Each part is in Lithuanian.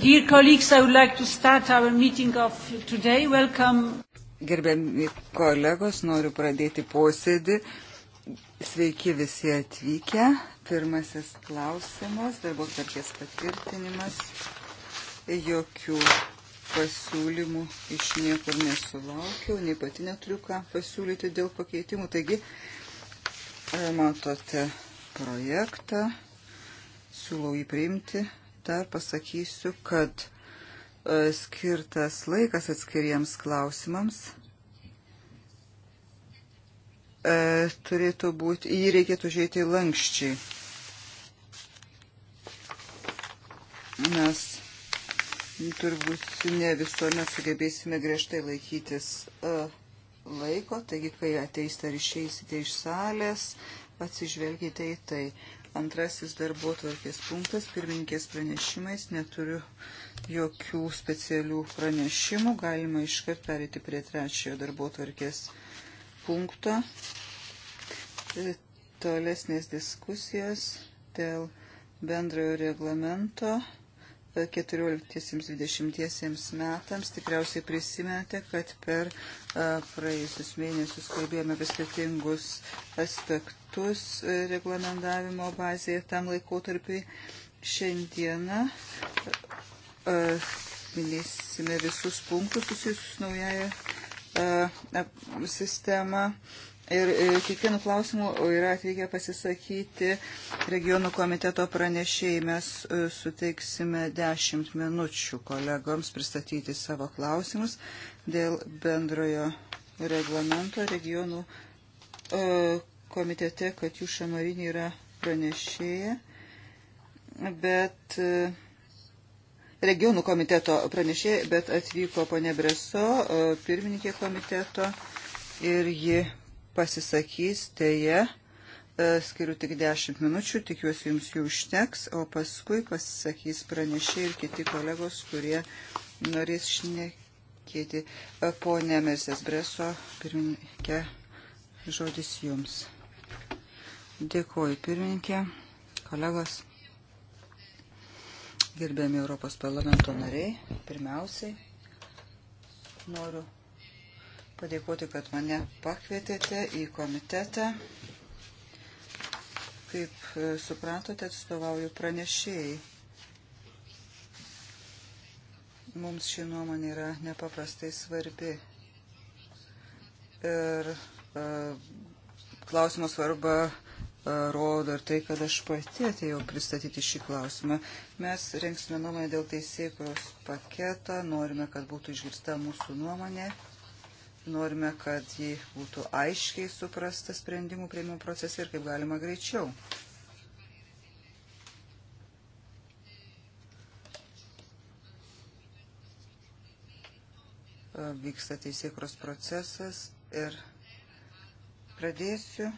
Dear colleagues, I would like to start our meeting of today. Welcome. Gerbiami kolegos, noriu pradėti posėdį. Sveiki visi atvykę. Pirmasis klausimas, darbo tarkės patvirtinimas. Jokių pasiūlymų iš niekur nesulaukiau, nei pati neturiu ką pasiūlyti dėl pakeitimų. Taigi, matote projektą, siūlau jį priimti dar pasakysiu, kad e, skirtas laikas atskiriems klausimams e, turėtų būti, jį reikėtų žiūrėti lankščiai. Nes turbūt ne visuomet sugebėsime griežtai laikytis e, laiko, taigi kai ateisite tai ar išeisite iš salės, atsižvelgite į tai. Antrasis darbo tvarkės punktas, pirmininkės pranešimais, neturiu jokių specialių pranešimų, galima iškart perėti prie trečiojo darbo tvarkės punkto. E, tolesnės diskusijos dėl bendrojo reglamento 14-20 metams. Tikriausiai prisimenate, kad per praėjusius mėnesius kalbėjome apie skirtingus aspektus e, reglamentavimo bazėje tam laikotarpiai. Šiandieną minėsime visus punktus susijusius naująją sistemą. Uh, Ir e, kiekvienų klausimų yra atvykę pasisakyti regionų komiteto pranešėjai. Mes e, suteiksime 10 minučių kolegoms pristatyti savo klausimus dėl bendrojo reglamento regionų e, komitete, kad jų šamarinė yra pranešėja. Bet regionų komiteto pranešėja, bet atvyko ponė Breso, pirmininkė komiteto ir ji pasisakys, dėje e, skiriu tik 10 minučių, tikiuosi jums jų užteks, o paskui pasisakys pranešiai ir kiti kolegos, kurie norės šnekėti. E, Pone Mersės Breso, pirmininkė, žodis jums. Dėkuoju, pirmininkė, kolegos. Gerbėmi Europos parlamento nariai, pirmiausiai noriu padėkoti, kad mane pakvietėte į komitetą. Kaip e, supratote, atstovauju pranešėjai. Mums ši nuomonė yra nepaprastai svarbi. Ir e, klausimo svarba e, rodo ir tai, kad aš pati atėjau pristatyti šį klausimą. Mes rengsime nuomonę dėl teisėkros paketą, norime, kad būtų išgirsta mūsų nuomonė. E, Norime, kad jį būtų aiškiai suprasta sprendimų prieimimo procese ir kaip galima greičiau. E, vyksta teisėkros procesas ir pradėsiu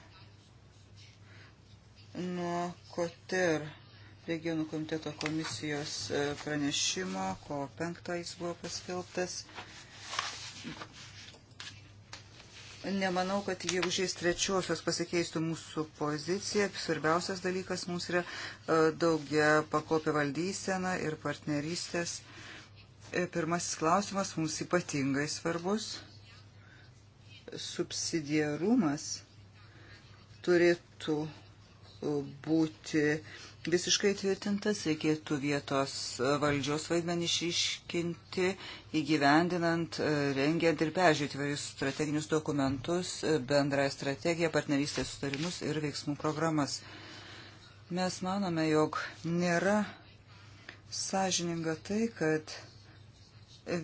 nuo Koter regionų komiteto komisijos e, pranešimo, ko penktą jis buvo paskelbtas. Nemanau, kad jeigu žiais trečiosios pasikeistų mūsų pozicija, svarbiausias dalykas mums yra e, daugia pakopė valdysena ir partnerystės. E, pirmasis klausimas mums ypatingai svarbus. Subsidiarumas turėtų e, būti visiškai tvirtintas, reikėtų vietos valdžios vaidmenį išiškinti, įgyvendinant, e, rengiant ir peržiūrėti varius strateginius dokumentus, e, bendrąją strategiją, partnerystės sutarimus ir veiksmų programas. Mes manome, jog nėra sąžininga tai, kad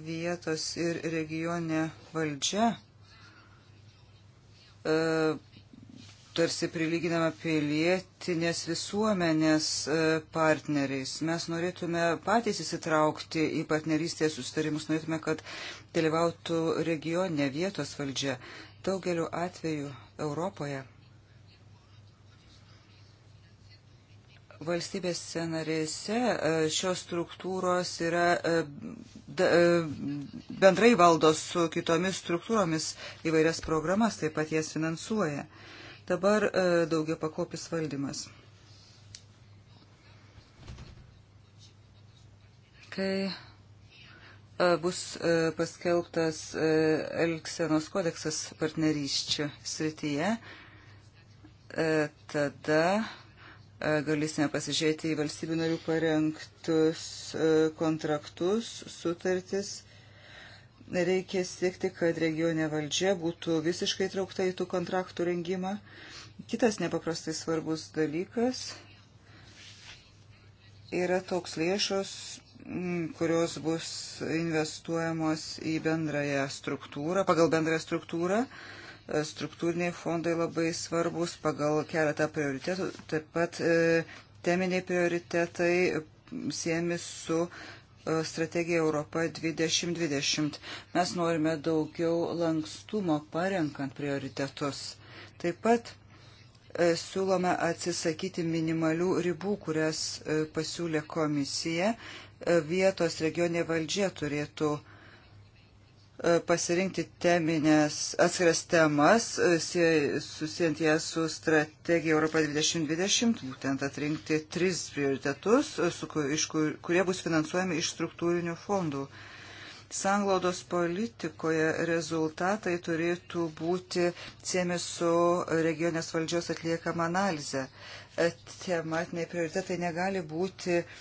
vietos ir regionė valdžia e, tarsi prilyginama pilietinės visuomenės e, partneriais. Mes norėtume patys įsitraukti į partnerystės sustarimus, norėtume, kad dalyvautų regione vietos valdžia. Daugeliu atveju Europoje valstybės scenarėse e, šios struktūros yra e, bendrai valdos su kitomis struktūromis įvairias programas, taip pat jas finansuoja. Dabar e, daugia pakopis valdymas. Kai e, bus e, paskelbtas Elksenos kodeksas partnerysčių srityje, tada galėsime pasižiūrėti į valstybių narių parengtus kontraktus, sutartis Reikia siekti, kad regionė valdžia būtų visiškai traukta į tų kontraktų rengimą. Kitas nepaprastai svarbus dalykas yra toks lėšos, kurios bus investuojamos į bendrąją struktūrą, pagal bendrąją struktūrą e, struktūriniai fondai labai svarbus pagal keletą prioritetų, taip pat e, teminiai prioritetai siemi su E, strategija Europa 2020. Mes norime daugiau lankstumo parenkant prioritetus. Taip pat e, siūlome atsisakyti minimalių ribų, kurias e, pasiūlė komisija. Vietos regionė valdžia turėtų uh, E, pasirinkti teminės atskiras temas, e, susijant jas su strategija Europa 2020, būtent atrinkti tris prioritetus, e, su, iš, kur, kurie bus finansuojami iš struktūrinių fondų. Sanglaudos politikoje rezultatai turėtų būti siemi su regionės valdžios atliekama analize. Tematiniai prioritetai negali būti uh,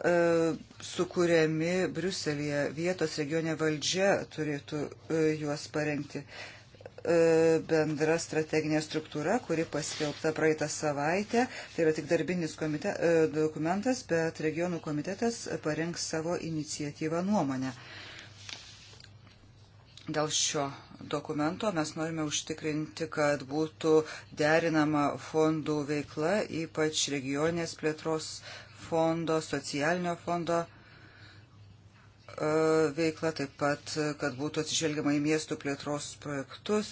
E, sukūrėmi Briuselėje. Vietos regionė valdžia turėtų e, juos parengti. E, bendra strateginė struktūra, kuri paskelbta praeitą savaitę, tai yra tik darbinis komite, dokumentas, bet regionų komitetas parengs savo iniciatyvą nuomonę. Dėl šio dokumento mes norime užtikrinti, kad būtų derinama fondų veikla, ypač regionės plėtros fondo, socialinio fondo e, veikla, taip pat, kad būtų atsižvelgiama į miestų plėtros projektus.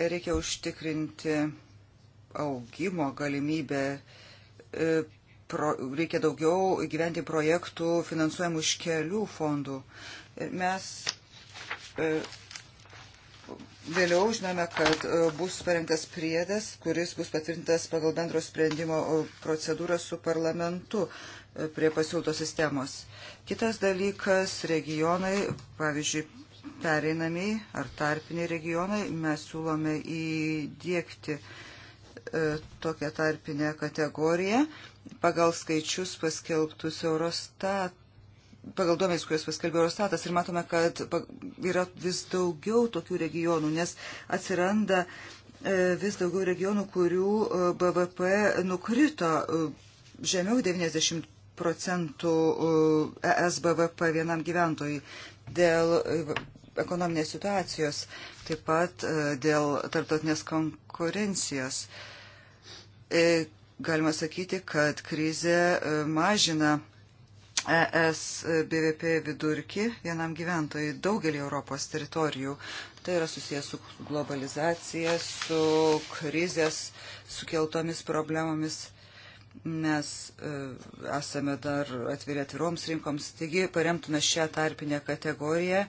Reikia užtikrinti augimo galimybę, e, reikia daugiau gyventi projektų finansuojamų iš kelių fondų. Ir mes e, Vėliau žinome, kad e, bus parengtas priedas, kuris bus patvirtintas pagal bendro sprendimo e, procedūrą su parlamentu e, prie pasiūlto sistemos. Kitas dalykas - regionai, pavyzdžiui, pereinamiai ar tarpiniai regionai. Mes siūlome įdėkti tokią tarpinę kategoriją pagal skaičius paskelbtus Eurostat pagal duomenys, kuriuos paskelbė Eurostatas, ir matome, kad yra vis daugiau tokių regionų, nes atsiranda e, vis daugiau regionų, kurių e, BVP nukrito e, žemiau 90 procentų ES BVP vienam gyventojui dėl ekonominės situacijos, taip pat dėl tarptautinės konkurencijos. Galima sakyti, kad krizė mažina ES BVP vidurkį vienam gyventojui daugelį Europos teritorijų. Tai yra susijęs su globalizacija, su krizės sukeltomis problemomis. Mes e, esame dar atviri atviroms rinkoms, taigi paremtume šią tarpinę kategoriją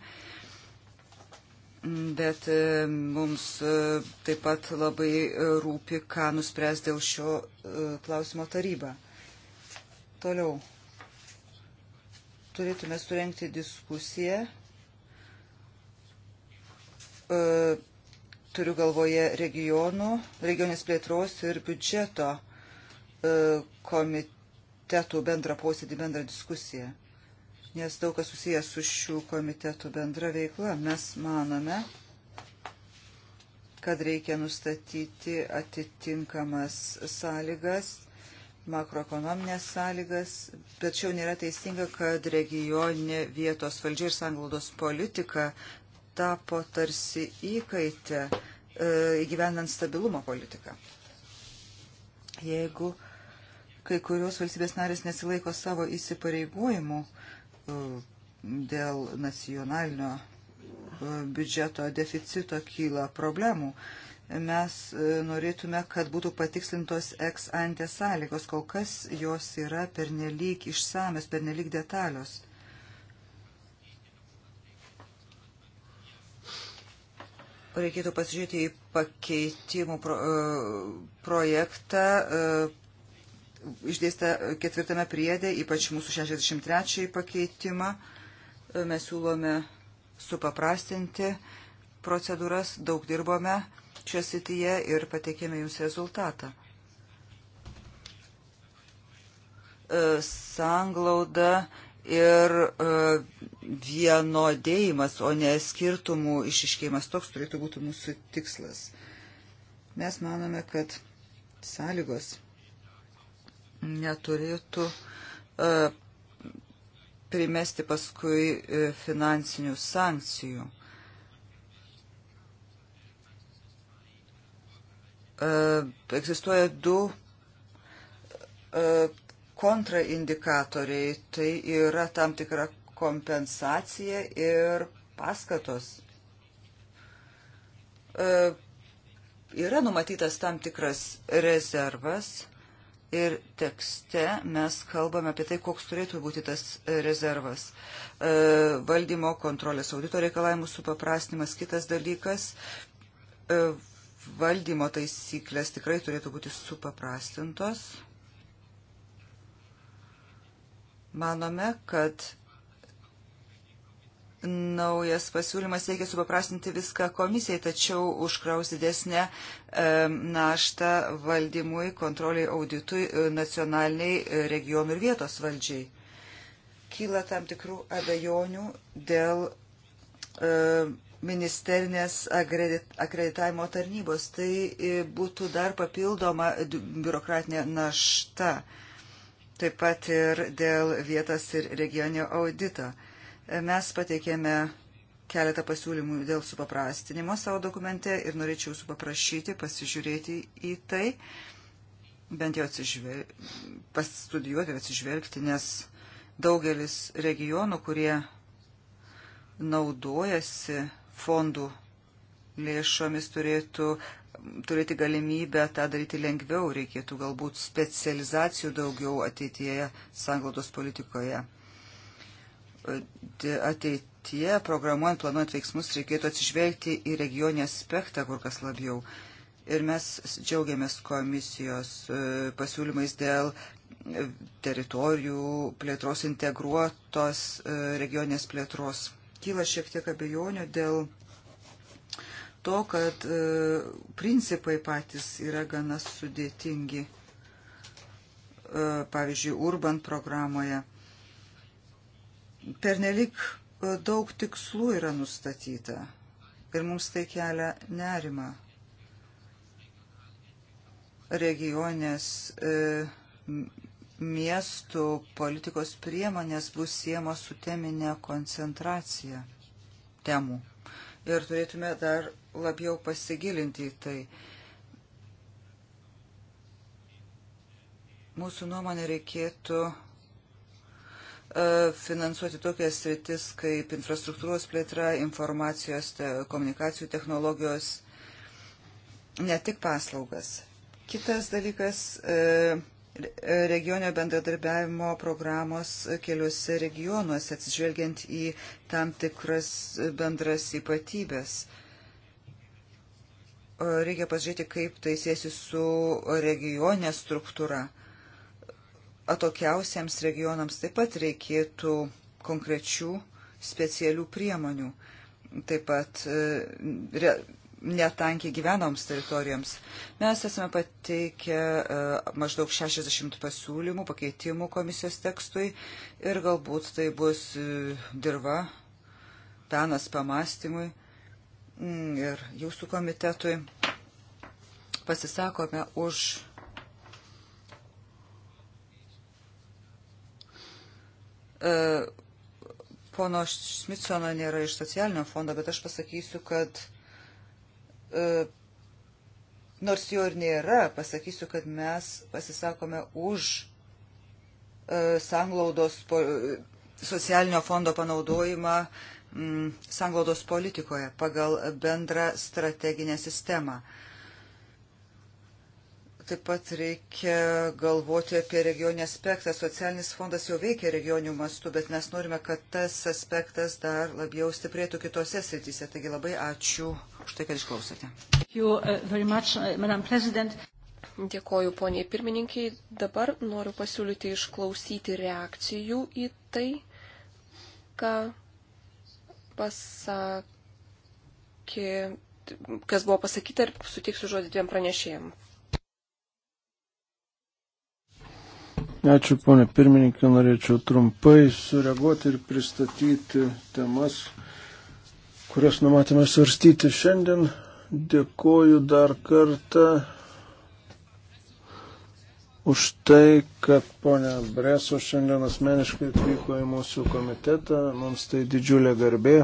bet e, mums e, taip pat labai rūpi, ką nuspręs dėl šio klausimo taryba. Toliau turėtume surenkti diskusiją. E, turiu galvoje regionų, regionės plėtros ir biudžeto e, komitetų bendrą posėdį, bendrą diskusiją. Nes daug kas susijęs su šių komitetų bendra veikla. Mes manome, kad reikia nustatyti atitinkamas sąlygas makroekonominės sąlygas, tačiau nėra teisinga, kad regioninė vietos valdžia ir sanglaudos politika tapo tarsi įkaitę e, įgyvendant stabilumo politiką. Jeigu kai kurios valstybės narės nesilaiko savo įsipareigojimų e, dėl nacionalinio e, biudžeto deficito kyla problemų mes e, norėtume, kad būtų patikslintos ex ante sąlygos, kol kas jos yra pernelyg išsamios, pernelyg detalios. Reikėtų pasižiūrėti į pakeitimų pro, e, projektą e, išdėstą ketvirtame priedė, ypač mūsų 63 pakeitimą. Mes siūlome supaprastinti procedūras, daug dirbome šioje srityje ir pateikėme jums rezultatą. E, sanglauda ir e, vienodėjimas, o ne skirtumų išiškėjimas toks turėtų būti mūsų tikslas. Mes manome, kad sąlygos neturėtų e, primesti paskui finansinių sankcijų. E, egzistuoja du e, kontraindikatoriai. Tai yra tam tikra kompensacija ir paskatos. E, yra numatytas tam tikras rezervas ir tekste mes kalbame apie tai, koks turėtų būti tas rezervas. Valdymo kontrolės audito reikalavimus supaprastimas, kitas dalykas valdymo taisyklės tikrai turėtų būti supaprastintos. Manome, kad naujas pasiūlymas reikia supaprastinti viską komisijai, tačiau užkraus didesnę e, naštą valdymui, kontroliai auditui, e, nacionaliniai e, regionų ir vietos valdžiai. Kyla tam tikrų abejonių dėl e, ministerinės akreditavimo tarnybos. Tai e, būtų dar papildoma biurokratinė našta, taip pat ir dėl vietas ir regioninio audito. E, mes pateikėme keletą pasiūlymų dėl supaprastinimo savo dokumente ir norėčiau jūsų paprašyti pasižiūrėti į tai, bent jau atsižvel... pastudijuoti, atsižvelgti, nes daugelis regionų, kurie naudojasi fondų lėšomis turėtų turėti galimybę tą daryti lengviau, reikėtų galbūt specializacijų daugiau ateityje sanglaudos politikoje. Ateityje programuojant, planuojant veiksmus reikėtų atsižvelgti į regionį aspektą kur kas labiau. Ir mes džiaugiamės komisijos e, pasiūlymais dėl teritorijų plėtros integruotos e, regionės plėtros kyla šiek tiek abejonių dėl to, kad e, principai patys yra gana sudėtingi. E, pavyzdžiui, Urban programoje pernelik e, daug tikslų yra nustatyta ir mums tai kelia nerima. Regionės e, miestų politikos priemonės bus siemos su teminė koncentracija temų. Ir turėtume dar labiau pasigilinti į tai. Mūsų nuomonė reikėtų e, finansuoti tokias sritis kaip infrastruktūros plėtra, informacijos, te, komunikacijų technologijos, ne tik paslaugas. Kitas dalykas e, regionio bendradarbiavimo programos keliuose regionuose, atsižvelgiant į tam tikras bendras ypatybės. Reikia pažiūrėti, kaip tai sėsi su regionė struktūra. Atokiausiems regionams taip pat reikėtų konkrečių specialių priemonių. Taip pat e, netankiai gyvenoms teritorijoms. Mes esame pateikę e, maždaug 60 pasiūlymų, pakeitimų komisijos tekstui ir galbūt tai bus e, dirba, penas pamastymui mm, ir jūsų komitetui. Pasisakome už e, pono Šmitsono nėra iš socialinio fondo, bet aš pasakysiu, kad E, nors jo ir nėra, pasakysiu, kad mes pasisakome už e, sanglaudos socialinio fondo panaudojimą mm, sanglaudos politikoje pagal bendrą strateginę sistemą. Taip pat reikia galvoti apie regioninį aspektą. Socialinis fondas jau veikia regionių mastų, bet mes norime, kad tas aspektas dar labiau stiprėtų kitose srityse. Taigi labai ačiū už tai, kad išklausėte. Uh, uh, Dėkoju poniai pirmininkiai. Dabar noriu pasiūlyti išklausyti reakcijų į tai, ką pasakė, kas buvo pasakyta ir sutiksiu žodį dviem pranešėjim. Ačiū, ponė pirmininkė, norėčiau trumpai sureaguoti ir pristatyti temas, kurias numatėme svarstyti šiandien. Dėkoju dar kartą už tai, kad ponė Breso šiandien asmeniškai atvyko į mūsų komitetą. Mums tai didžiulė garbė.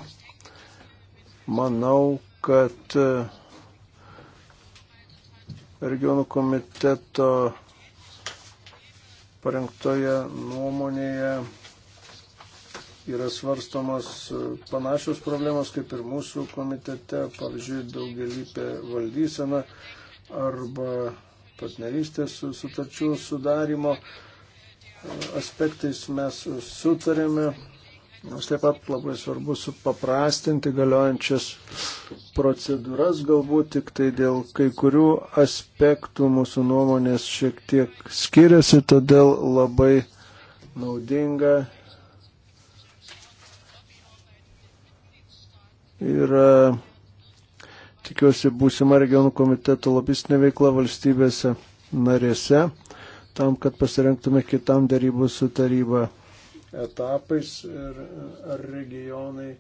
Manau, kad regionų komiteto parengtoje nuomonėje yra svarstomas panašios problemos kaip ir mūsų komitete, pavyzdžiui, daugelįpė valdysena arba partnerystės sutarčių sudarimo aspektais mes sutarėme Mums taip pat labai svarbu supaprastinti galiojančias procedūras, galbūt tik tai dėl kai kurių aspektų mūsų nuomonės šiek tiek skiriasi, todėl labai naudinga yra, tikiuosi, būsima regionų komiteto lobistinė veikla valstybėse narėse, tam, kad pasirengtume kitam darybų su taryba etapais ir ar regionai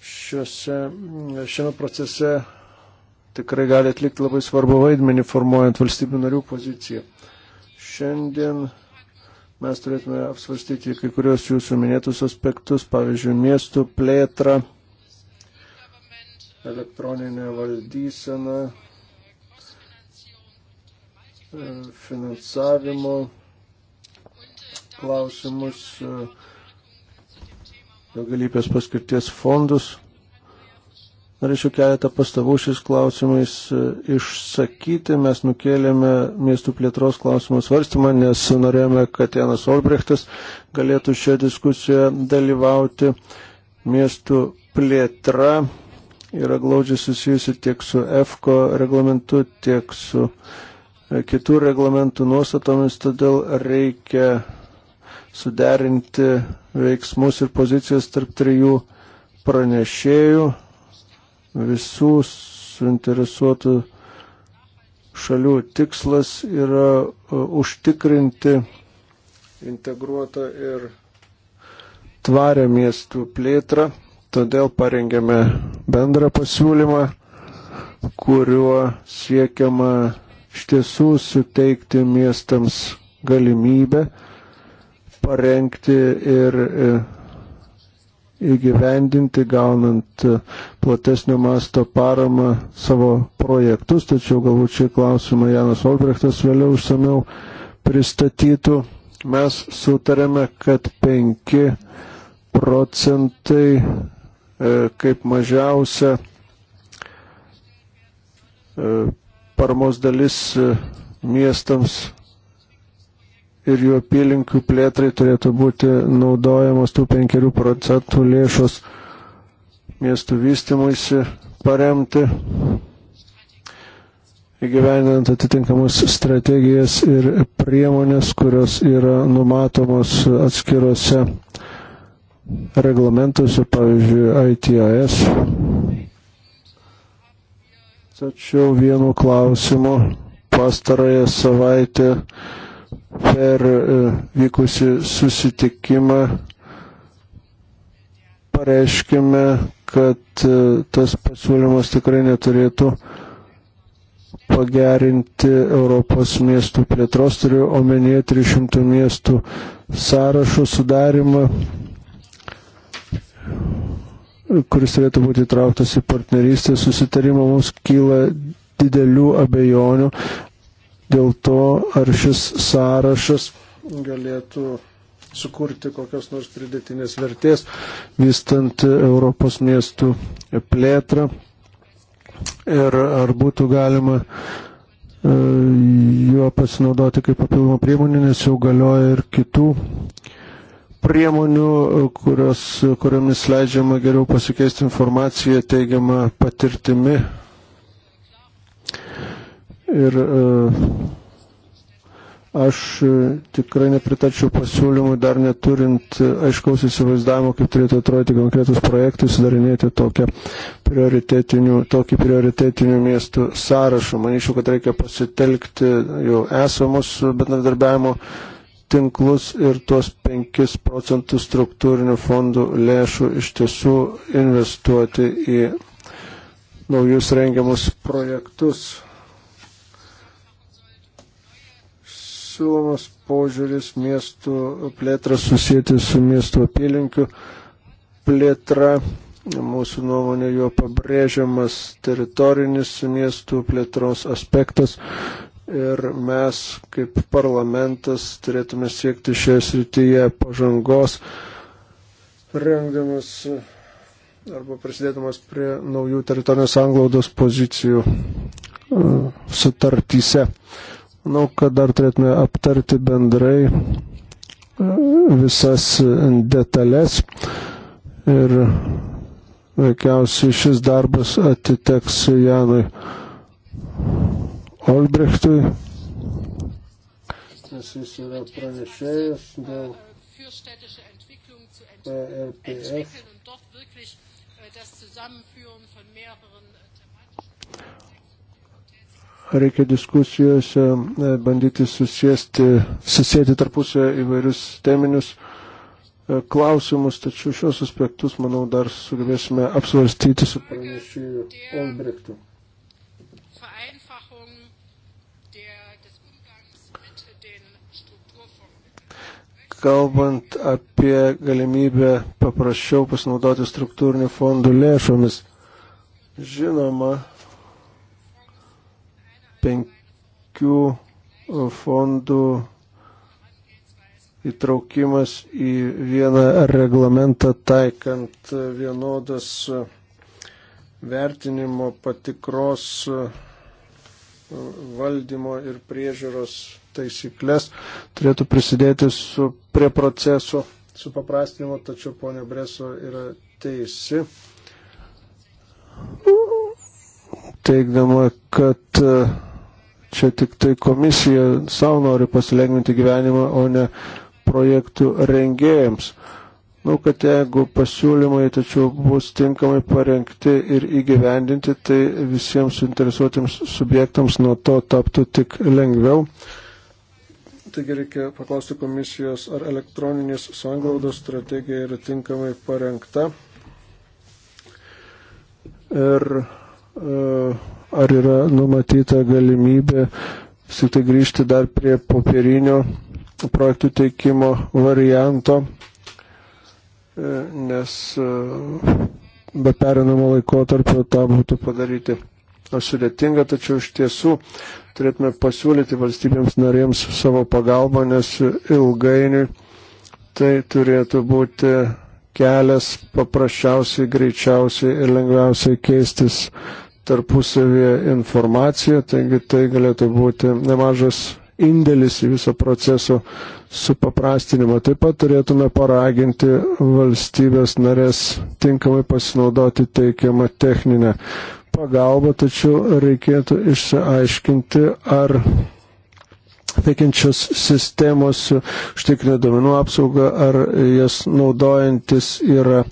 šiuose, šiame procese tikrai gali atlikti labai svarbu vaidmenį formuojant valstybių narių poziciją. Šiandien mes turėtume apsvarstyti kai kurios jūsų minėtus aspektus, pavyzdžiui, miestų plėtrą, elektroninę valdyseną, finansavimo klausimus, e, daugelybės paskirties fondus. Norėčiau keletą pastabų šiais klausimais e, išsakyti. Mes nukėlėme miestų plėtros klausimų svarstymą, nes norėjome, kad Janas Olbrechtas galėtų šią diskusiją dalyvauti. Miestų plėtra yra glaudžiai susijusi tiek su EFKO reglamentu, tiek su e, kitų reglamentų nuostatomis, todėl reikia suderinti veiksmus ir pozicijas tarp trijų pranešėjų, visų suinteresuotų šalių tikslas yra e, užtikrinti integruotą ir tvarę miestų plėtrą, todėl parengėme bendrą pasiūlymą, kuriuo siekiama iš tiesų suteikti miestams galimybę parengti ir e, įgyvendinti, gaunant e, platesnio masto paramą savo projektus, tačiau galbūt šį klausimą Janas Olbrechtas vėliau užsameu pristatytų. Mes sutarėme, kad 5 procentai e, kaip mažiausia paramos dalis miestams ir jų apylinkių plėtrai turėtų būti naudojamos tų 5 procentų lėšos miestų vystimuisi paremti, įgyvendinant atitinkamus strategijas ir priemonės, kurios yra numatomos atskiruose reglamentuose, pavyzdžiui, ITIS. Tačiau vienu klausimu pastarąją savaitę per e, vykusi susitikimą pareiškime, kad e, tas pasiūlymas tikrai neturėtų pagerinti Europos miestų plėtros, turiu omenyje 300 miestų sąrašų sudarimą, kuris turėtų būti įtrauktas į partnerystę susitarimą, mums kyla didelių abejonių, dėl to, ar šis sąrašas galėtų sukurti kokios nors pridėtinės vertės, vystant Europos miestų plėtrą ir ar būtų galima e, juo pasinaudoti kaip papildomą priemonę, nes jau galioja ir kitų priemonių, kurios, kuriomis leidžiama geriau pasikeisti informaciją, teigiama patirtimi Ir e, aš e, tikrai nepritačiau pasiūlymui, dar neturint e, aiškaus įsivaizdavimo, kaip turėtų atrodyti konkretus projektai, sudarinėti prioritetinių, tokį prioritetinių miestų sąrašą. Manyčiau, kad reikia pasitelkti jau esamus bendradarbiavimo tinklus ir tuos 5 procentus struktūrinių fondų lėšų iš tiesų investuoti į naujus rengiamus projektus. siūlomas požiūris miestų plėtrą susijęti su miesto apylinkių plėtra. Mūsų nuomonė jo pabrėžiamas teritorinis miestų plėtros aspektas. Ir mes kaip parlamentas turėtume siekti šioje srityje pažangos, rengdamas arba prisidėdamas prie naujų teritorinės anglaudos pozicijų e, sutartyse. Uh, Manau, kad dar turėtume aptarti bendrai e, visas detalės ir veikiausiai šis darbas atiteks Janui Olbrechtui, nes jis yra pranešėjas dėl e PRPF. reikia diskusijose e, bandyti susėsti, susėti tarpusio įvairius teminius e, klausimus, tačiau šios aspektus, manau, dar sugebėsime apsvarstyti su pranešėju Olbrechtu. Kalbant apie galimybę paprasčiau pasinaudoti struktūrinių fondų lėšomis, žinoma, penkių fondų įtraukimas į vieną reglamentą taikant vienodas vertinimo patikros valdymo ir priežiūros taisyklės turėtų prisidėti su, prie proceso supaprastinimo, tačiau ponia Breso yra teisi, teikdama, kad uh, Čia tik tai komisija savo nori pasilengvinti gyvenimą, o ne projektų rengėjams. Nu, kad jeigu pasiūlymai tačiau bus tinkamai parengti ir įgyvendinti, tai visiems suinteresuotiems subjektams nuo to taptų tik lengviau. Taigi reikia paklausti komisijos, ar elektroninės sanglaudos strategija yra tinkamai parengta. Ir e, ar yra numatyta galimybė vis tai grįžti dar prie popierinio projektų teikimo varianto, e, nes e, be perinamo laikotarpio tą būtų padaryti sudėtinga, tačiau iš tiesų turėtume pasiūlyti valstybėms narėms savo pagalbą, nes ilgainiui tai turėtų būti kelias paprasčiausiai, greičiausiai ir lengviausiai keistis tarpusavėje informaciją, taigi tai galėtų būti nemažas indėlis į viso proceso supaprastinimą. Taip pat turėtume paraginti valstybės narės tinkamai pasinaudoti teikiamą techninę pagalbą, tačiau reikėtų išsiaiškinti, ar veikiančios sistemos užtikrina duomenų apsaugą, ar jas naudojantis yra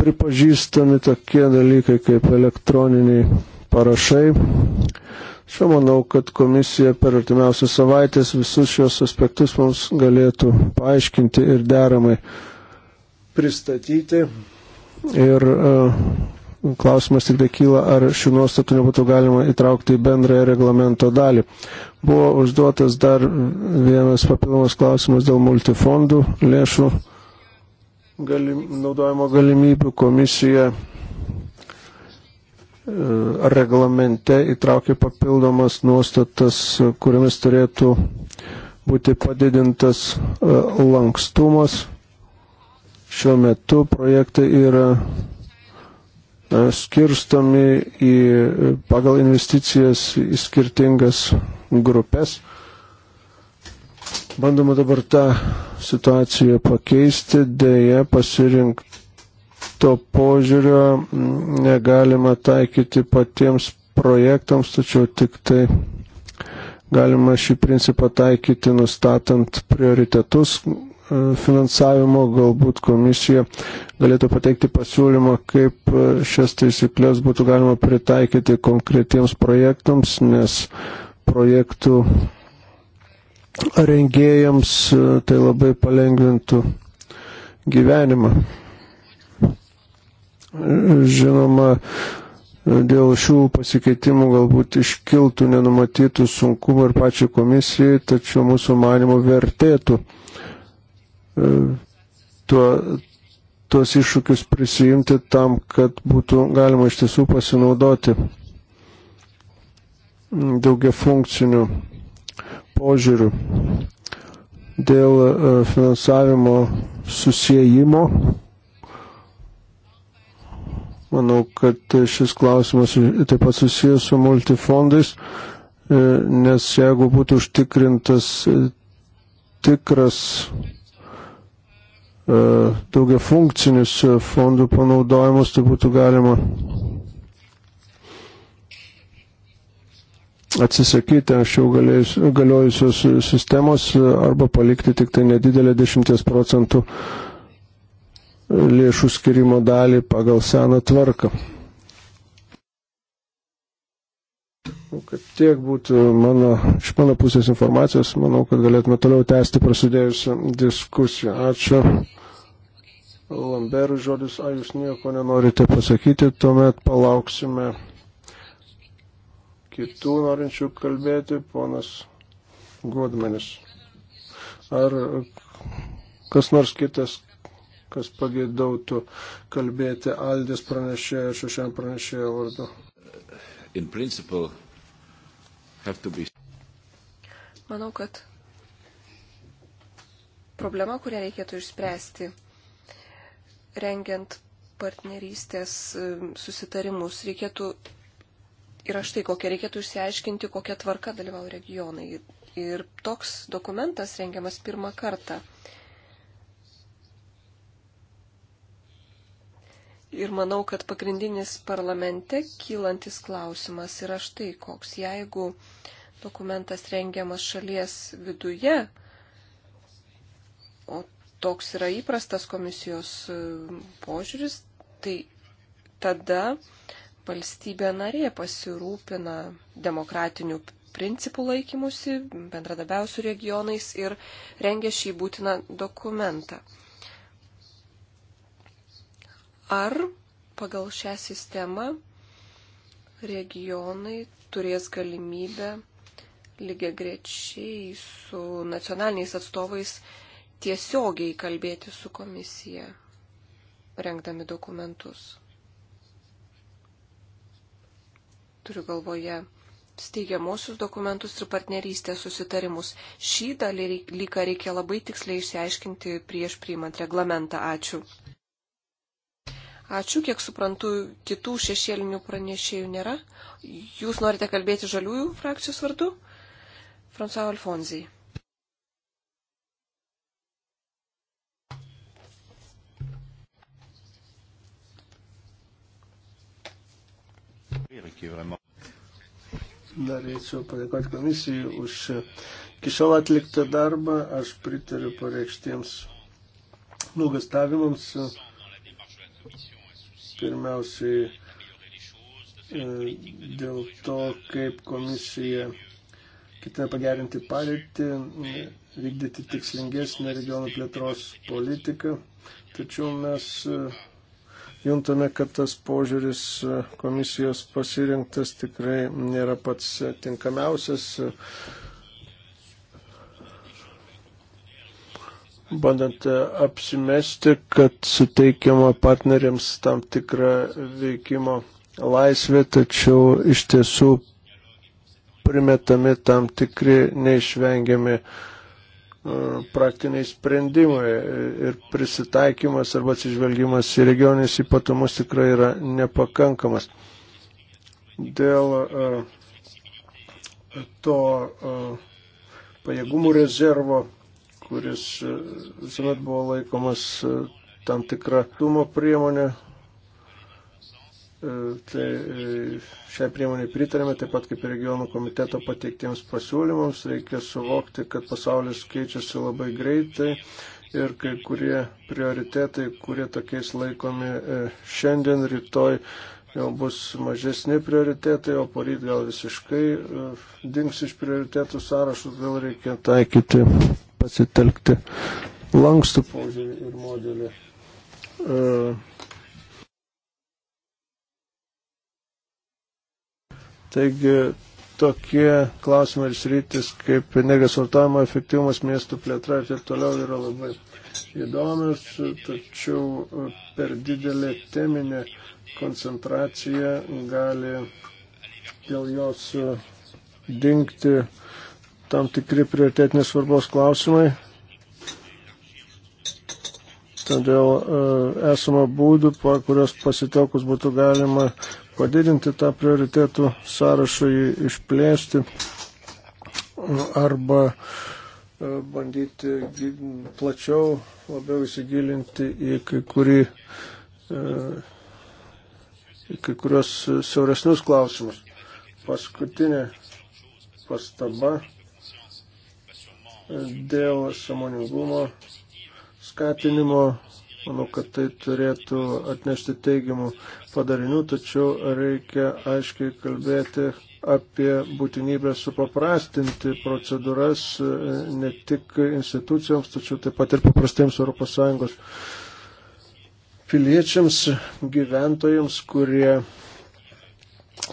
pripažįstami tokie dalykai kaip elektroniniai parašai. Čia manau, kad komisija per artimiausias savaitės visus šios aspektus mums galėtų paaiškinti ir deramai pristatyti. Ir uh, klausimas tik tai kyla, ar šių nuostatų nebūtų galima įtraukti į bendrąją reglamento dalį. Buvo užduotas dar vienas papildomas klausimas dėl multifondų lėšų galim, naudojimo galimybių komisija e, reglamente įtraukė papildomas nuostatas, kuriamis turėtų būti padidintas e, lankstumas. Šiuo metu projektai yra e, skirstami į, pagal investicijas į skirtingas grupės. Bandoma dabar tą situaciją pakeisti, dėja pasirinkto požiūrio negalima taikyti patiems projektams, tačiau tik tai galima šį principą taikyti nustatant prioritetus e, finansavimo, galbūt komisija galėtų pateikti pasiūlymą, kaip e, šias taisyklės būtų galima pritaikyti konkretiems projektams, nes projektų rengėjams e, tai labai palengvintų gyvenimą. Žinoma, dėl šių pasikeitimų galbūt iškiltų nenumatytų sunkumų ir pačiai komisijai, tačiau mūsų manimo vertėtų e, tuo, tuos iššūkius prisijimti tam, kad būtų galima iš tiesų pasinaudoti daugia funkcinių požiūrių dėl e, finansavimo susijimo. Manau, kad šis klausimas taip pat susijęs su multifondais, e, nes jeigu būtų užtikrintas e, tikras daugia funkcinis fondų panaudojimas, tai būtų galima atsisakyti anksčiau galiojusios sistemos arba palikti tik tai nedidelę 10 procentų lėšų skirimo dalį pagal seną tvarką. Kad tiek būtų mano, iš mano pusės informacijos, manau, kad galėtume toliau tęsti prasidėjusią diskusiją. Ačiū. Lamberų žodis, ar jūs nieko nenorite pasakyti, tuomet palauksime kitų norinčių kalbėti, ponas Godmanis. Ar kas nors kitas, kas pagėdautų kalbėti Aldės pranešėjo ir šešiam pranešėjo vardu? In principle, have to be. Manau, kad problema, kurią reikėtų išspręsti, rengiant partnerystės e, susitarimus, reikėtų yra štai kokia reikėtų išsiaiškinti, kokia tvarka dalyvauja regionai. Ir toks dokumentas rengiamas pirmą kartą. Ir manau, kad pagrindinis parlamente kylantis klausimas yra štai koks. Jeigu dokumentas rengiamas šalies viduje, o toks yra įprastas komisijos požiūris, tai tada valstybė narė pasirūpina demokratinių principų laikymusi, bendradabiausių regionais ir rengia šį būtiną dokumentą. Ar pagal šią sistemą regionai turės galimybę lygiai grečiai su nacionaliniais atstovais tiesiogiai kalbėti su komisija, rengdami dokumentus? Turiu galvoje steigiamuosius dokumentus ir partnerystės susitarimus. Šį dalyką reikia labai tiksliai išsiaiškinti prieš priimant reglamentą. Ačiū. Ačiū, kiek suprantu, kitų šešėlinių pranešėjų nėra. Jūs norite kalbėti žaliųjų frakcijos vardu? Fransua Alfonzijai. Norėčiau padėkoti komisijai už iki šiol atliktą darbą. Aš pritariu pareikštiems nuogastavimams. Pirmiausiai e, dėl to, kaip komisija ketina pagerinti padėtį, vykdyti tikslingesnę regionų plėtros politiką. Tačiau mes e, juntame, kad tas požiūris e, komisijos pasirinktas tikrai nėra pats e, tinkamiausias. Bandant e, apsimesti, kad suteikiama partneriams tam tikrą veikimo laisvę, tačiau iš tiesų primetami tam tikri neišvengiami uh, praktiniai sprendimai ir prisitaikymas arba atsižvelgimas į regioninis ypatumus tikrai yra nepakankamas. Dėl e, to e, pajėgumų rezervo, kuris e, visuomet buvo laikomas tam tikrą tumo priemonę, Tai e, šiai priemonė pritarėme, taip pat kaip ir regionų komiteto pateiktiems pasiūlymams. Reikia suvokti, kad pasaulis keičiasi labai greitai ir kai kurie prioritetai, kurie tokiais laikomi e, šiandien, rytoj jau bus mažesni prioritetai, o poryt gal visiškai e, dings iš prioritetų sąrašus, gal reikia taikyti, pasitelkti lankstų požiūrį ir modelį. Uh Taigi tokie klausimai ir sritis kaip energijos vartojimo efektyvumas, miestų plėtra ir taip toliau yra labai įdomios, tačiau per didelį teminę koncentraciją gali dėl jos dinkti tam tikri prioritetinės svarbos klausimai. Todėl e, esama būdų, kurios pasitelkus būtų galima padidinti tą prioritėtų sąrašą, jį išplėsti arba e, bandyti plačiau labiau įsigilinti į kai, kurį, e, į kai kurios siauresnius klausimus. Paskutinė pastaba e, dėl samoningumo skatinimo, manau, kad tai turėtų atnešti teigiamų padarinių, tačiau reikia aiškiai kalbėti apie būtinybę supaprastinti procedūras e, ne tik institucijoms, tačiau taip pat ir paprastiems ES piliečiams, gyventojams, kurie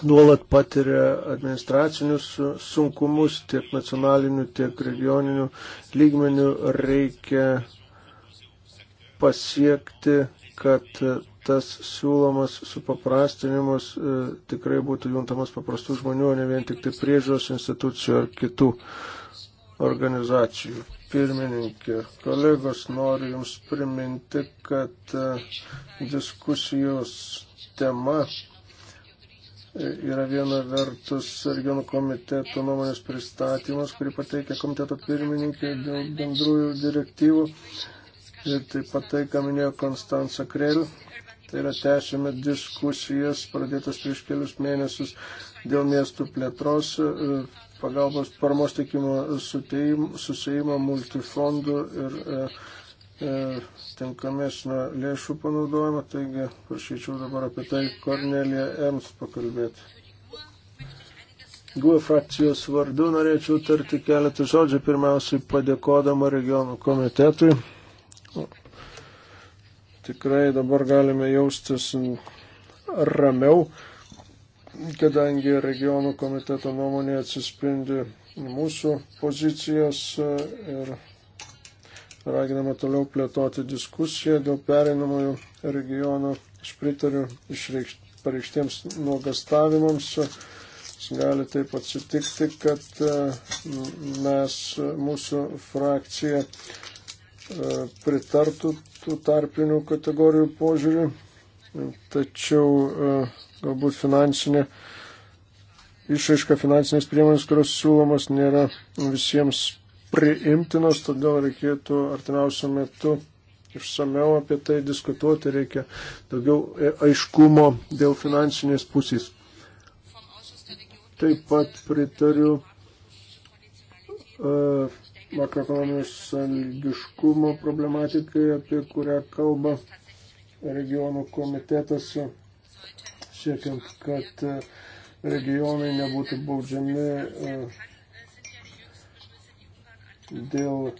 nuolat patiria administracinius sunkumus tiek nacionaliniu, tiek regioniniu lygmeniu, reikia pasiekti, kad tas siūlomas supaprastinimas e, tikrai būtų juntamas paprastų žmonių, o ne vien tik tai priežiūros institucijų ar kitų organizacijų. Pirmininkė, kolegos, noriu Jums priminti, kad e, diskusijos tema e, yra viena vertus regionų komiteto nuomonės pristatymas, kurį pateikė komiteto pirmininkė dėl bendrųjų direktyvų. Ir taip pat tai, ką minėjo Konstanca Krell, Tai yra tęsime diskusijas pradėtas prieš kelius mėnesius dėl miestų plėtros, e, pagalbos paramos teikimo susėjimo multifondų ir e, e, tinkamesnio lėšų panaudojimo. Taigi prašyčiau dabar apie tai Kornelija Ems pakalbėti. GUE frakcijos vardu norėčiau tarti keletą žodžių, pirmiausiai padėkodama regionų komitetui tikrai dabar galime jaustis ramiau, kadangi regionų komiteto nuomonė atsispindi mūsų pozicijos e, ir raginama toliau plėtoti diskusiją dėl pereinamojų regionų. Aš pritariu pareikštiems nuogastavimams. Gali taip atsitikti, kad e, mes, mūsų frakcija e, pritartų tų tarpinių kategorijų požiūrių, tačiau e, galbūt finansinė išaiška finansinės priemonės, kurios siūlomas, nėra visiems priimtinos, todėl reikėtų artimiausiu metu išsameu apie tai diskutuoti, reikia daugiau e, aiškumo dėl finansinės pusės. Taip pat pritariu uh, makroekonominio sąlygiškumo problematikai, apie kurią kalba regionų komitetas, siekiant, kad e, regionai nebūtų baudžiami e, dėl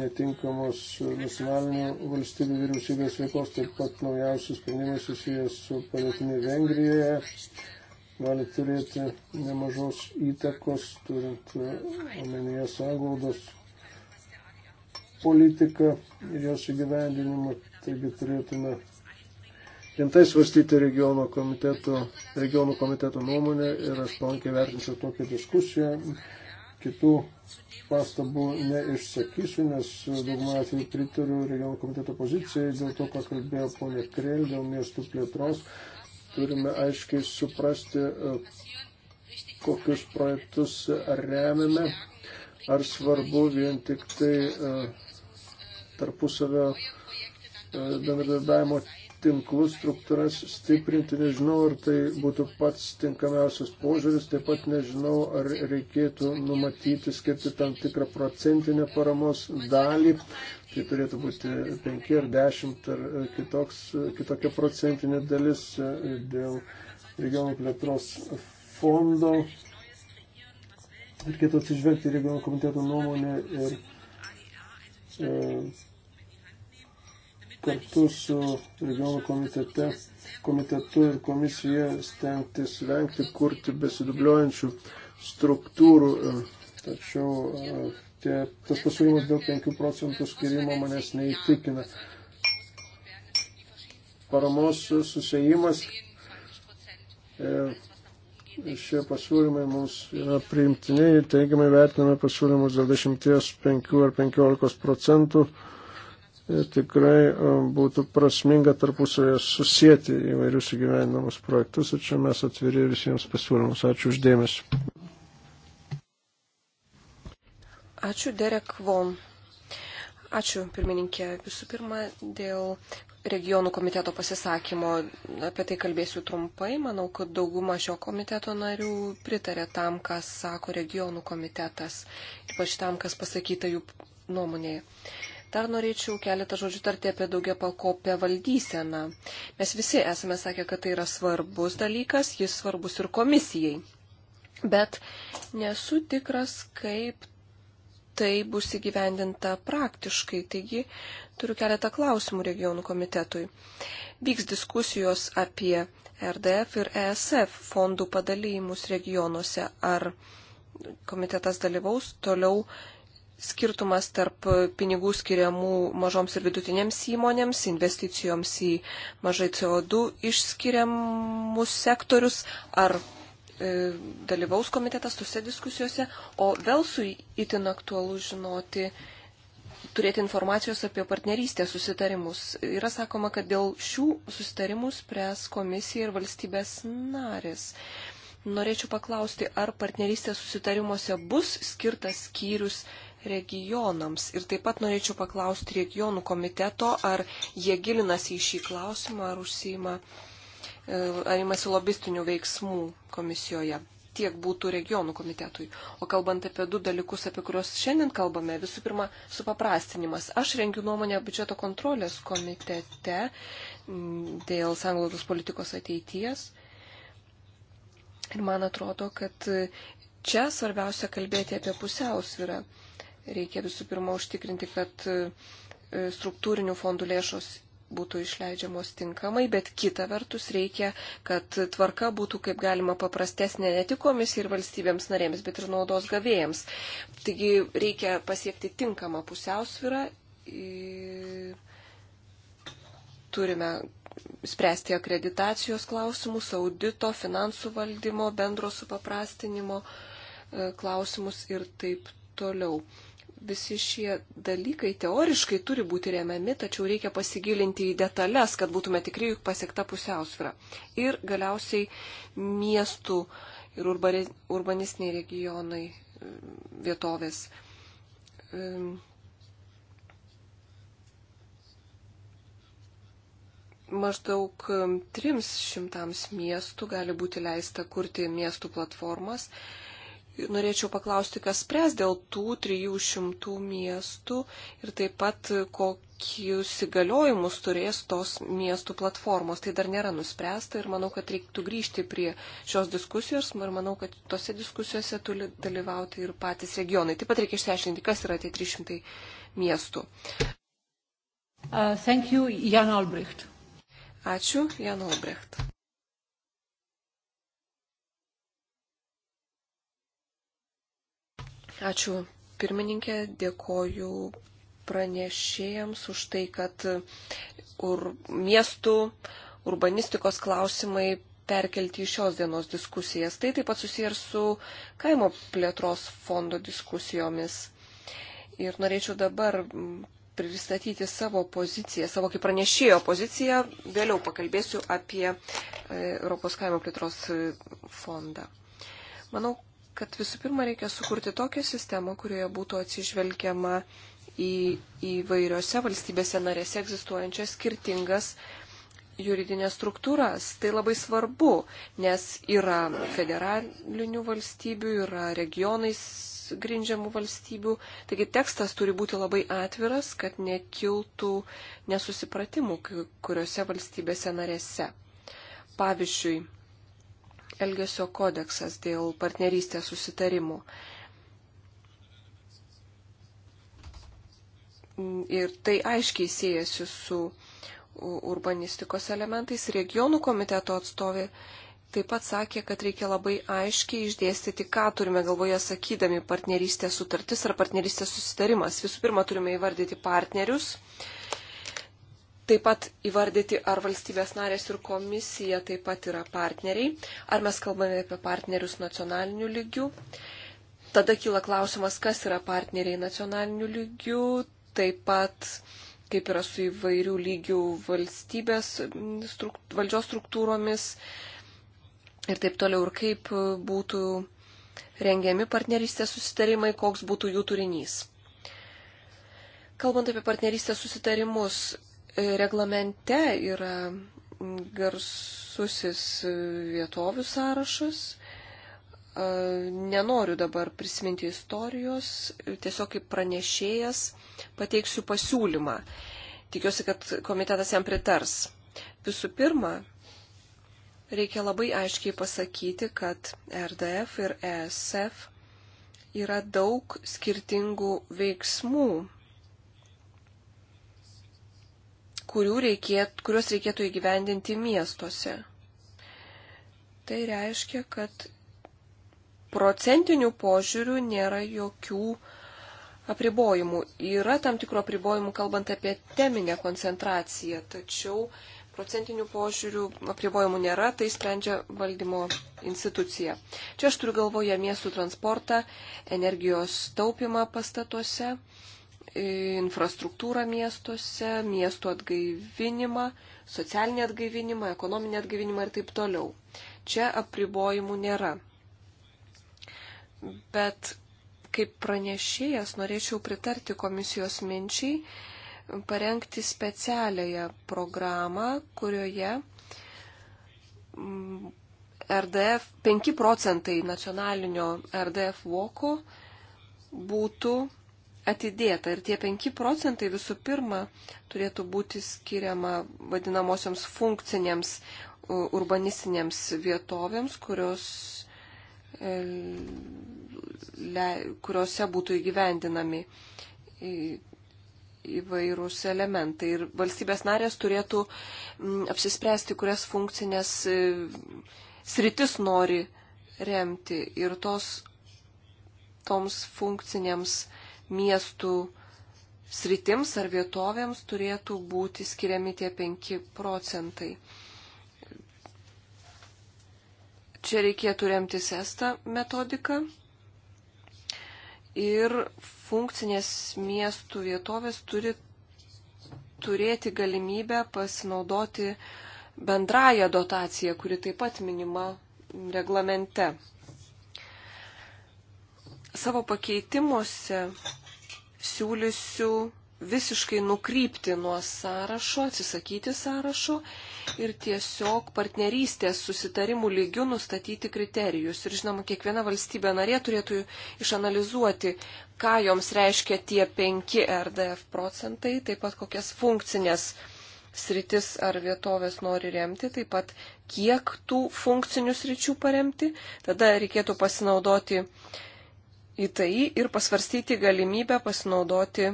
netinkamos nacionalinių valstybių vyriausybės veikos, taip pat naujausius sprendimus susijęs su padėtimi Vengrijoje gali turėti nemažos įtakos, turint e, omenyje sągaudos politiką ir jos įgyvendinimą. Taigi turėtume rimtai svarstyti regionų komiteto, regionų komiteto nuomonę ir aš palankiai vertinčiau tokią diskusiją. Kitų pastabų neišsakysiu, nes daugumą atveju pritariu regionų komiteto pozicijai dėl to, ką kalbėjo ponė Krėl, dėl miestų plėtros. Turime aiškiai suprasti, kokius projektus remiame, ar svarbu vien tik tai uh, tarpusavio e, bendradarbiavimo tinklus, struktūras stiprinti, nežinau, ar tai būtų pats tinkamiausias požiūris, taip pat nežinau, ar reikėtų numatyti, skirti tam tikrą procentinę paramos dalį, tai turėtų būti 5 ar 10 ar kitoks, kitokia procentinė dalis e, dėl regionų plėtros fondo. Reikėtų atsižvelgti regionų komiteto nuomonę ir e, kartu su regionų komitete, komitetu ir komisija stengtis vengti kurti besidubliuojančių struktūrų. Tačiau e, tie, tas pasiūlymas dėl 5 procentų skirimo manęs neįtikina. Paramos susijimas. E, šie pasiūlymai mums yra priimtiniai, teigiamai vertiname pasiūlymus dėl 10, 5 ar 15 procentų tikrai e, būtų prasminga tarpusavėje susijęti įvairius įgyvendinamus projektus ir čia mes atviri visiems pasiūlymus. Ačiū uždėmesi. Ačiū Derek Vom. Ačiū pirmininkė. Visų pirma, dėl regionų komiteto pasisakymo apie tai kalbėsiu trumpai. Manau, kad dauguma šio komiteto narių pritarė tam, kas sako regionų komitetas, ypač tam, kas pasakyta jų nuomonėje. Dar norėčiau keletą žodžių tarti apie daugia pakopę valdyseną. Mes visi esame sakę, kad tai yra svarbus dalykas, jis svarbus ir komisijai. Bet nesu tikras, kaip tai bus įgyvendinta praktiškai. Taigi turiu keletą klausimų regionų komitetui. Vyks diskusijos apie RDF ir ESF fondų padalymus regionuose. Ar komitetas dalyvaus toliau skirtumas tarp pinigų skiriamų mažoms ir vidutinėms įmonėms, investicijoms į mažai CO2 išskiriamus sektorius, ar e, dalyvaus komitetas tuose diskusijose, o Velsui itin aktualu žinoti, turėti informacijos apie partnerystės susitarimus. Yra sakoma, kad dėl šių susitarimų spręs komisija ir valstybės narės. Norėčiau paklausti, ar partnerystės susitarimuose bus skirtas skyrius regionams. Ir taip pat norėčiau paklausti regionų komiteto, ar jie gilinasi į šį klausimą, ar užsima, e, ar imasi lobistinių veiksmų komisijoje. Tiek būtų regionų komitetui. O kalbant apie du dalykus, apie kuriuos šiandien kalbame, visų pirma, supaprastinimas. Aš rengiu nuomonę biudžeto kontrolės komitete dėl sanglaudos politikos ateities. Ir man atrodo, kad čia svarbiausia kalbėti apie pusiausvyrą. Reikia visų pirma užtikrinti, kad e, struktūrinių fondų lėšos būtų išleidžiamos tinkamai, bet kita vertus reikia, kad tvarka būtų kaip galima paprastesnė ne tik komisijai ir valstybėms narėms, bet ir naudos gavėjams. Taigi reikia pasiekti tinkamą pusiausvyrą. Turime spręsti akreditacijos klausimus, audito, finansų valdymo, bendro supaprastinimo e, klausimus ir taip toliau visi šie dalykai teoriškai turi būti remiami, tačiau reikia pasigilinti į detalės, kad būtume tikrai juk pasiekta pusiausvyrą. Ir galiausiai miestų ir urbanistiniai regionai e, vietovės. E, maždaug 300 e, miestų gali būti leista kurti miestų platformas norėčiau paklausti, kas spręs dėl tų 300 miestų ir taip pat kokius įgaliojimus turės tos miestų platformos. Tai dar nėra nuspręsta ir manau, kad reiktų grįžti prie šios diskusijos ir manau, kad tose diskusijose turi dalyvauti ir patys regionai. Taip pat reikia išsiaiškinti, kas yra tie 300 miestų. Uh, thank you, Jan Albrecht. Ačiū, Jan Albrecht. Ačiū pirmininkė, dėkoju pranešėjams už tai, kad ur, miestų urbanistikos klausimai perkelti į šios dienos diskusijas. Tai taip pat susiję ir su kaimo plėtros fondo diskusijomis. Ir norėčiau dabar pristatyti savo poziciją, savo kaip pranešėjo poziciją, vėliau pakalbėsiu apie e, Europos kaimo plėtros e, fondą. Manau, kad visų pirma reikia sukurti tokią sistemą, kurioje būtų atsižvelgiama į įvairiose valstybėse narėse egzistuojančias skirtingas juridinės struktūras. Tai labai svarbu, nes yra federalinių valstybių, yra regionais grindžiamų valstybių. Taigi tekstas turi būti labai atviras, kad nekiltų nesusipratimų kuriuose valstybėse narėse. Pavyzdžiui, Elgesio kodeksas dėl partnerystės susitarimų. Ir tai aiškiai siejasi su urbanistikos elementais. Regionų komiteto atstovė taip pat sakė, kad reikia labai aiškiai išdėstyti, ką turime galvoje sakydami partnerystės sutartis ar partnerystės susitarimas. Visų pirma, turime įvardyti partnerius, taip pat įvardyti, ar valstybės narės ir komisija taip pat yra partneriai, ar mes kalbame apie partnerius nacionaliniu lygiu. Tada kyla klausimas, kas yra partneriai nacionaliniu lygiu, taip pat kaip yra su įvairių lygių valstybės struk, valdžios struktūromis ir taip toliau, ir kaip būtų rengiami partnerystės susitarimai, koks būtų jų turinys. Kalbant apie partnerystės susitarimus, reglamente yra garsusis vietovių sąrašas. Nenoriu dabar prisiminti istorijos, tiesiog kaip pranešėjas pateiksiu pasiūlymą. Tikiuosi, kad komitetas jam pritars. Visų pirma, reikia labai aiškiai pasakyti, kad RDF ir ESF yra daug skirtingų veiksmų reikėt, kuriuos reikėtų įgyvendinti miestuose. Tai reiškia, kad procentinių požiūrių nėra jokių apribojimų. Yra tam tikro apribojimų, kalbant apie teminę koncentraciją, tačiau procentinių požiūrių apribojimų nėra, tai sprendžia valdymo institucija. Čia aš turiu galvoje miestų transportą, energijos taupimą pastatuose infrastruktūrą miestuose, miestų atgaivinimą, socialinį atgaivinimą, ekonominį atgaivinimą ir taip toliau. Čia apribojimų nėra. Bet kaip pranešėjas norėčiau pritarti komisijos minčiai parengti specialiąją programą, kurioje mm, RDF 5 procentai nacionalinio RDF voko būtų atidėta ir tie 5 procentai visų pirma turėtų būti skiriama vadinamosioms funkcinėms urbanistinėms vietovėms, kurios, e, le, kuriuose būtų įgyvendinami įvairūs elementai. Ir valstybės narės turėtų apsispręsti, kurias funkcinės e, sritis nori remti. Ir tos, toms funkcinėms miestų sritims ar vietovėms turėtų būti skiriami tie 5 procentai. Čia reikėtų remtis ESTA metodiką ir funkcinės miestų vietovės turi turėti galimybę pasinaudoti bendrąją dotaciją, kuri taip pat minima reglamente. Savo pakeitimuose siūlysiu visiškai nukrypti nuo sąrašo, atsisakyti sąrašo ir tiesiog partnerystės susitarimų lygių nustatyti kriterijus. Ir žinoma, kiekviena valstybė narė turėtų išanalizuoti, ką joms reiškia tie 5 RDF procentai, taip pat kokias funkcinės sritis ar vietovės nori remti, taip pat kiek tų funkcinių sričių paremti. Tada reikėtų pasinaudoti į tai ir pasvarstyti galimybę pasinaudoti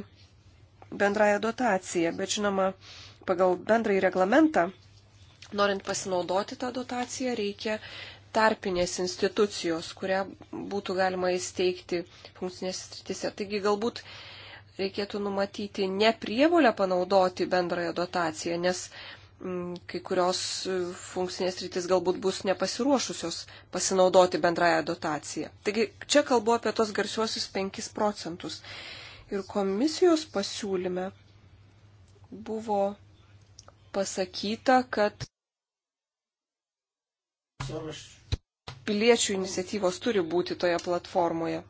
bendrąją dotaciją. Bet žinoma, pagal bendrąjį reglamentą, norint pasinaudoti tą dotaciją, reikia tarpinės institucijos, kurią būtų galima įsteigti funkcinėse stritise. Taigi galbūt reikėtų numatyti ne prievolę panaudoti bendrąją dotaciją, nes Mm, kai kurios e, funkcinės rytis galbūt bus nepasiruošusios pasinaudoti bendrają dotaciją. Taigi čia kalbu apie tos garsiuosius 5 procentus. Ir komisijos pasiūlyme buvo pasakyta, kad piliečių iniciatyvos turi būti toje platformoje.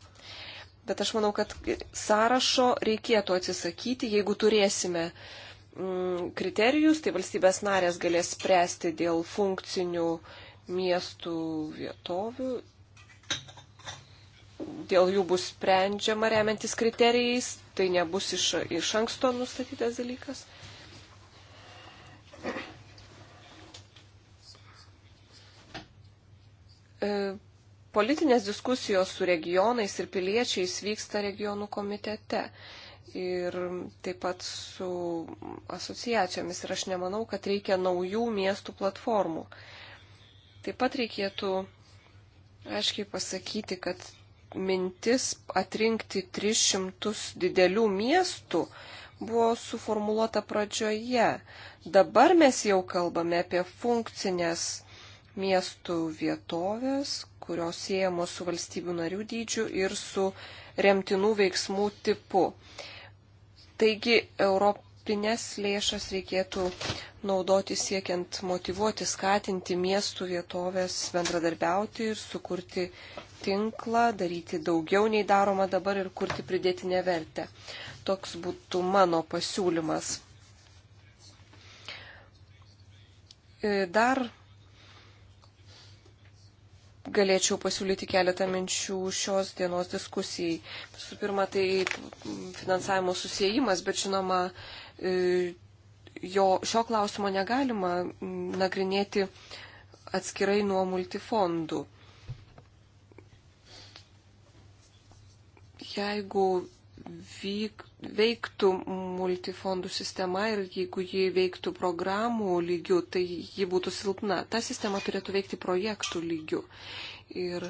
Bet aš manau, kad sąrašo reikėtų atsisakyti, jeigu turėsime uh, Mm, kriterijus, tai valstybės narės galės spręsti dėl funkcinių miestų vietovių. Dėl jų bus sprendžiama remiantis kriterijais, tai nebus iš, iš anksto nustatytas dalykas. E, politinės diskusijos su regionais ir piliečiais vyksta regionų komitete ir taip pat su asociacijomis. Ir aš nemanau, kad reikia naujų miestų platformų. Taip pat reikėtų aiškiai pasakyti, kad mintis atrinkti 300 didelių miestų buvo suformuoluota pradžioje. Dabar mes jau kalbame apie funkcinės miestų vietovės, kurios siejamos su valstybių narių dydžiu ir su remtinų veiksmų tipu. Taigi europinės lėšas reikėtų naudoti siekiant motivuoti, skatinti miestų vietovės bendradarbiauti ir sukurti tinklą, daryti daugiau nei daroma dabar ir kurti pridėtinę vertę. Toks būtų mano pasiūlymas. E, dar galėčiau pasiūlyti keletą minčių šios dienos diskusijai. Visų pirma, tai finansavimo susijimas, bet žinoma, e, jo, šio klausimo negalima nagrinėti atskirai nuo multifondų. Jeigu vyk, veiktų multifondų sistema ir jeigu ji veiktų programų lygių, tai ji būtų silpna. Ta sistema turėtų veikti projektų lygių. Ir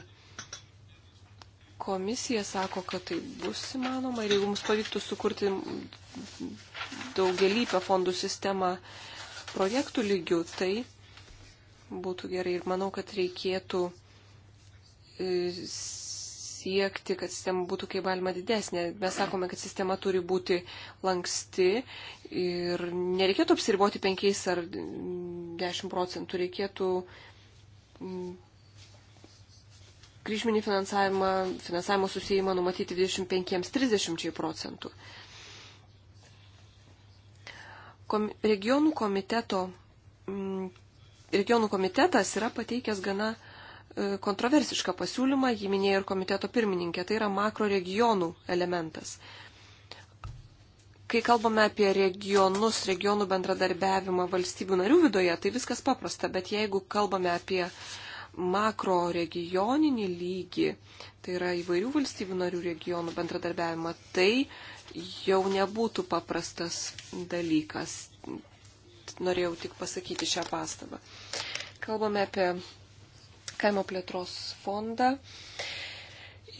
komisija sako, kad tai bus įmanoma ir jeigu mums pavyktų sukurti daugelįpę fondų sistemą projektų lygių, tai būtų gerai. Ir manau, kad reikėtų e, siekti, kad sistema būtų kaip galima didesnė. Mes sakome, kad sistema turi būti lanksti ir nereikėtų apsiriboti 5 ar 10 procentų, reikėtų kryžminį mm, finansavimą, finansavimo susijimą numatyti 25-30 procentų. Kom, regionų, komiteto, mm, regionų komitetas yra pateikęs gana kontroversišką pasiūlymą, jį minėjo ir komiteto pirmininkė, tai yra makro regionų elementas. Kai kalbame apie regionus, regionų bendradarbiavimą valstybių narių viduje, tai viskas paprasta, bet jeigu kalbame apie makro regioninį lygį, tai yra įvairių valstybių narių regionų bendradarbiavimą, tai jau nebūtų paprastas dalykas. Norėjau tik pasakyti šią pastabą. Kalbame apie kaimo plėtros fondą.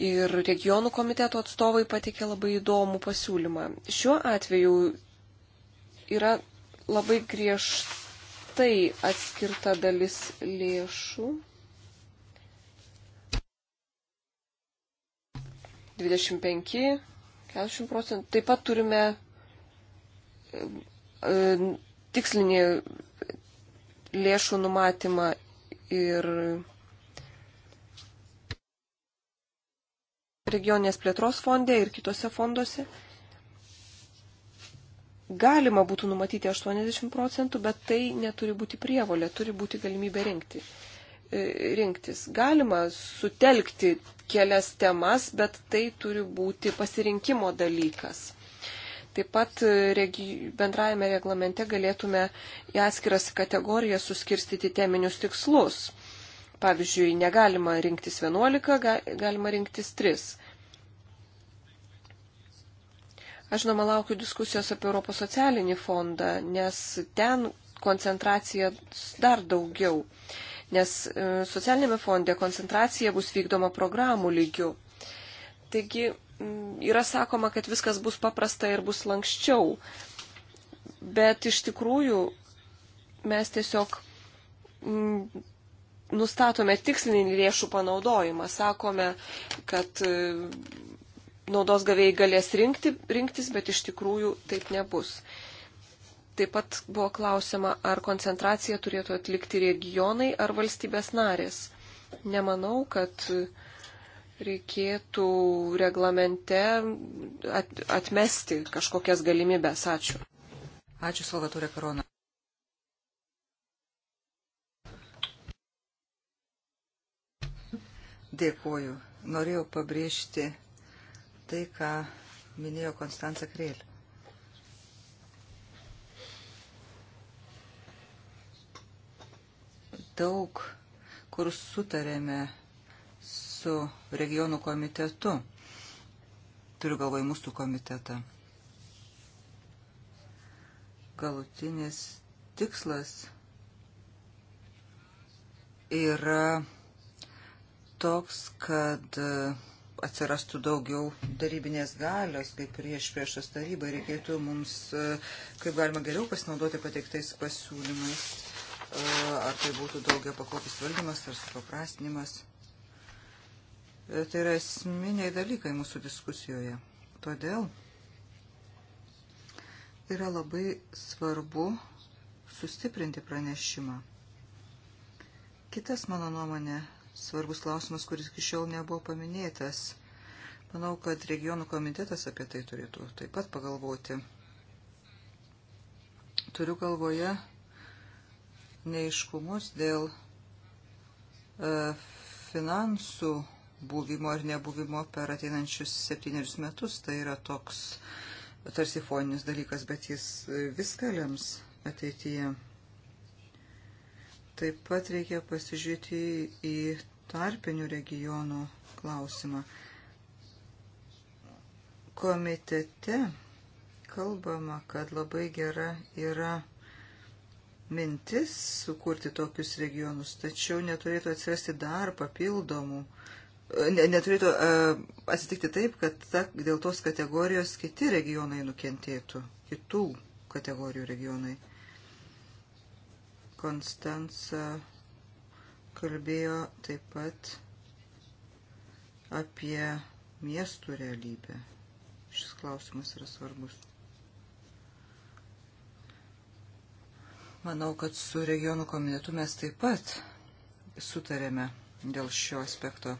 Ir regionų komiteto atstovai patikė labai įdomų pasiūlymą. Šiuo atveju yra labai griežtai atskirta dalis lėšų. 25, 40 procentų. Taip pat turime e, tikslinį lėšų numatymą ir regioninės plėtros fonde ir kitose fonduose galima būtų numatyti 80 procentų, bet tai neturi būti prievolė, turi būti galimybė rinkti, e, rinktis. Galima sutelkti kelias temas, bet tai turi būti pasirinkimo dalykas. Taip pat e, regi, bendrajame reglamente galėtume į atskiras kategorijas suskirstyti teminius tikslus. Pavyzdžiui, negalima rinktis 11, galima rinktis 3. Aš žinoma laukiu diskusijos apie Europos socialinį fondą, nes ten koncentracija dar daugiau, nes e, socialinėme fonde koncentracija bus vykdoma programų lygių. Taigi yra sakoma, kad viskas bus paprasta ir bus lankščiau, bet iš tikrųjų mes tiesiog nustatome tikslinį lėšų panaudojimą, sakome, kad e, naudos gavėjai galės rinkti, rinktis, bet iš tikrųjų taip nebus. Taip pat buvo klausima, ar koncentraciją turėtų atlikti regionai ar valstybės narės. Nemanau, kad reikėtų reglamente atmesti kažkokias galimybės. Ačiū. Ačiū, Salvatore Karona. Dėkuoju. Norėjau pabrėžti tai, ką minėjo Konstanca Kreil. Daug, kur sutarėme su regionų komitetu, turiu galvoj mūsų komitetą. Galutinis tikslas yra toks, kad uh, atsirastų daugiau darybinės galios, kaip prieš priešas tarybai, reikėtų mums e, kaip galima geriau pasinaudoti pateiktais pasiūlymais, e, ar tai būtų daugia pakopis valdymas ar supaprastinimas. E, tai yra esminiai dalykai mūsų diskusijoje. Todėl yra labai svarbu sustiprinti pranešimą. Kitas, mano nuomonė, svarbus klausimas, kuris iki šiol nebuvo paminėtas. Manau, kad regionų komitetas apie tai turėtų taip pat pagalvoti. Turiu galvoje neiškumus dėl e, finansų buvimo ar nebuvimo per ateinančius septynerius metus. Tai yra toks tarsi foninis dalykas, bet jis e, viską lems ateityje. Taip pat reikia pasižiūrėti į tarpinių regionų klausimą. Komitete kalbama, kad labai gera yra mintis sukurti tokius regionus, tačiau neturėtų atsirasti dar papildomų, neturėtų e, atsitikti taip, kad ta, dėl tos kategorijos kiti regionai nukentėtų, kitų kategorijų regionai. Konstanca kalbėjo taip pat apie miestų realybę. Šis klausimas yra svarbus. Manau, kad su regionų komitetu mes taip pat sutarėme dėl šio aspekto.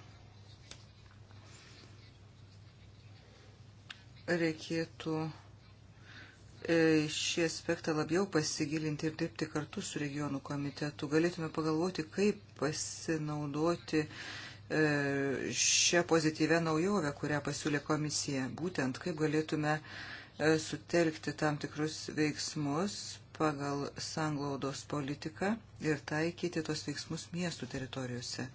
Reikėtų E, šį aspektą labiau pasigilinti ir dirbti kartu su regionų komitetu. Galėtume pagalvoti, kaip pasinaudoti e, šią pozityvę naujovę, kurią pasiūlė komisija. Būtent kaip galėtume e, sutelkti tam tikrus veiksmus pagal sanglaudos politiką ir taikyti tos veiksmus miestų teritorijose.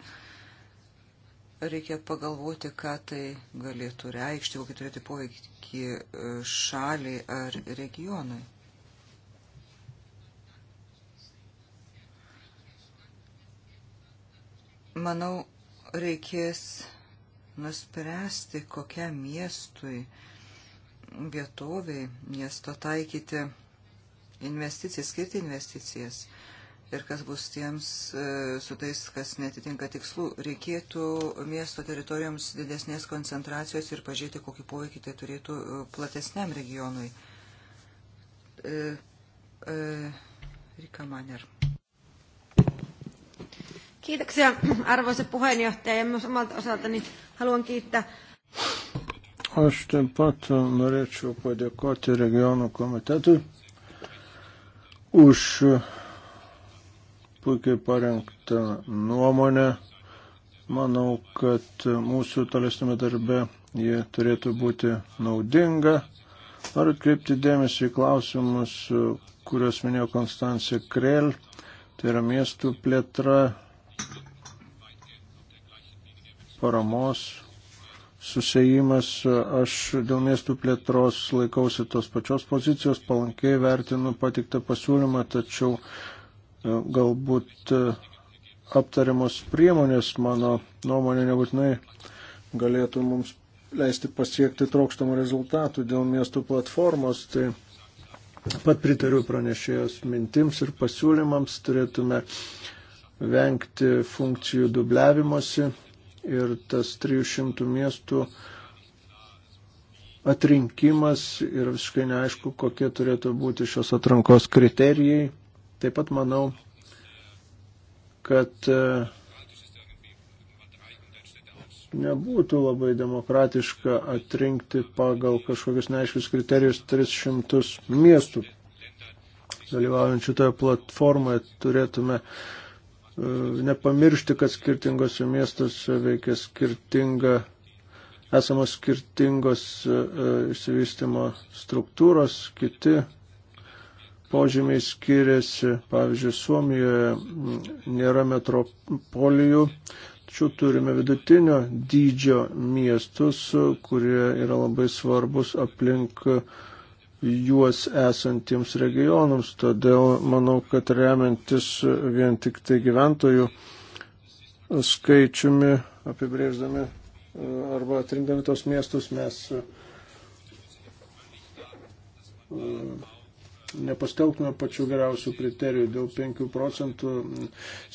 Reikia pagalvoti, ką tai galėtų reikšti, kokį turėtų poveikį e, šaliai ar regionui. Manau, reikės nuspręsti, kokiam miestui, vietoviai, miesto taikyti investicijas, skirti investicijas. investicijas ir kas bus tiems e, su tais, kas netitinka tikslų. Reikėtų miesto teritorijoms didesnės koncentracijos ir pažiūrėti, kokį poveikį tai turėtų e, platesniam regionui. E, Rika Maner. Kiitoksia arvoisa puheenjohtaja ja myös omalta osaltani haluan kiittää. Aš taip pat norėčiau padėkoti regionų komitetui už puikiai parengtą nuomonę. Manau, kad mūsų tolesnėme darbe jie turėtų būti naudinga. Noriu atkreipti dėmesį į klausimus, kuriuos minėjo Konstancija Krell, tai yra miestų plėtra, paramos susijimas. Aš dėl miestų plėtros laikausi tos pačios pozicijos, palankiai vertinu patiktą pasiūlymą, tačiau E, galbūt e, aptariamos priemonės, mano nuomonė, nebūtinai galėtų mums leisti pasiekti trokštamų rezultatų dėl miestų platformos. Tai pat pritariu pranešėjos mintims ir pasiūlymams turėtume vengti funkcijų dubliavimosi ir tas 300 miestų atrinkimas ir visiškai neaišku, kokie turėtų būti šios atrankos kriterijai. Taip pat manau, kad e, nebūtų labai demokratiška atrinkti pagal kažkokius neaiškius kriterijus 300 miestų. Dalyvaujančių toje platformoje turėtume e, nepamiršti, kad skirtingose miestuose veikia skirtinga, esamos skirtingos e, išsivystimo struktūros, kiti požymiai skiriasi. Pavyzdžiui, Suomijoje mm, nėra metropolijų, tačiau turime vidutinio dydžio miestus, kurie yra labai svarbus aplink juos esantiems regionams. Todėl manau, kad remiantis vien tik tai gyventojų skaičiumi apibrėždami e, arba atrinkdami tos miestus mes e, nepasteltume pačių geriausių kriterijų dėl 5 procentų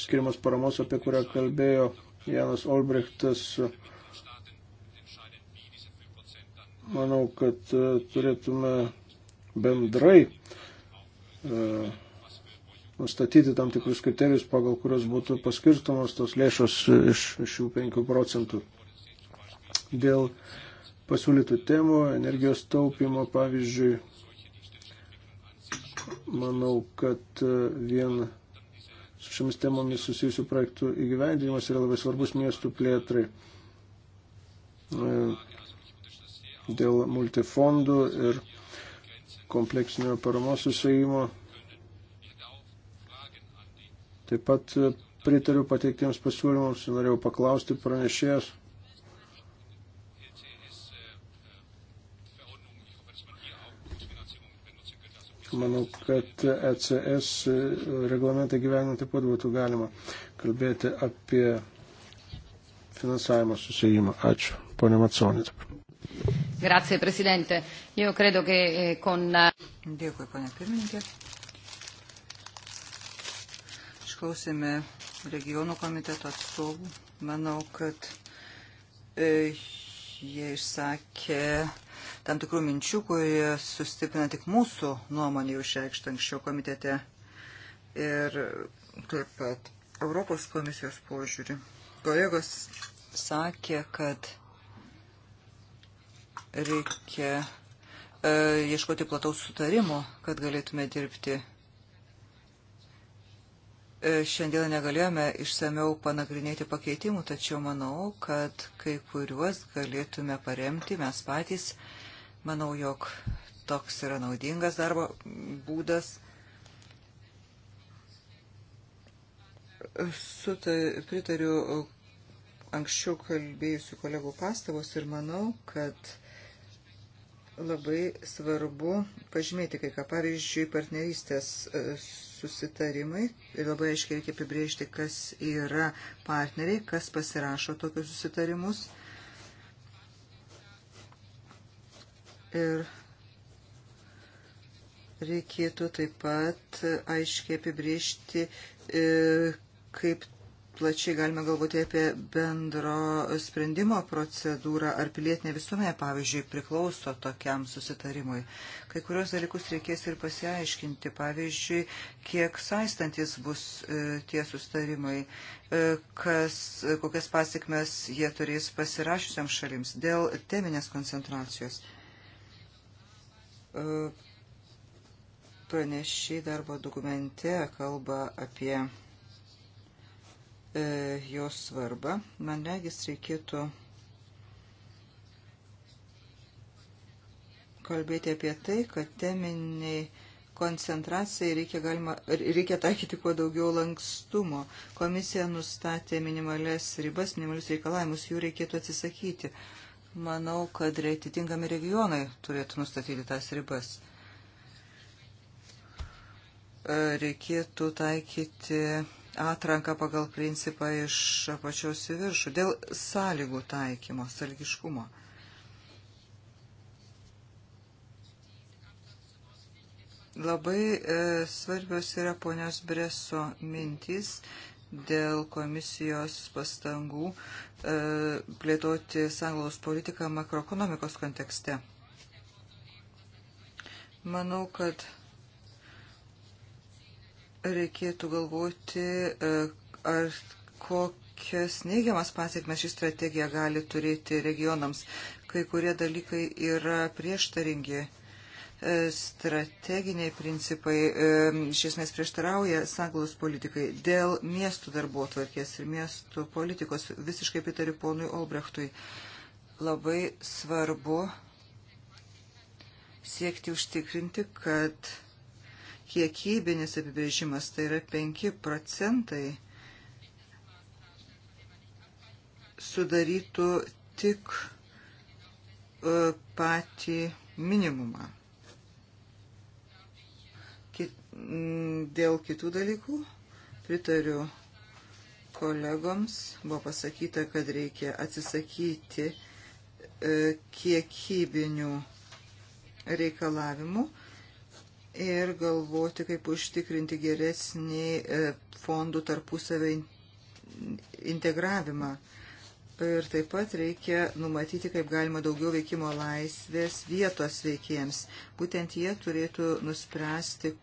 skirimas paramos, apie kurią kalbėjo Janas Olbrechtas. Manau, kad e, turėtume bendrai e, nustatyti tam tikrus kriterijus, pagal kurios būtų paskirstamos tos lėšos iš šių 5 procentų. Dėl pasiūlytų temų, energijos taupimo, pavyzdžiui, manau, kad e, vien su šiomis temomis susijusių projektų įgyvendinimas yra labai svarbus miestų plėtrai e, dėl multifondų ir kompleksinio paramos susijimo. Taip pat e, pritariu pateiktiems pasiūlymams ir norėjau paklausti pranešėjęs. Manau, kad ECS reglamentą gyvenant taip pat būtų galima kalbėti apie finansavimo susijimą. Ačiū. Pone Matsonė. Grazie, Presidente. Io credo che eh, con... Eh, Dėkui, ponia pirmininkė. Išklausėme regionų komiteto atstovų. Manau, kad e, jie išsakė e, tam tikrų minčių, kurie sustiprina tik mūsų nuomonį jau išreikštą anksčiau komitete ir taip pat Europos komisijos požiūrį. Kolegos sakė, kad reikia e, ieškoti plataus sutarimo, kad galėtume dirbti. E, šiandieną negalėjome išsameu panagrinėti pakeitimų, tačiau manau, kad kai kuriuos galėtume paremti mes patys. E, Manau, jog toks yra naudingas darbo būdas. Suta, pritariu anksčiau kalbėjusių kolegų pastabos ir manau, kad labai svarbu pažymėti kai ką. Pavyzdžiui, partnerystės e, susitarimai ir labai aiškiai reikia apibriežti, kas yra partneriai, kas pasirašo tokius susitarimus. Ir reikėtų taip pat aiškiai apibriežti, e, kaip plačiai galime galvoti apie bendro sprendimo procedūrą, ar pilietinė visuomenė, pavyzdžiui, priklauso tokiam susitarimui. Kai kurios dalykus reikės ir pasiaiškinti, pavyzdžiui, kiek saistantis bus e, tie susitarimai, e, kas, e, kokias pasiekmes jie turės pasirašiusiam šalims dėl teminės koncentracijos. Pranešiai darbo dokumente kalba apie e, jos svarbą. Man regis reikėtų kalbėti apie tai, kad teminiai koncentracijai reikia, galima, reikia taikyti kuo daugiau lankstumo. Komisija nustatė minimales ribas, minimalius reikalavimus, jų reikėtų atsisakyti. Uh, Manau, kad reititinkami regionai turėtų nustatyti tas ribas. E, reikėtų taikyti atranką pagal principą iš apačios į viršų dėl sąlygų taikymo, sąlygiškumo. Labai e, svarbios yra ponios Breso mintys dėl komisijos pastangų e, plėtoti sanglaus politiką makroekonomikos kontekste. Manau, kad reikėtų galvoti, e, ar kokias neigiamas pasiekmes ši strategija gali turėti regionams. Kai kurie dalykai yra prieštaringi strateginiai principai e, iš esmės prieštarauja sanglos politikai dėl miestų darbo tvarkės ir miestų politikos. Visiškai pritariu ponui Olbrechtui. Labai svarbu siekti užtikrinti, kad kiekybinis apibrėžimas, tai yra 5 procentai, sudarytų tik e, patį minimumą. Mm, dėl kitų dalykų pritariu kolegoms. Buvo pasakyta, kad reikia atsisakyti e, kiekybinių reikalavimų ir galvoti, kaip užtikrinti geresnį e, fondų tarpusavę integravimą. Ir taip pat reikia numatyti, kaip galima daugiau veikimo laisvės vietos veikėjams. Būtent jie turėtų nuspręsti,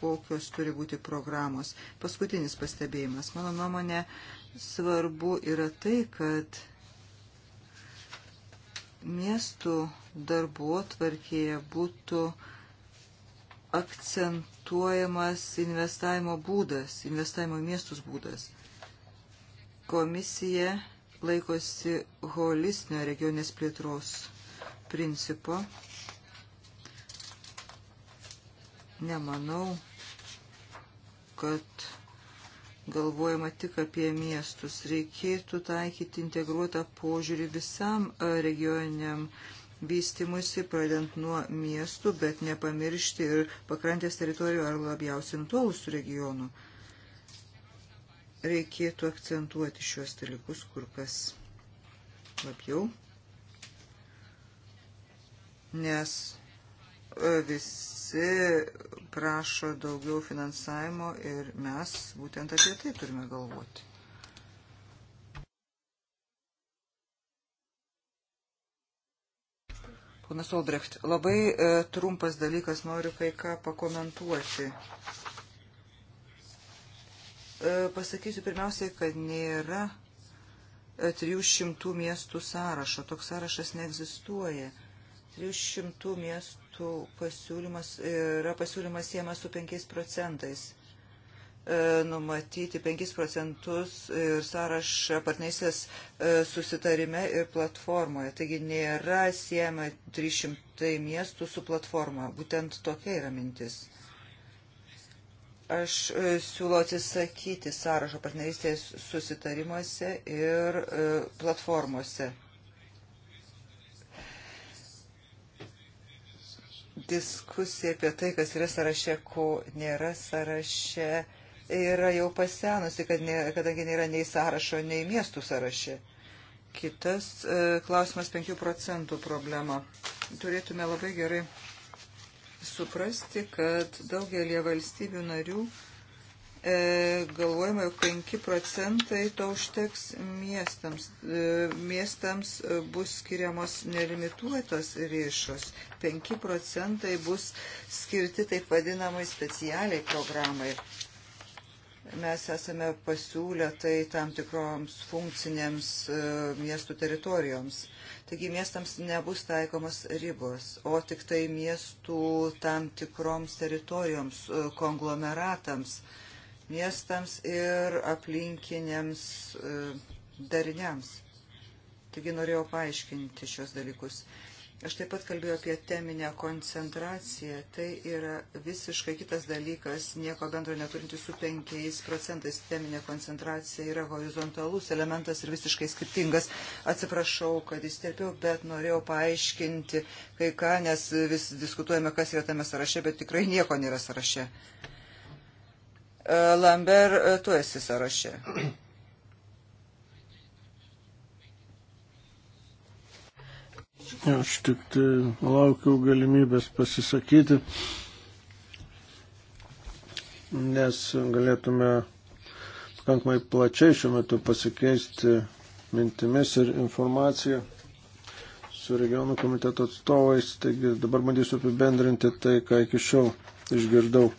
kokios turi būti programos. Paskutinis pastebėjimas. Mano nuomonė svarbu yra tai, kad miestų darbo tvarkėje būtų akcentuojamas investavimo būdas, investavimo miestus būdas. Komisija laikosi holistinio regionės plėtros principo nemanau, kad galvojama tik apie miestus. Reikėtų taikyti integruotą požiūrį visam e, regioniam vystimusi, pradant nuo miestų, bet nepamiršti ir pakrantės teritorijų ar labiausiai nutolusių regionų. Reikėtų akcentuoti šiuos dalykus kur kas labiau, nes visi prašo daugiau finansavimo ir mes būtent apie tai turime galvoti. Ponas Olbrecht, labai e, trumpas dalykas, noriu kai ką pakomentuoti. E, pasakysiu pirmiausiai, kad nėra 300 e, miestų sąrašo. Toks sąrašas neegzistuoja. E, 300 miestų pasiūlymas yra pasiūlymas siemas su 5 procentais. E, numatyti 5 procentus ir sąrašą partnerystės e, susitarime ir platformoje. Taigi nėra siema 300 miestų su platforma. Būtent tokia yra mintis. Aš e, siūlau atsisakyti sąrašo partnerystės susitarimuose ir platformose. diskusija apie tai, kas yra sąraše, ko nėra sąraše, yra jau pasenusi, kad ne, kadangi nėra nei sąrašo, nei miestų sąraše. Kitas e, klausimas 5 procentų problema. Turėtume labai gerai suprasti, kad daugelie valstybių narių E, galvojama, jog 5 procentai to užteks miestams. E, miestams e, bus skiriamos nelimituotos lėšos. 5 procentai bus skirti taip vadinamai specialiai programai. Mes esame pasiūlę tai tam tikroms funkcinėms miestų teritorijoms. Taigi miestams nebus taikomos ribos, o tik tai miestų tam tikroms teritorijoms, konglomeratams. Uh, miestams ir aplinkiniams e, dariniams. Taigi norėjau paaiškinti šios dalykus. Aš taip pat kalbėjau apie teminę koncentraciją. Tai yra visiškai kitas dalykas, nieko bendro neturinti su 5 procentais. Teminė koncentracija yra horizontalus elementas ir visiškai skirtingas. Atsiprašau, kad įsterpiau, bet norėjau paaiškinti kai ką, nes vis diskutuojame, kas yra tame sąraše, bet tikrai nieko nėra sąraše. Lamber, e, tu esi sąraše. Aš tik tai laukiau galimybės pasisakyti, nes galėtume pakankamai plačiai šiuo metu pasikeisti mintimis ir informaciją su regionų komiteto atstovais, taigi dabar bandysiu apibendrinti tai, ką iki šiol išgirdau.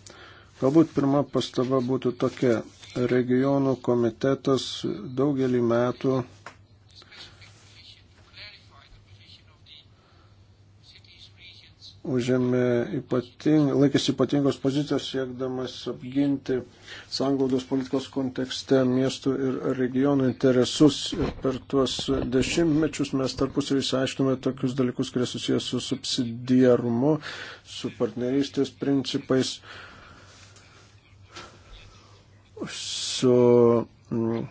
Galbūt pirma pastaba būtų tokia. Regionų komitetas daugelį metų užėmė ypating, laikėsi ypatingos pozicijos siekdamas apginti sanglaudos politikos kontekste miestų ir regionų interesus. Ir per tuos dešimtmečius mes tarpusavį išsiaiškinome tokius dalykus, kurie susijęs su subsidiarumu, su partnerystės principais. Uh, su mm,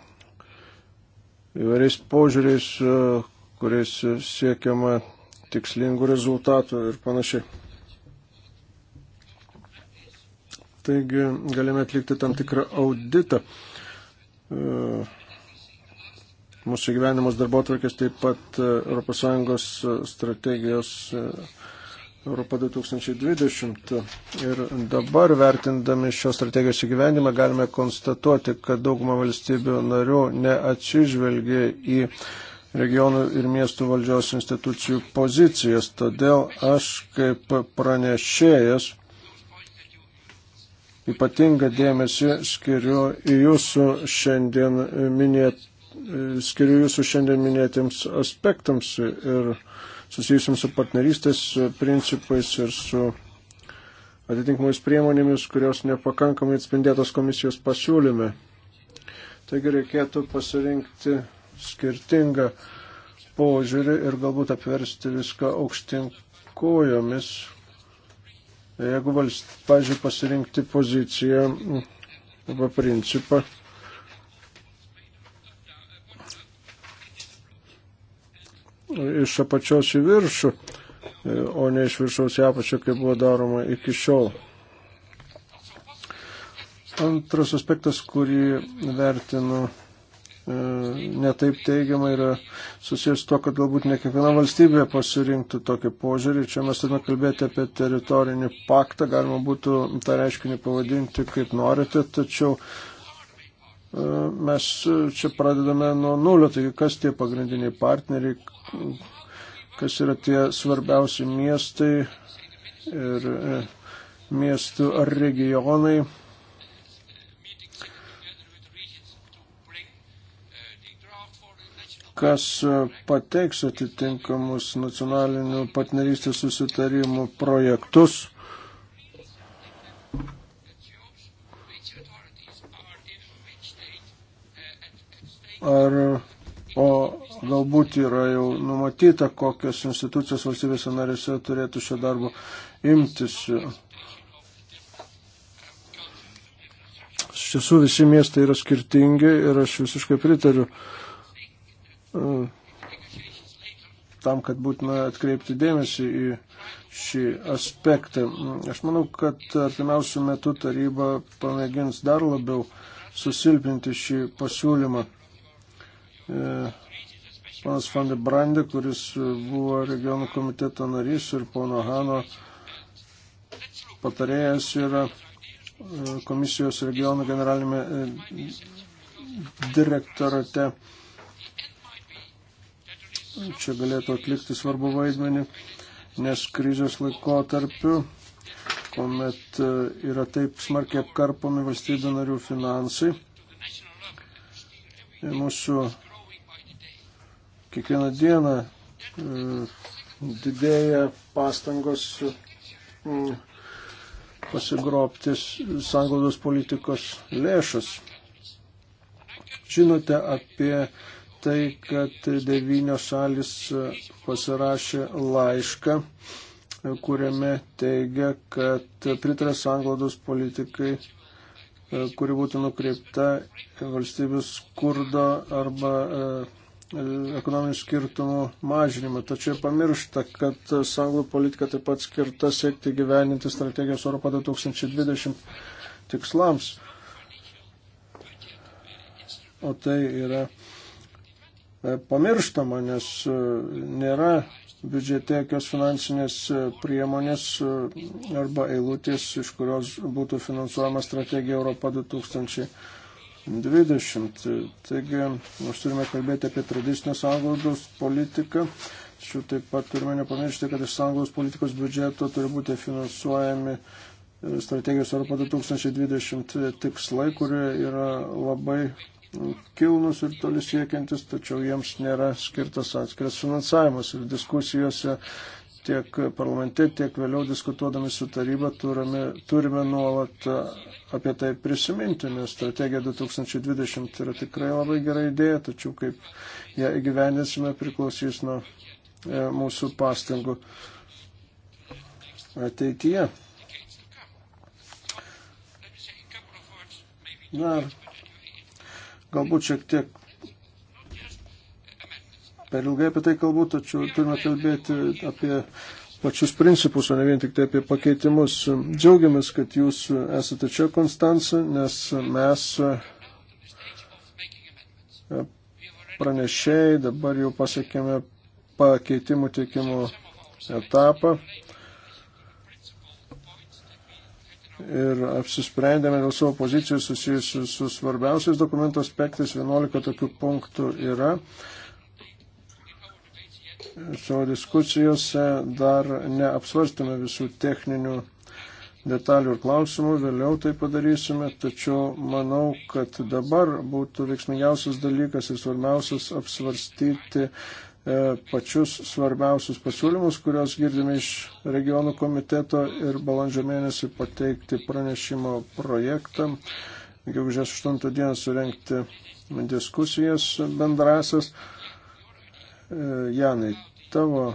įvairiais požiūriais, e, kuriais siekiama tikslingų rezultatų ir panašiai. Taigi galime atlikti tam tikrą auditą. E, mūsų gyvenimas darbo atvarkės taip pat ES strategijos e, Europa 2020. Ir dabar vertindami šios strategijos įgyvenimą galime konstatuoti, kad dauguma valstybių narių neatsižvelgia į regionų ir miestų valdžios institucijų pozicijas. Todėl aš kaip pranešėjas ypatingą dėmesį skiriu jūsų šiandien minėt skiriu jūsų šiandien minėtiems aspektams ir uh, susijusiam su partnerystės principais ir su atitinkamais priemonėmis, kurios nepakankamai atspindėtos komisijos pasiūlyme. Taigi reikėtų pasirinkti skirtingą požiūrį ir galbūt apversti viską aukštinkojomis. Jeigu, valst, pažiūrėjau, pasirinkti poziciją arba principą, iš apačios į viršų, e, o ne iš viršaus į apačią, kaip buvo daroma iki šiol. Antras aspektas, kurį vertinu e, netaip teigiamai yra susijęs to, kad galbūt ne kiekviena valstybė pasirinktų tokį požiūrį. Čia mes turime kalbėti apie teritorinį paktą, galima būtų tą reiškinį pavadinti kaip norite, tačiau mes čia pradedame nuo nulio, taigi kas tie pagrindiniai partneriai, kas yra tie svarbiausi miestai ir e, miestų ar regionai. kas e, pateiks atitinkamus nacionalinių partnerystės susitarimų projektus. ar o galbūt yra jau numatyta, kokios institucijos valstybėse narėse turėtų šio darbo imtis. Iš tiesų visi miestai yra skirtingi ir aš visiškai pritariu e, tam, kad būtina atkreipti dėmesį į šį aspektą. Aš manau, kad artimiausių metų taryba pamėgins dar labiau susilpinti šį pasiūlymą. E, panas Fandi Brandi, kuris buvo regionų komiteto narys ir pono Hano patarėjas yra e, komisijos regionų generalinėme e, direktorate. Čia galėtų atlikti svarbu vaidmenį, nes krizės laikotarpiu, kuomet yra taip smarkiai apkarpomi valstybių narių finansai, mūsų Kiekvieną dieną mm, didėja pastangos mm, pasigrobtis sanglaudos politikos lėšas. Žinote apie tai, kad devynios šalis pasirašė laišką, kuriame teigia, kad pritarė sanglaudos politikai, kuri būtų nukreipta valstybės skurdo arba E, ekonominių skirtumų mažinimą. Tačiau pamiršta, kad sanglų politika taip pat skirta siekti gyveninti strategijos Europą 2020 tikslams. O tai yra e, pamirštama, nes e, nėra biudžete jokios finansinės priemonės arba eilutės, iš kurios būtų finansuojama strategija Europa 2020 20. Taigi, mes turime kalbėti apie tradicinės sanglaudos politiką, tačiau taip pat turime nepamiršti, kad iš sanglaudos politikos biudžeto turi būti finansuojami e, strategijos Europa 2020 tikslai, kurie yra labai kilnus ir toli siekiantis, tačiau jiems nėra skirtas atskiras finansavimas. Ir diskusijose tiek parlamente, tiek vėliau diskutuodami su taryba turime, turime nuolat apie tai prisiminti, nes strategija 2020 yra tikrai labai gera idėja, tačiau kaip ją įgyvendinsime priklausys nuo e, mūsų pastangų ateityje. Na, galbūt šiek tiek per ilgai apie tai kalbu, tačiau turime kalbėti apie pačius principus, o ne vien tik tai apie pakeitimus. Džiaugiamės, kad jūs esate čia, Konstanca, nes mes e, pranešėjai dabar jau pasiekėme pakeitimų teikimo etapą. ir apsisprendėme dėl savo pozicijų susijusių su svarbiausiais dokumento aspektais. 11 tokių punktų yra savo diskusijose dar neapsvarstame visų techninių detalių ir klausimų, vėliau tai padarysime, tačiau manau, kad dabar būtų veiksmingiausias dalykas ir svarbiausias apsvarstyti e, pačius svarbiausius pasiūlymus, kuriuos girdime iš regionų komiteto ir balandžio mėnesį pateikti pranešimo projektą, gegužės 8 dieną surenkti diskusijas bendrasias. E, Janai, tavo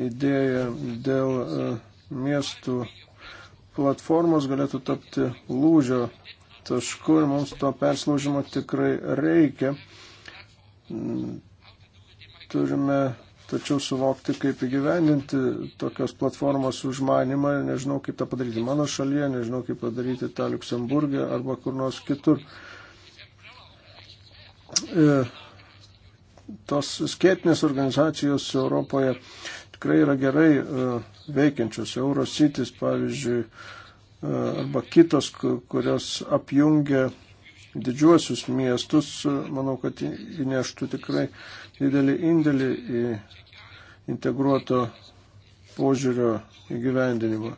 idėja dėl e, miestų platformos galėtų tapti lūžio tašku ir mums to perslaužimo tikrai reikia. Mm, turime tačiau suvokti, kaip įgyvendinti tokios platformos užmanimą ir nežinau, kaip tą padaryti mano šalyje, nežinau, kaip padaryti tą Luksemburgė arba kur nors kitur. E, tos skėtinės organizacijos Europoje tikrai yra gerai e, veikiančios. Eurocitis, pavyzdžiui, e, arba kitos, kurios apjungia didžiuosius miestus, e, manau, kad įneštų tikrai didelį indėlį į integruoto požiūrio įgyvendinimą.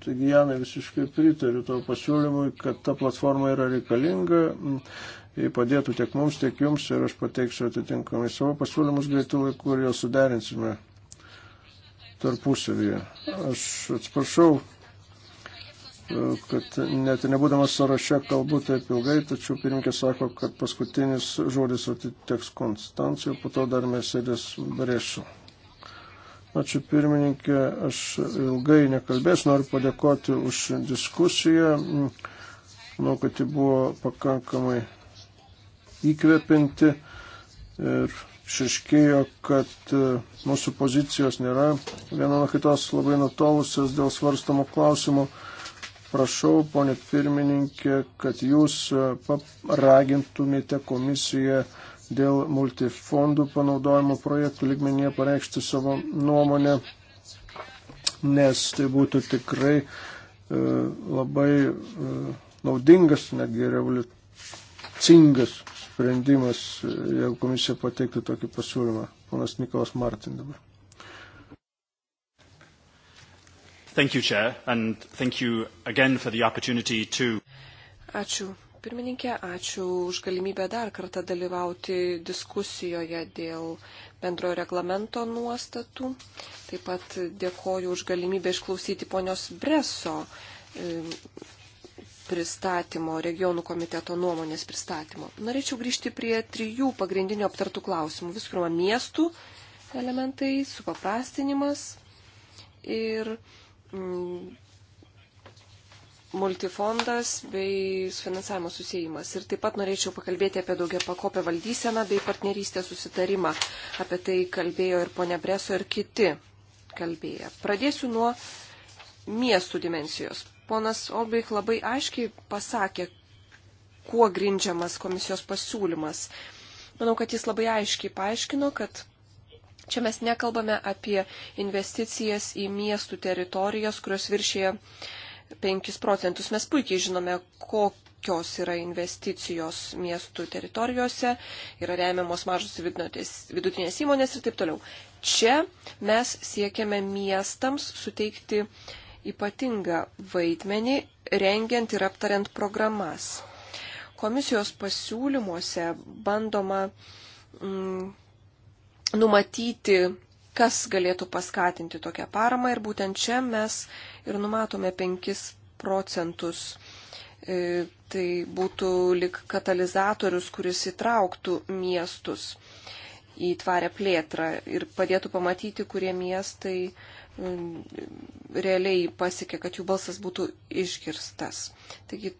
Taigi, Janai, visiškai pritariu to pasiūlymui, kad ta platforma yra reikalinga, jai padėtų tiek mums, tiek jums ir aš pateiksiu atitinkamai savo pasiūlymus greitų laikų ir juos suderinsime tarpusavyje. Aš atsiprašau, e, kad net nebūdamas sąraše kalbu taip ilgai, tačiau pirmininkė sako, kad paskutinis žodis atiteks Konstancijų, po to dar mes sėdės Brešu. Ačiū pirmininkė, aš ilgai nekalbės, noriu padėkoti už diskusiją. Manau, kad ji buvo pakankamai įkvepinti ir išaiškėjo, kad e, mūsų pozicijos nėra viena nuo kitos labai nutolusios dėl svarstamo klausimo. Prašau, ponė pirmininkė, kad jūs e, ragintumėte komisiją dėl multifondų panaudojimo projektų ligmenyje pareikšti savo nuomonę, nes tai būtų tikrai e, labai e, naudingas, netgi revoliucingas sprendimas, e, jeigu komisija pateiktų tokį pasiūlymą. Ponas Nikolas Martin dabar. Thank you, Chair, and thank you again for the opportunity to. Ačiū pirmininkė, ačiū už galimybę dar kartą dalyvauti diskusijoje dėl bendrojo reglamento nuostatų. Taip pat dėkoju už galimybę išklausyti ponios Breso e, pristatymo, regionų komiteto nuomonės pristatymo. Norėčiau grįžti prie trijų pagrindinių aptartų klausimų. Visų pirma, miestų elementai, supaprastinimas ir mm, multifondas bei finansavimo susijimas. Ir taip pat norėčiau pakalbėti apie daugia pakopę valdyseną bei partnerystę susitarimą. Apie tai kalbėjo ir ponia Breso ir kiti kalbėję. Pradėsiu nuo miestų dimensijos. Ponas Olbich labai aiškiai pasakė, kuo grindžiamas komisijos pasiūlymas. Manau, kad jis labai aiškiai paaiškino, kad Čia mes nekalbame apie investicijas į miestų teritorijas, kurios viršyje 5 procentus. Mes puikiai žinome, kokios yra investicijos miestų teritorijose, yra remiamos mažos vidutinės įmonės ir taip toliau. Čia mes siekiame miestams suteikti ypatingą vaidmenį, rengiant ir aptariant programas. Komisijos pasiūlymuose bandoma mm, numatyti, kas galėtų paskatinti tokią paramą ir būtent čia mes uh, ir numatome 5 procentus. E, tai būtų lik katalizatorius, kuris įtrauktų miestus į tvarę plėtrą ir padėtų pamatyti, kurie miestai e, realiai pasiekė, kad jų balsas būtų išgirstas. Taigi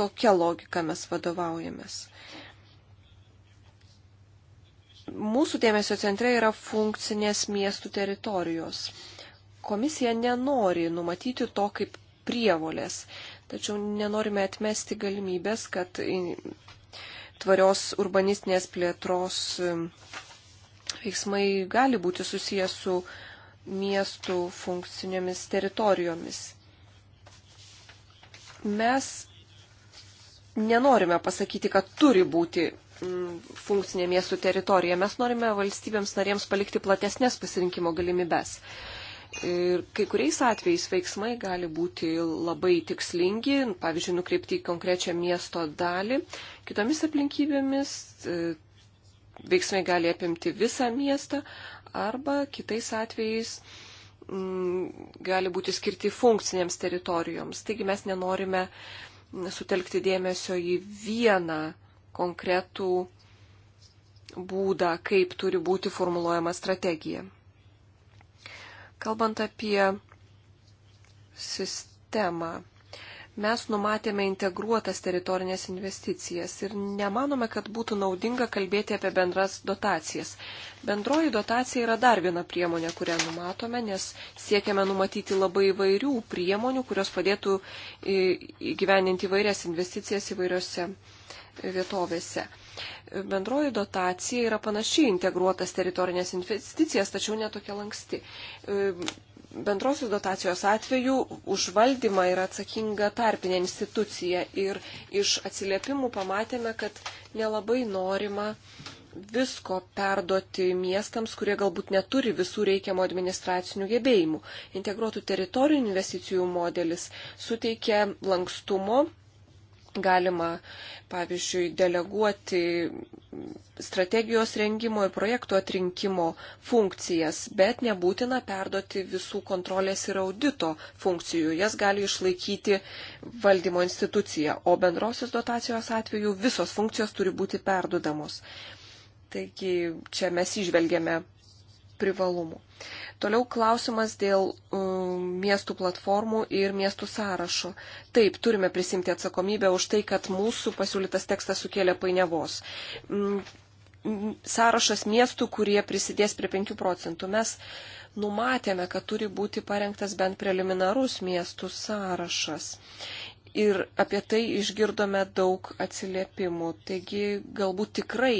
tokia logika mes vadovaujamės. Mūsų dėmesio centre yra funkcinės miestų teritorijos komisija nenori numatyti to kaip prievolės, tačiau nenorime atmesti galimybės, kad tvarios urbanistinės plėtros um, veiksmai gali būti susijęs su miestų funkcinėmis teritorijomis. Mes nenorime pasakyti, kad turi būti mm, funkcinė miestų teritorija. Mes norime valstybėms narėms palikti platesnės pasirinkimo galimybės. Ir kai kuriais atvejais veiksmai gali būti labai tikslingi, pavyzdžiui, nukreipti į konkrečią miesto dalį. Kitomis aplinkybėmis e, veiksmai gali apimti visą miestą arba kitais atvejais m, mm, gali būti skirti funkcinėms teritorijoms. Taigi mes nenorime mm, sutelkti dėmesio į vieną konkretų būdą, kaip turi būti formuluojama strategija. Kalbant apie sistemą, mes numatėme integruotas teritorinės investicijas ir nemanome, kad būtų naudinga kalbėti apie bendras dotacijas. Bendroji dotacija yra dar viena priemonė, kurią numatome, nes siekiame numatyti labai įvairių priemonių, kurios padėtų įgyveninti įvairias investicijas įvairiose vietovėse. Bendroji dotacija yra panašiai integruotas teritorinės investicijas, tačiau netokia lanksti. Bendrosios dotacijos atveju užvaldymą yra atsakinga tarpinė institucija ir iš atsiliepimų pamatėme, kad nelabai norima visko perduoti miestams, kurie galbūt neturi visų reikiamų administracinių gebėjimų. Integruotų teritorijų investicijų modelis suteikia lankstumo galima, pavyzdžiui, deleguoti strategijos rengimo ir projektų atrinkimo funkcijas, bet nebūtina perduoti visų kontrolės ir audito funkcijų. Jas gali išlaikyti valdymo institucija, o bendrosios dotacijos atveju visos funkcijos turi būti perdudamos. Taigi čia mes išvelgiame privalumų. Toliau klausimas dėl um, miestų platformų ir miestų sąrašo. Taip, turime prisimti atsakomybę už tai, kad mūsų pasiūlytas tekstas sukėlė painiavos. Um, sąrašas miestų, kurie prisidės prie 5 procentų. Mes numatėme, kad turi būti parengtas bent preliminarus miestų sąrašas. Ir apie tai išgirdome daug atsiliepimų. Taigi galbūt tikrai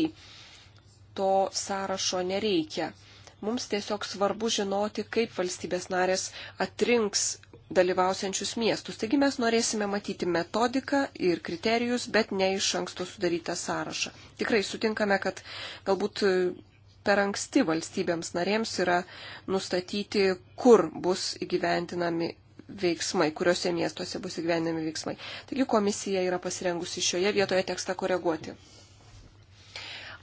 to sąrašo nereikia. Mums tiesiog svarbu žinoti, kaip valstybės narės atrinks dalyvausiančius miestus. Taigi mes norėsime matyti metodiką ir kriterijus, bet ne iš anksto sudarytą sąrašą. Tikrai sutinkame, kad galbūt per anksti valstybėms narėms yra nustatyti, kur bus įgyventinami veiksmai, kuriuose miestuose bus įgyvenami veiksmai. Taigi komisija yra pasirengusi šioje vietoje tekstą koreguoti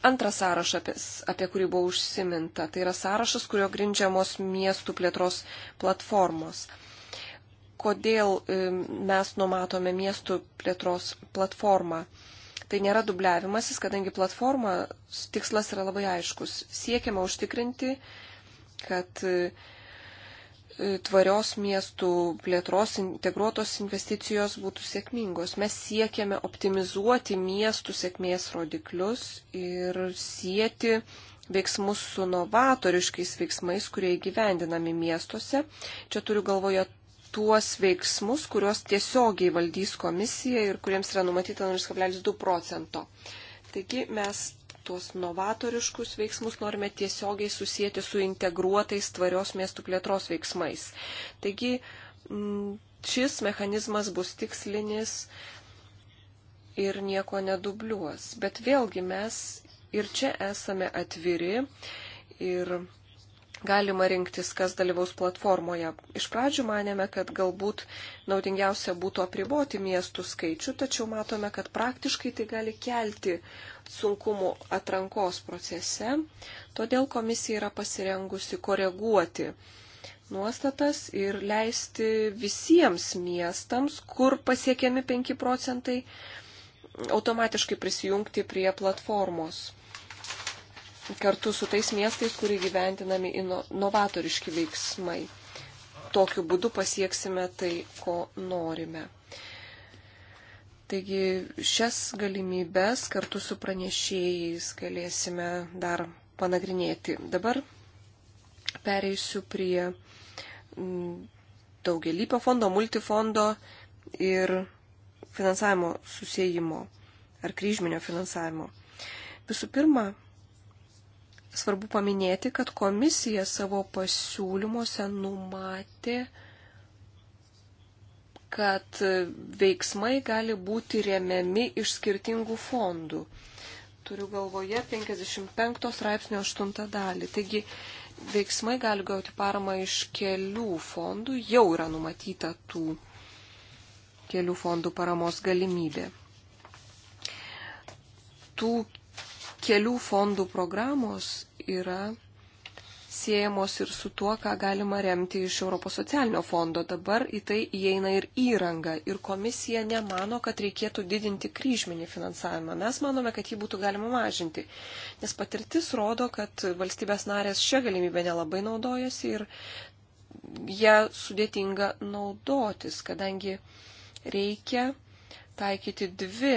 antrą sąrašą, apie, apie kurį buvo užsiminta. Tai yra sąrašas, kurio grindžiamos miestų plėtros platformos. Kodėl mes numatome miestų plėtros platformą? Tai nėra dubliavimasis, kadangi platforma tikslas yra labai aiškus. Siekiama užtikrinti, kad uh, tvarios miestų plėtros integruotos investicijos būtų sėkmingos. Mes siekiame optimizuoti miestų sėkmės rodiklius ir sieti veiksmus su novatoriškais veiksmais, kurie įgyvendinami miestuose. Čia turiu galvoje tuos veiksmus, kuriuos tiesiogiai valdys komisija ir kuriems yra numatyta 0,2 procento. Taigi mes tuos novatoriškus veiksmus norime tiesiogiai susijęti su integruotais tvarios miestų plėtros veiksmais. Taigi šis mechanizmas bus tikslinis ir nieko nedubliuos. Bet vėlgi mes ir čia esame atviri ir galima rinktis, kas dalyvaus platformoje. Iš pradžių manėme, kad galbūt naudingiausia būtų apriboti miestų skaičių, tačiau matome, kad praktiškai tai gali kelti sunkumų atrankos procese, todėl komisija yra pasirengusi koreguoti nuostatas ir leisti visiems miestams, kur pasiekiami 5 procentai, automatiškai prisijungti prie platformos kartu su tais miestais, kur įgyventinami inovatoriški veiksmai. Tokiu būdu pasieksime tai, ko norime. Taigi šias galimybės kartu su pranešėjais galėsime dar panagrinėti. Dabar pereisiu prie mm, daugelįpio fondo, multifondo ir finansavimo susijimo ar kryžminio finansavimo. Visų pirma, svarbu paminėti, kad komisija savo pasiūlymuose numatė kad veiksmai gali būti remiami iš skirtingų fondų. Turiu galvoje 55 straipsnio 8 dalį. Taigi veiksmai gali gauti paramą iš kelių fondų, jau yra numatyta tų kelių fondų paramos galimybė. Tų kelių fondų programos yra siejamos ir su tuo, ką galima remti iš Europos socialinio fondo. Dabar į tai įeina ir įranga. Ir komisija nemano, kad reikėtų didinti kryžminį finansavimą. Mes manome, kad jį būtų galima mažinti. Nes patirtis rodo, kad valstybės narės šią galimybę nelabai naudojasi ir ją sudėtinga naudotis, kadangi reikia taikyti dvi.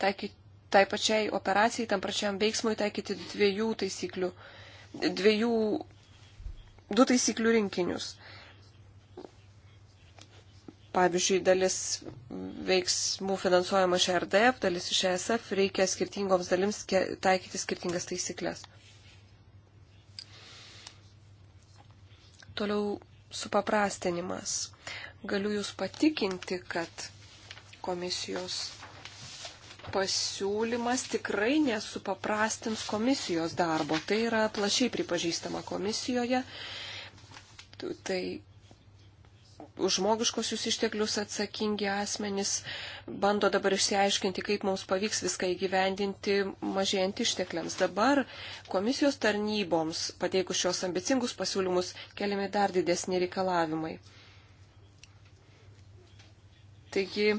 Taikyti tai pačiai operacijai, tam pačiam veiksmui taikyti dviejų taisyklių dviejų, du taisyklių rinkinius. Pavyzdžiui, dalis veiksmų finansuojama iš RDF, dalis iš ESF, reikia skirtingoms dalims taikyti skirtingas taisyklės. Toliau supaprastinimas. Galiu Jūs patikinti, kad komisijos pasiūlymas tikrai nesupaprastins komisijos darbo. Tai yra plačiai pripažįstama komisijoje. Tai už žmogiškosius išteklius atsakingi asmenys bando dabar išsiaiškinti, kaip mums pavyks viską įgyvendinti mažėjant ištekliams. Dabar komisijos tarnyboms, pateikus šios ambicingus pasiūlymus, keliami dar didesni reikalavimai. Taigi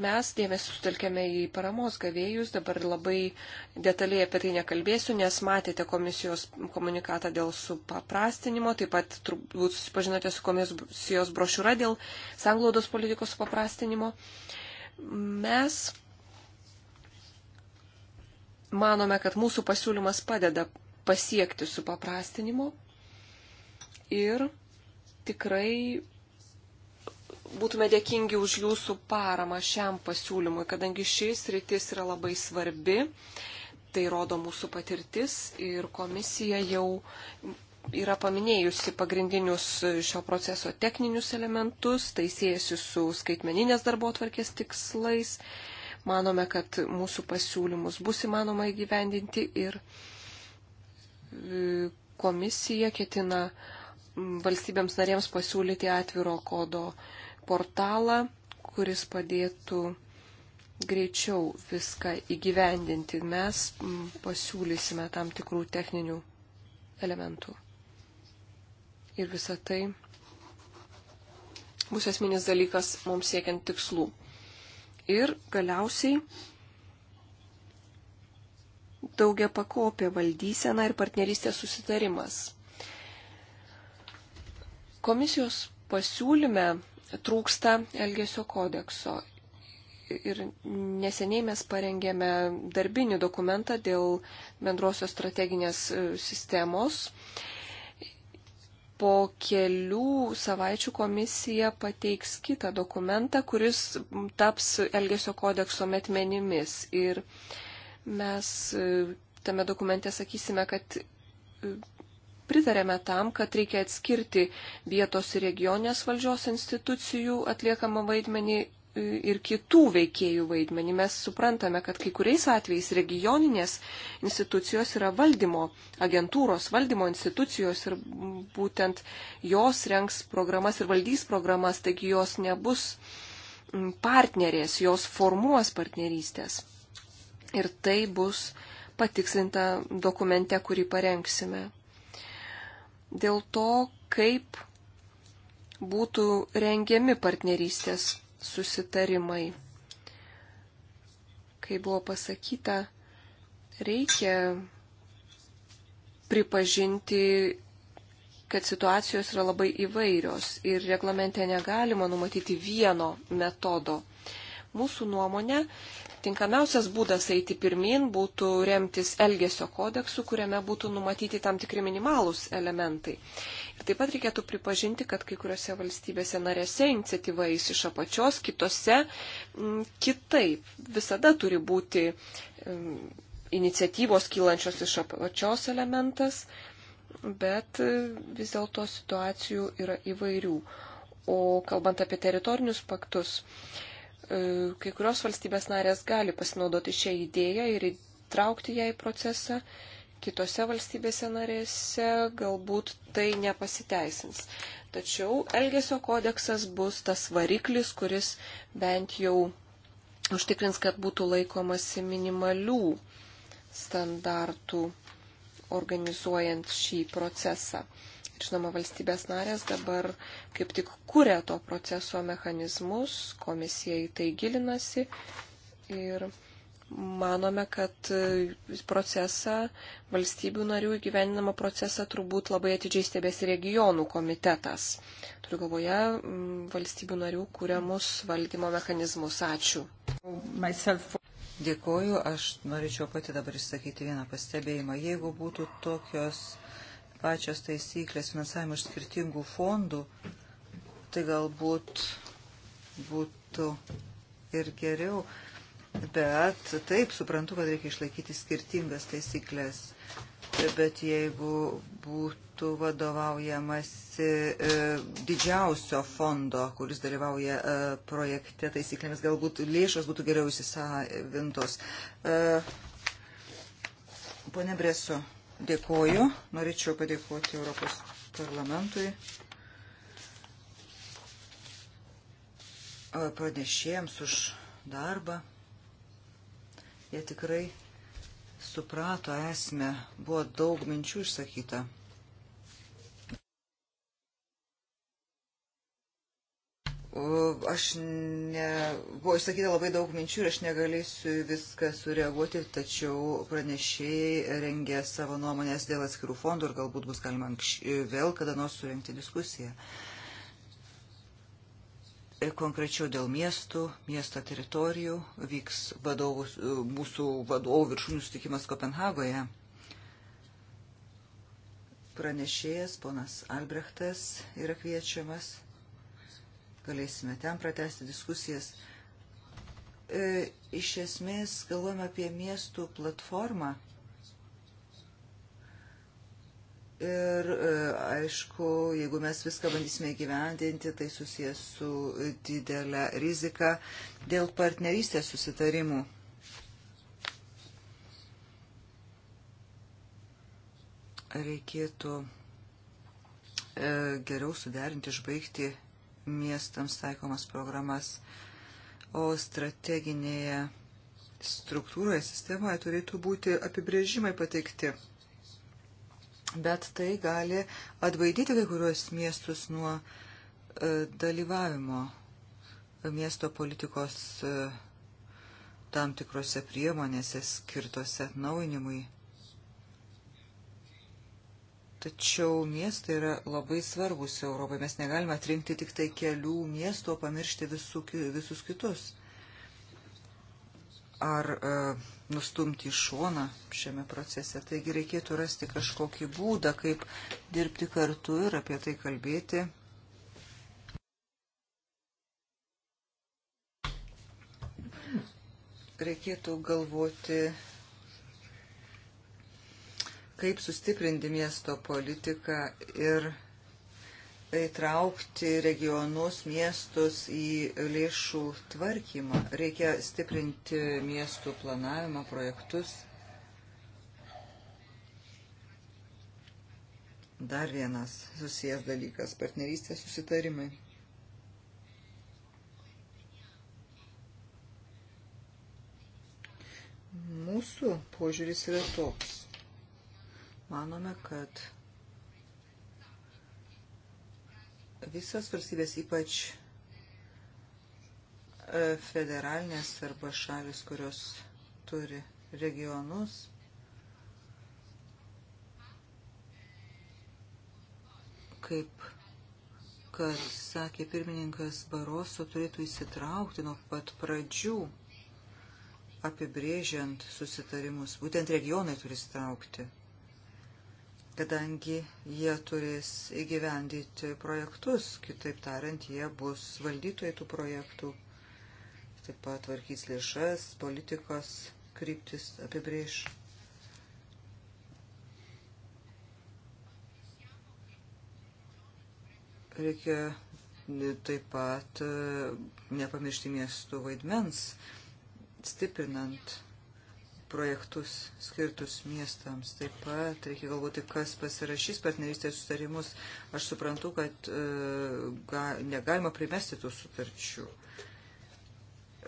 Mes dėmesį sutelkėme į paramos gavėjus, dabar labai detaliai apie tai nekalbėsiu, nes matėte komisijos komunikatą dėl supaprastinimo, taip pat turbūt susipažinote su komisijos brošiūra dėl sanglaudos politikos supaprastinimo. Mes manome, kad mūsų pasiūlymas padeda pasiekti supaprastinimo ir tikrai būtume dėkingi už jūsų paramą šiam pasiūlymui, kadangi šis rytis yra labai svarbi, tai rodo mūsų patirtis ir komisija jau yra paminėjusi pagrindinius šio proceso techninius elementus, tai siejasi su skaitmeninės darbo atvarkės tikslais. Manome, kad mūsų pasiūlymus bus įmanoma įgyvendinti ir e, komisija ketina valstybėms narėms pasiūlyti atviro kodo portalą, kuris padėtų greičiau viską įgyvendinti. Mes pasiūlysime tam tikrų techninių elementų. Ir visa tai bus esminis dalykas mums siekiant tikslų. Ir galiausiai daugia pakopė valdysena ir partnerystės susitarimas. Komisijos pasiūlyme trūksta Elgesio kodekso. Ir neseniai mes parengėme darbinį dokumentą dėl bendrosios strateginės e, sistemos. Po kelių savaičių komisija pateiks kitą dokumentą, kuris taps Elgesio kodekso metmenimis. Ir mes e, tame dokumente sakysime, kad e, pritarėme tam, kad reikia atskirti vietos ir regionės valdžios institucijų atliekamą vaidmenį e, ir kitų veikėjų vaidmenį. Mes suprantame, kad kai kuriais atvejais regioninės institucijos yra valdymo agentūros, valdymo institucijos ir būtent jos renks programas ir valdys programas, taigi jos nebus partnerės, jos formuos partnerystės. Ir tai bus patikslinta dokumente, kurį parengsime dėl to, kaip būtų rengiami partnerystės susitarimai. Kai buvo pasakyta, reikia pripažinti, kad situacijos yra labai įvairios ir reglamente negalima numatyti vieno metodo. Mūsų nuomonė, tinkamiausias būdas eiti pirmin būtų remtis Elgesio kodeksu, kuriame būtų numatyti tam tikri minimalūs elementai. Ir taip pat reikėtų pripažinti, kad kai kuriuose valstybėse narėse iniciatyva eis iš apačios, kitose m, mm, kitaip. Visada turi būti m, mm, iniciatyvos kylančios iš apačios elementas, bet mm, vis dėlto situacijų yra įvairių. O kalbant apie teritorinius paktus, E, kai kurios valstybės narės gali pasinaudoti šią idėją ir įtraukti ją į procesą, kitose valstybėse narėse galbūt tai nepasiteisins. Tačiau Elgesio kodeksas bus tas variklis, kuris bent jau užtikrins, kad būtų laikomasi minimalių standartų organizuojant šį procesą. Žinoma, valstybės narės dabar kaip tik kūrė to proceso mechanizmus, komisija į tai gilinasi ir manome, kad e, procesą, valstybių narių įgyveninamą procesą turbūt labai atidžiai stebės regionų komitetas. Turiu galvoje valstybių narių kūriamus valdymo mechanizmus. Ačiū. Myself. Dėkoju, aš norėčiau pati dabar išsakyti vieną pastebėjimą. Jeigu būtų tokios pačios taisyklės finansavimo iš skirtingų fondų, tai galbūt būtų ir geriau. Bet taip, suprantu, kad reikia išlaikyti skirtingas taisyklės. Bet jeigu būtų vadovaujamasi e, didžiausio fondo, kuris dalyvauja e, projekte taisyklėmis, galbūt lėšos būtų geriau įsisavintos. E, pone Bresu, Dėkoju. Norėčiau padėkoti Europos parlamentui, pranešėjams už darbą. Jie tikrai suprato esmę, buvo daug minčių išsakyta. Aš ne, buvo išsakyta labai daug minčių ir aš negalėsiu viską sureaguoti, tačiau pranešėjai rengė savo nuomonės dėl atskirų fondų ir galbūt bus galima anks, vėl kada nors surenkti diskusiją. E, konkrečiau dėl miestų, miesto teritorijų vyks vadovus, mūsų vadovų viršūnių sutikimas Kopenhagoje. Pranešėjas ponas Albrechtas yra kviečiamas galėsime ten pratesti diskusijas. E, iš esmės galvojame apie miestų platformą. Ir e, aišku, jeigu mes viską bandysime gyvendinti, tai susijęs su didelė rizika dėl partnerystės susitarimų. Reikėtų e, geriau suderinti, išbaigti miestams taikomas programas, o strateginėje struktūroje, sistemoje turėtų būti apibrėžimai pateikti. Bet tai gali atbaidyti kai kuriuos miestus nuo e, dalyvavimo miesto politikos e, tam tikrose priemonėse skirtose atnauinimui Tačiau miestai yra labai svarbus Europai. Mes negalime atrinkti tik tai kelių miestų, o pamiršti visų, visus kitus. Ar e, nustumti į šoną šiame procese. Taigi reikėtų rasti kažkokį būdą, kaip dirbti kartu ir apie tai kalbėti. Reikėtų galvoti kaip sustiprinti miesto politiką ir įtraukti regionus, miestus į lėšų tvarkymą. Reikia stiprinti miestų planavimą, projektus. Dar vienas susijęs dalykas - partnerystės susitarimai. Mūsų požiūris yra toks manome, kad visas valstybės, ypač e, federalinės arba šalis, kurios turi regionus, kaip kad sakė pirmininkas Baroso, turėtų įsitraukti nuo pat pradžių, apibrėžiant susitarimus. Būtent regionai turi įsitraukti kadangi jie turės įgyvendyti projektus, kitaip tariant, jie bus valdytojai tų projektų, taip pat tvarkys lėšas, politikos kryptis apibrėž. Reikia taip pat nepamiršti miestų vaidmens, stiprinant projektus skirtus miestams. Taip pat reikia galvoti, kas pasirašys partnerystės sutarimus. Aš suprantu, kad e, ga, negalima primesti tų sutarčių.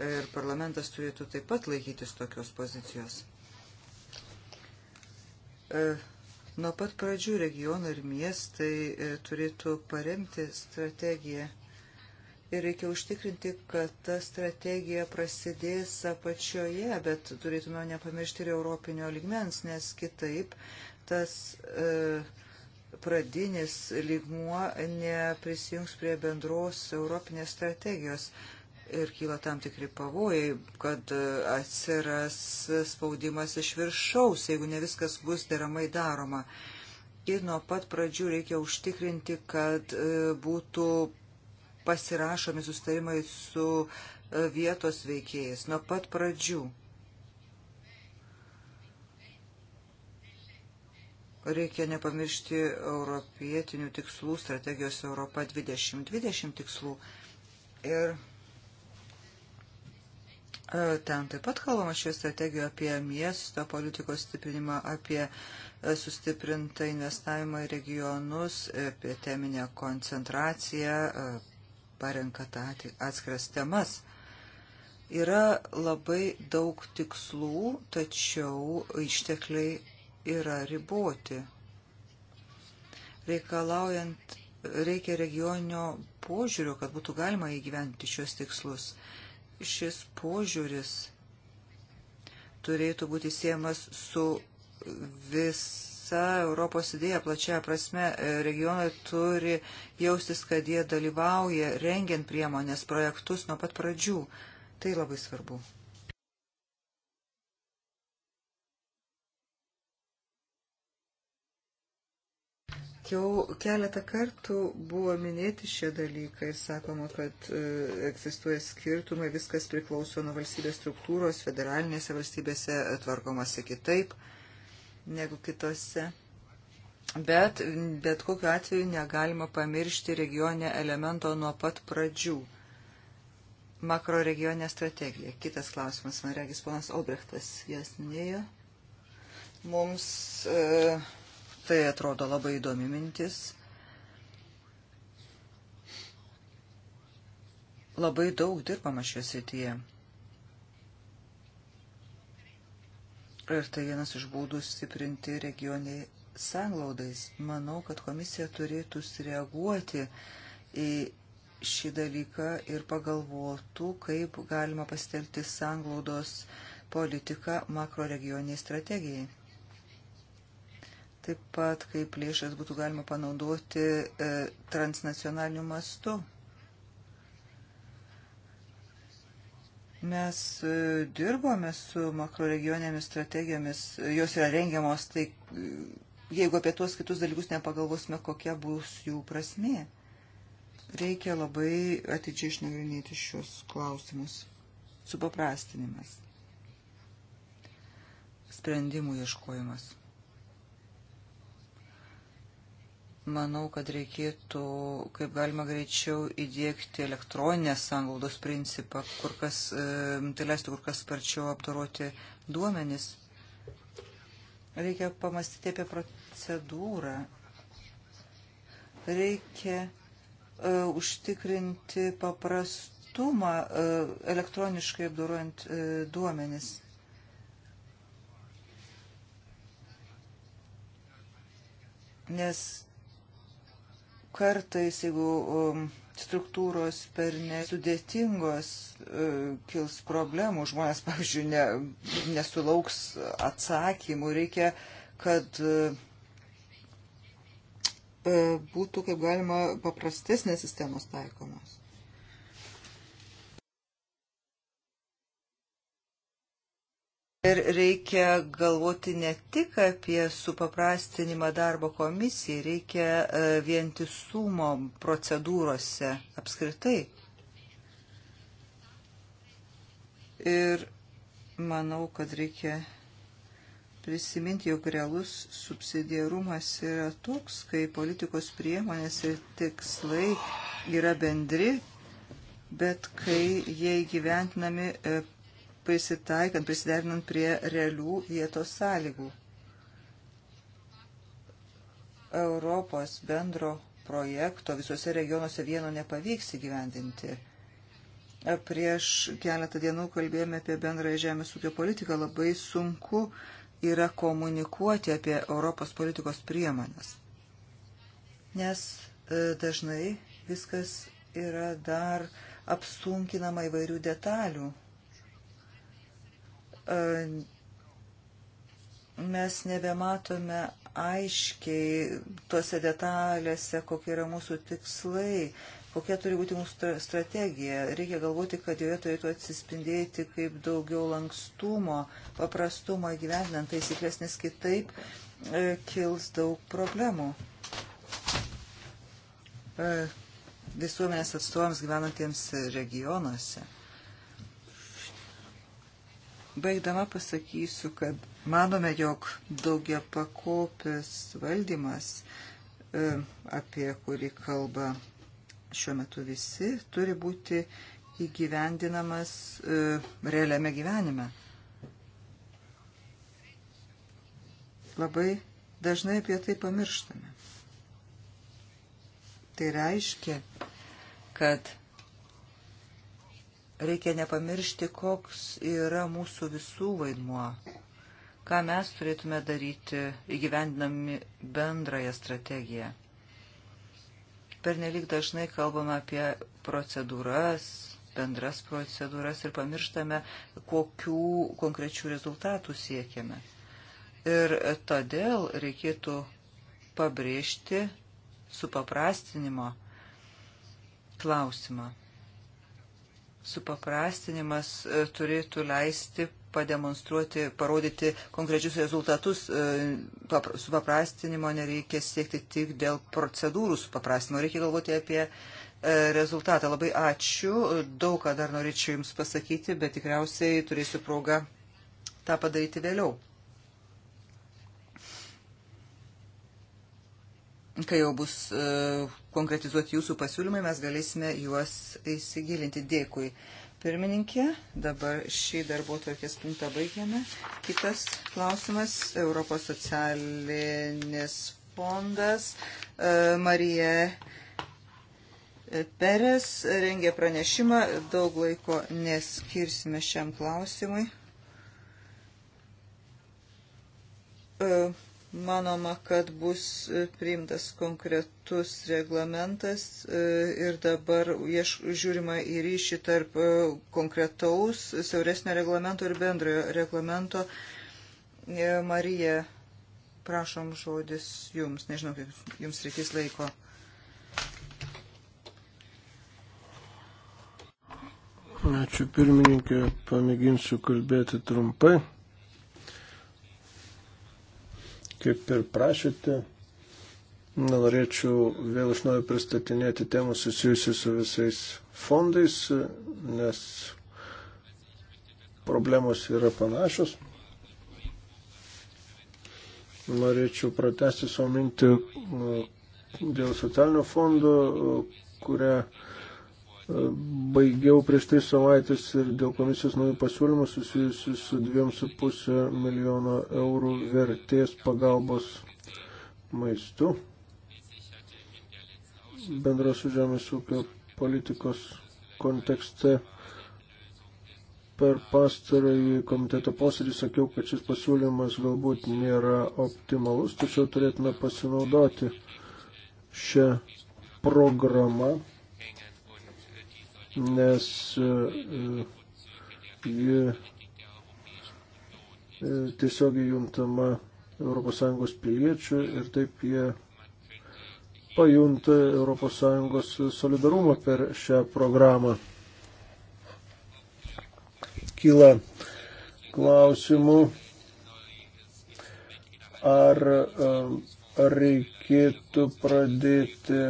Ir parlamentas turėtų taip pat laikytis tokios pozicijos. E, nuo pat pradžių regionai ir miestai e, turėtų paremti strategiją ir reikia užtikrinti, kad ta strategija prasidės apačioje, bet turėtume nepamiršti ir europinio ligmens, nes kitaip tas e, pradinis ligmuo neprisijungs prie bendros europinės strategijos. Ir kyla tam tikri pavojai, kad e, atsiras spaudimas iš viršaus, jeigu ne viskas bus deramai daroma. Ir nuo pat pradžių reikia užtikrinti, kad e, būtų pasirašomi sustarimai su e, vietos veikėjais nuo pat pradžių. Reikia nepamiršti europietinių tikslų, strategijos Europa 2020 tikslų. Ir e, ten taip pat kalbama šioje strategijoje apie miesto politikos stiprinimą, apie e, sustiprintą investavimą į regionus, apie teminę koncentraciją, parenkate atskiras temas. Yra labai daug tikslų, tačiau ištekliai yra riboti. Reikalaujant reikia regioninio požiūrio, kad būtų galima įgyventi šios tikslus. Šis požiūris turėtų būti siemas su vis visa Europos idėja plačia prasme e, regionai turi jaustis, kad jie dalyvauja rengiant priemonės projektus nuo pat pradžių. Tai labai svarbu. Jau keletą kartų buvo minėti šie dalykai ir sakoma, kad e, egzistuoja skirtumai, viskas priklauso nuo valstybės struktūros, federalinėse valstybėse tvarkomasi kitaip negu kitose. Bet bet kokiu atveju negalima pamiršti regioninio elemento nuo pat pradžių. Makroregioninė strategija. Kitas klausimas, man regis, ponas Obrechtas jas minėjo. Mums e, tai atrodo labai įdomi mintis. Labai daug dirbama šioje srityje. Ir tai vienas iš būdų stiprinti regioniai sanglaudais. Manau, kad komisija turėtų sureaguoti į šį dalyką ir pagalvotų, kaip galima pasitelkti sanglaudos politiką makroregioniai strategijai. Taip pat, kaip lėšas būtų galima panaudoti e, transnacionaliniu mastu. Mes e, dirbome su makroregionėmis strategijomis, jos yra rengiamos, tai e, jeigu apie tuos kitus dalykus nepagalvosime, kokia bus jų prasmė, reikia labai atidžiai išnagrinėti šios klausimus. Supaprastinimas. Sprendimų ieškojimas. Manau, kad reikėtų kaip galima greičiau įdėkti elektroninės sanglaudos principą, kur kas, tai leistų kur kas sparčiau apdoroti duomenis. Reikia pamastyti apie procedūrą. Reikia uh, užtikrinti paprastumą uh, elektroniškai apdorojant uh, duomenis. Nes Kartais, jeigu um, struktūros per nesudėtingos e, kils problemų, žmonės, pavyzdžiui, ne, nesulauks atsakymų, reikia, kad e, būtų kaip galima paprastesnės sistemos taikomos. Ir reikia galvoti ne tik apie supaprastinimą darbo komisijai, reikia e, vientisumo procedūrose apskritai. Ir manau, kad reikia prisiminti, jog realus subsidiarumas yra toks, kai politikos priemonės ir tikslai yra bendri, bet kai jie įgyventinami e, prisitaikant, prisiderinant prie realių vietos sąlygų. Europos bendro projekto visuose regionuose vieno nepavyks įgyvendinti. Prieš keletą dienų kalbėjome apie bendrąją žemės ūkio politiką. Labai sunku yra komunikuoti apie Europos politikos priemonės. Nes e, dažnai viskas yra dar apsunkinama įvairių detalių mes nebematome aiškiai tuose detalėse, kokie yra mūsų tikslai, kokia turi būti mūsų strategija. Reikia galvoti, kad joje turėtų atsispindėti kaip daugiau lankstumo, paprastumo įgyvendinant taisyklės, nes kitaip e, kils daug problemų. E, visuomenės atstovams gyvenantiems regionuose. Baigdama pasakysiu, kad manome, jog daugia pakopis valdymas, e, apie kurį kalba šiuo metu visi, turi būti įgyvendinamas e, realiame gyvenime. Labai dažnai apie tai pamirštame. Tai reiškia, kad Reikia nepamiršti, koks yra mūsų visų vaidmuo, ką mes turėtume daryti įgyvendinami bendrąją strategiją. Per nelik dažnai kalbame apie procedūras, bendras procedūras ir pamirštame, kokių konkrečių rezultatų siekiame. Ir todėl reikėtų pabrėžti supaprastinimo klausimą supaprastinimas e, turėtų leisti pademonstruoti, parodyti konkrečius rezultatus. E, supaprastinimo nereikia siekti tik dėl procedūrų supaprastinimo, reikia galvoti apie e, rezultatą. Labai ačiū, daug ką dar norėčiau Jums pasakyti, bet tikriausiai turėsiu progą tą padaryti vėliau. kai jau bus e, konkretizuoti jūsų pasiūlymai, mes galėsime juos įsigilinti. Dėkui. Pirmininkė, dabar šį darbo tvarkės punktą baigiame. Kitas klausimas - Europos socialinis fondas. E, Marija Peres rengė pranešimą, daug laiko neskirsime šiam klausimui. Uh Manoma, kad bus e, priimtas konkretus reglamentas e, ir dabar žiūrima į ryšį tarp e, konkretaus, siauresnio reglamento ir bendrojo reglamento. Marija, prašom žodis jums, nežinau, kaip jums reikės laiko. Ačiū pirmininkė, pamėginsiu kalbėti trumpai kaip ir prašėte, nenorėčiau vėl iš naujo pristatinėti temų susijusių su visais fondais, nes problemos yra panašios. Norėčiau pratesti savo mintį uh, dėl socialinio fondo, uh, kurią baigiau prieš tai savaitės ir dėl komisijos naujų pasiūlymų susijusių su 2,5 milijono eurų vertės pagalbos maistu. Bendros žemės ūkio politikos kontekste per pastarąjį komiteto posėdį sakiau, kad šis pasiūlymas galbūt nėra optimalus, tačiau turėtume pasinaudoti šią programą nes e, e, ji e, tiesiogiai juntama ES piliečių ir taip jie pajunta ES solidarumą per šią programą. Kyla klausimų, ar, ar reikėtų pradėti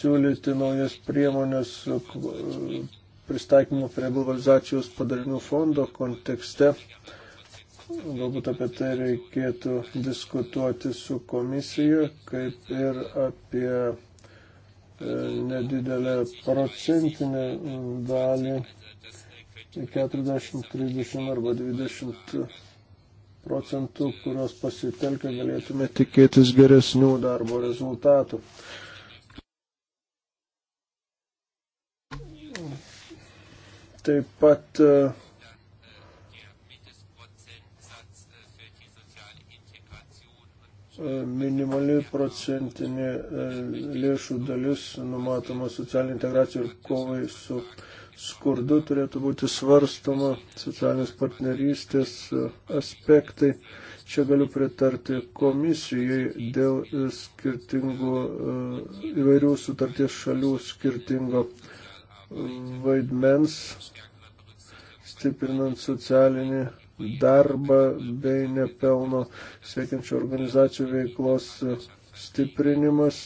siūlyti naujas priemonės pristatymo prie globalizacijos padarinių fondo kontekste. Galbūt apie tai reikėtų diskutuoti su komisija, kaip ir apie e, nedidelę procentinę dalį 40, 30 arba 20 procentų, kurios pasitelkę galėtume tikėtis geresnių darbo rezultatų. Taip pat e, e, minimali procentinė e, lėšų dalis numatoma socialinė integracija ir kovai su skurdu turėtų būti svarstoma socialinės partnerystės aspektai. Čia galiu pritarti komisijai dėl skirtingų įvairių sutarties šalių skirtingo uh, vaidmens, stiprinant socialinį darbą bei nepelno siekiančių organizacijų veiklos stiprinimas.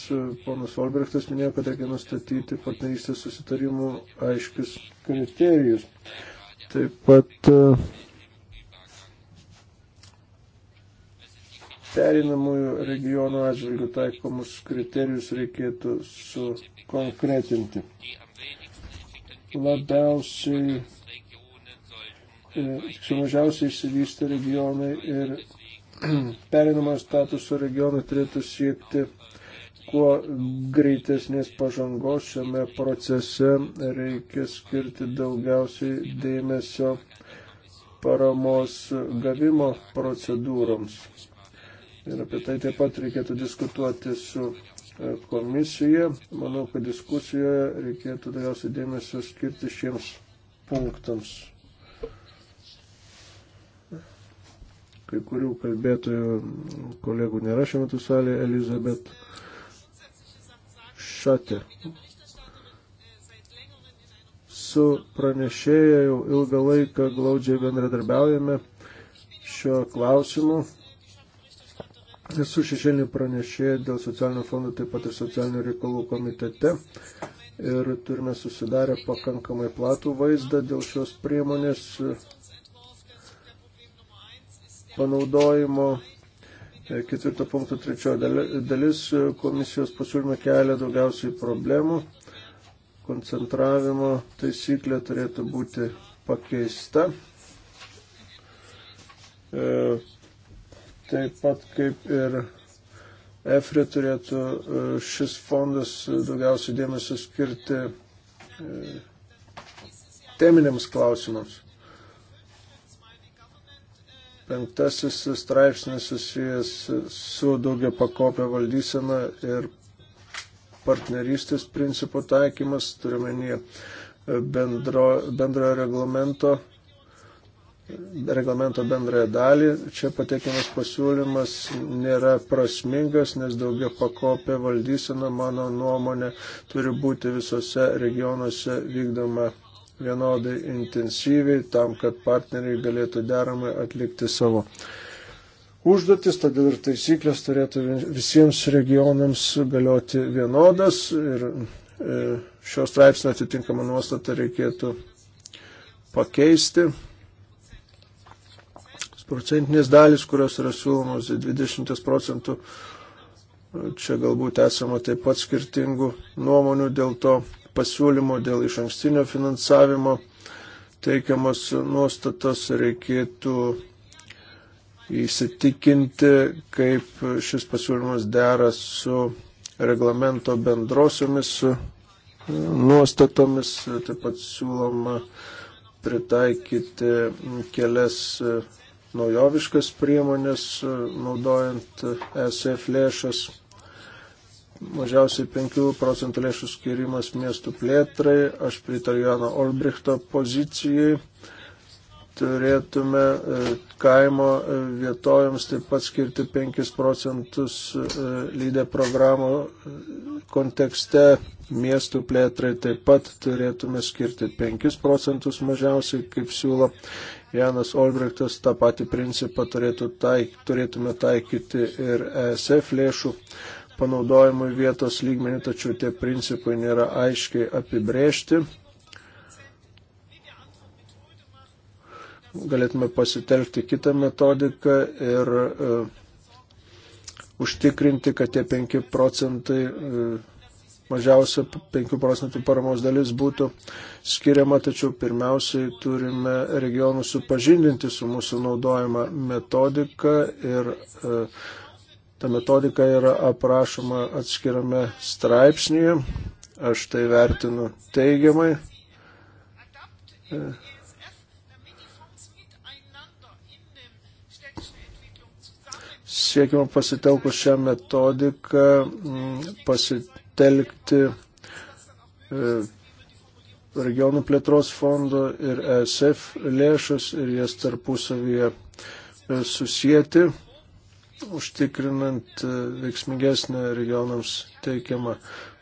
Ponas Olbrechtas minėjo, kad reikia nustatyti partnerystės susitarimų aiškius kriterijus. Taip pat e, perinamųjų regionų atžvilgių taikomus kriterijus reikėtų sukonkretinti labiausiai, e, tiksliau mažiausiai išsivystę regionai ir perinamojo statuso regionai turėtų siekti kuo greitesnės pažangos šiame procese reikia skirti daugiausiai dėmesio paramos gavimo procedūroms. Ir apie tai taip pat reikėtų diskutuoti su E, komisija. Manau, kad diskusijoje reikėtų daugiausiai dėmesio skirti šiems punktams. Kai kurių kalbėtojų kolegų nėra šiuo metu salėje, Elizabet Šatė. Su pranešėja jau ilgą laiką glaudžiai bendradarbiaujame šiuo klausimu Esu šešėlinį pranešėjai dėl socialinio fondo, taip pat ir socialinių reikalų komitete. Ir turime susidarę pakankamai platų vaizdą dėl šios priemonės panaudojimo. Ketvirto punkto trečio dalis komisijos pasiūlyme kelia daugiausiai problemų. Koncentravimo taisyklė turėtų būti pakeista e, taip pat kaip ir EFRI turėtų e, šis fondas daugiausiai dėmesio skirti e, teminiams klausimams. Penktasis straipsnis susijęs su daugia pakopė valdysena ir partnerystės principų taikymas, turiuomenyje bendro, bendrojo reglamento reglamento bendrąją dalį. Čia pateikiamas pasiūlymas nėra prasmingas, nes daugia pakopė valdysena, mano nuomonė, turi būti visose regionuose vykdoma vienodai intensyviai, tam, kad partneriai galėtų deramai atlikti savo užduotis, todėl ir taisyklės turėtų visiems regionams galioti vienodas ir e, šios straipsnio atitinkamą nuostatą reikėtų pakeisti procentinės dalis, kurios yra siūlomos 20 procentų. Čia galbūt esama taip pat skirtingų nuomonių dėl to pasiūlymo, dėl iš ankstinio finansavimo teikiamos nuostatos reikėtų įsitikinti, kaip šis pasiūlymas dera su reglamento bendrosiomis nuostatomis. Taip pat siūloma pritaikyti kelias naujoviškas priemonės, e, naudojant ESF lėšas. Mažiausiai 5 procentų lėšų skirimas miestų plėtrai, aš pritariu Jano Olbrichto pozicijai turėtume e, kaimo e, vietovėms taip pat skirti 5 procentus lydę programų kontekste, miestų plėtrai taip pat turėtume skirti 5 procentus mažiausiai, kaip siūlo Janas Olbrechtas tą patį principą turėtų taik, turėtume taikyti ir ESF lėšų panaudojimui vietos lygmenį, tačiau tie principai nėra aiškiai apibrėžti. Galėtume pasitelkti kitą metodiką ir uh, užtikrinti, kad tie 5 procentai uh, mažiausia 5 procentų paramos dalis būtų skiriama, tačiau pirmiausiai turime regionus supažindinti su mūsų naudojama metodika ir e, ta metodika yra aprašoma atskirame straipsnėje. Aš tai vertinu teigiamai. E, siekime pasitelkus šią metodiką pasit pasitelkti e, regionų plėtros fondo ir ESF lėšas ir jas tarpusavyje e, susijęti, užtikrinant e, veiksmingesnę regionams teikiamą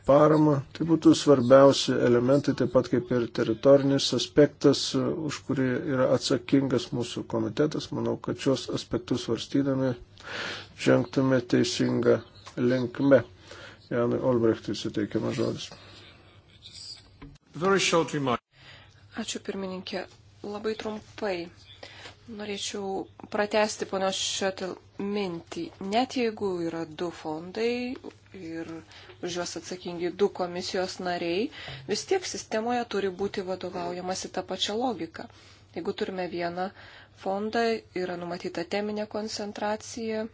paramą. Tai būtų svarbiausi elementai, taip pat kaip ir teritorinis aspektas, už kurį yra atsakingas mūsų komitetas. Manau, kad šios aspektus varstydami žengtume teisingą linkme. Janui Olbrechtui suteikiamas žodis. Ačiū pirmininkė. Labai trumpai. Norėčiau pratesti ponios Šetel mintį. Net jeigu yra du fondai ir už juos atsakingi du komisijos nariai, vis tiek sistemoje turi būti vadovaujamasi tą pačią logiką. Jeigu turime vieną fondą, yra numatyta teminė koncentracija,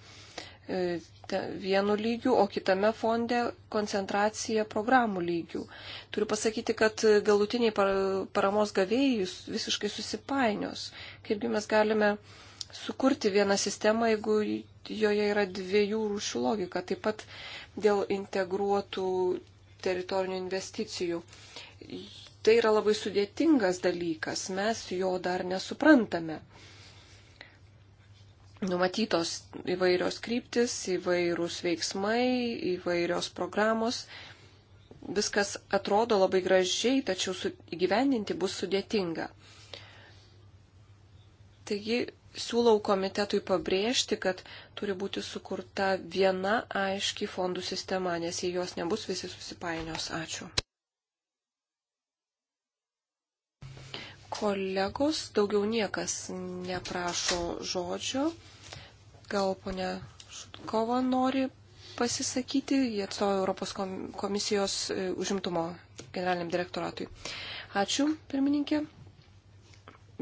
E, vienu lygiu, o kitame fonde koncentracija programų lygių. Turiu pasakyti, kad galutiniai paramos gavėjai visiškai susipainios. Kaipgi mes galime sukurti vieną sistemą, jeigu joje yra dviejų rūšių logika. Taip pat dėl integruotų teritorinių investicijų. Tai yra labai sudėtingas dalykas, mes jo dar nesuprantame numatytos įvairios kryptis, įvairūs veiksmai, įvairios programos. Viskas atrodo labai gražiai, tačiau įgyvendinti bus sudėtinga. Taigi siūlau komitetui pabrėžti, kad turi būti sukurta viena aiški fondų sistema, nes jei jos nebus, visi susipainios. Ačiū. Kolegos, daugiau niekas neprašo žodžio. Gal ponia Šutkova nori pasisakyti, jie atstovauja Europos komisijos e, užimtumo generaliniam direktoratui. Ačiū, pirmininkė.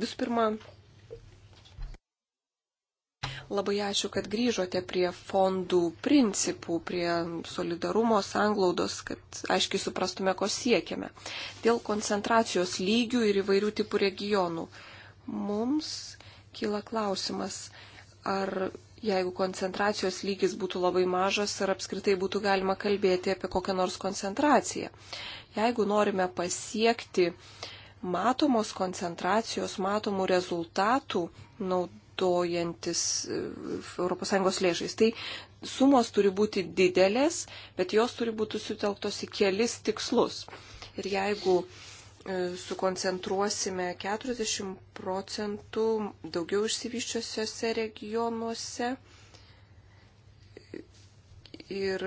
Visų pirma, Labai ačiū, kad grįžote prie fondų principų, prie solidarumo, sanglaudos, kad aiškiai suprastume, ko siekiame. Dėl koncentracijos lygių ir įvairių tipų regionų. Mums kyla klausimas, ar jeigu koncentracijos lygis būtų labai mažas, ar apskritai būtų galima kalbėti apie kokią nors koncentraciją. Jeigu norime pasiekti matomos koncentracijos, matomų rezultatų, naud naudojantis e, ES lėšais. Tai sumos turi būti didelės, bet jos turi būti sutelktos į kelis tikslus. Ir jeigu e, sukoncentruosime 40 procentų daugiau išsivyščiosiuose regionuose ir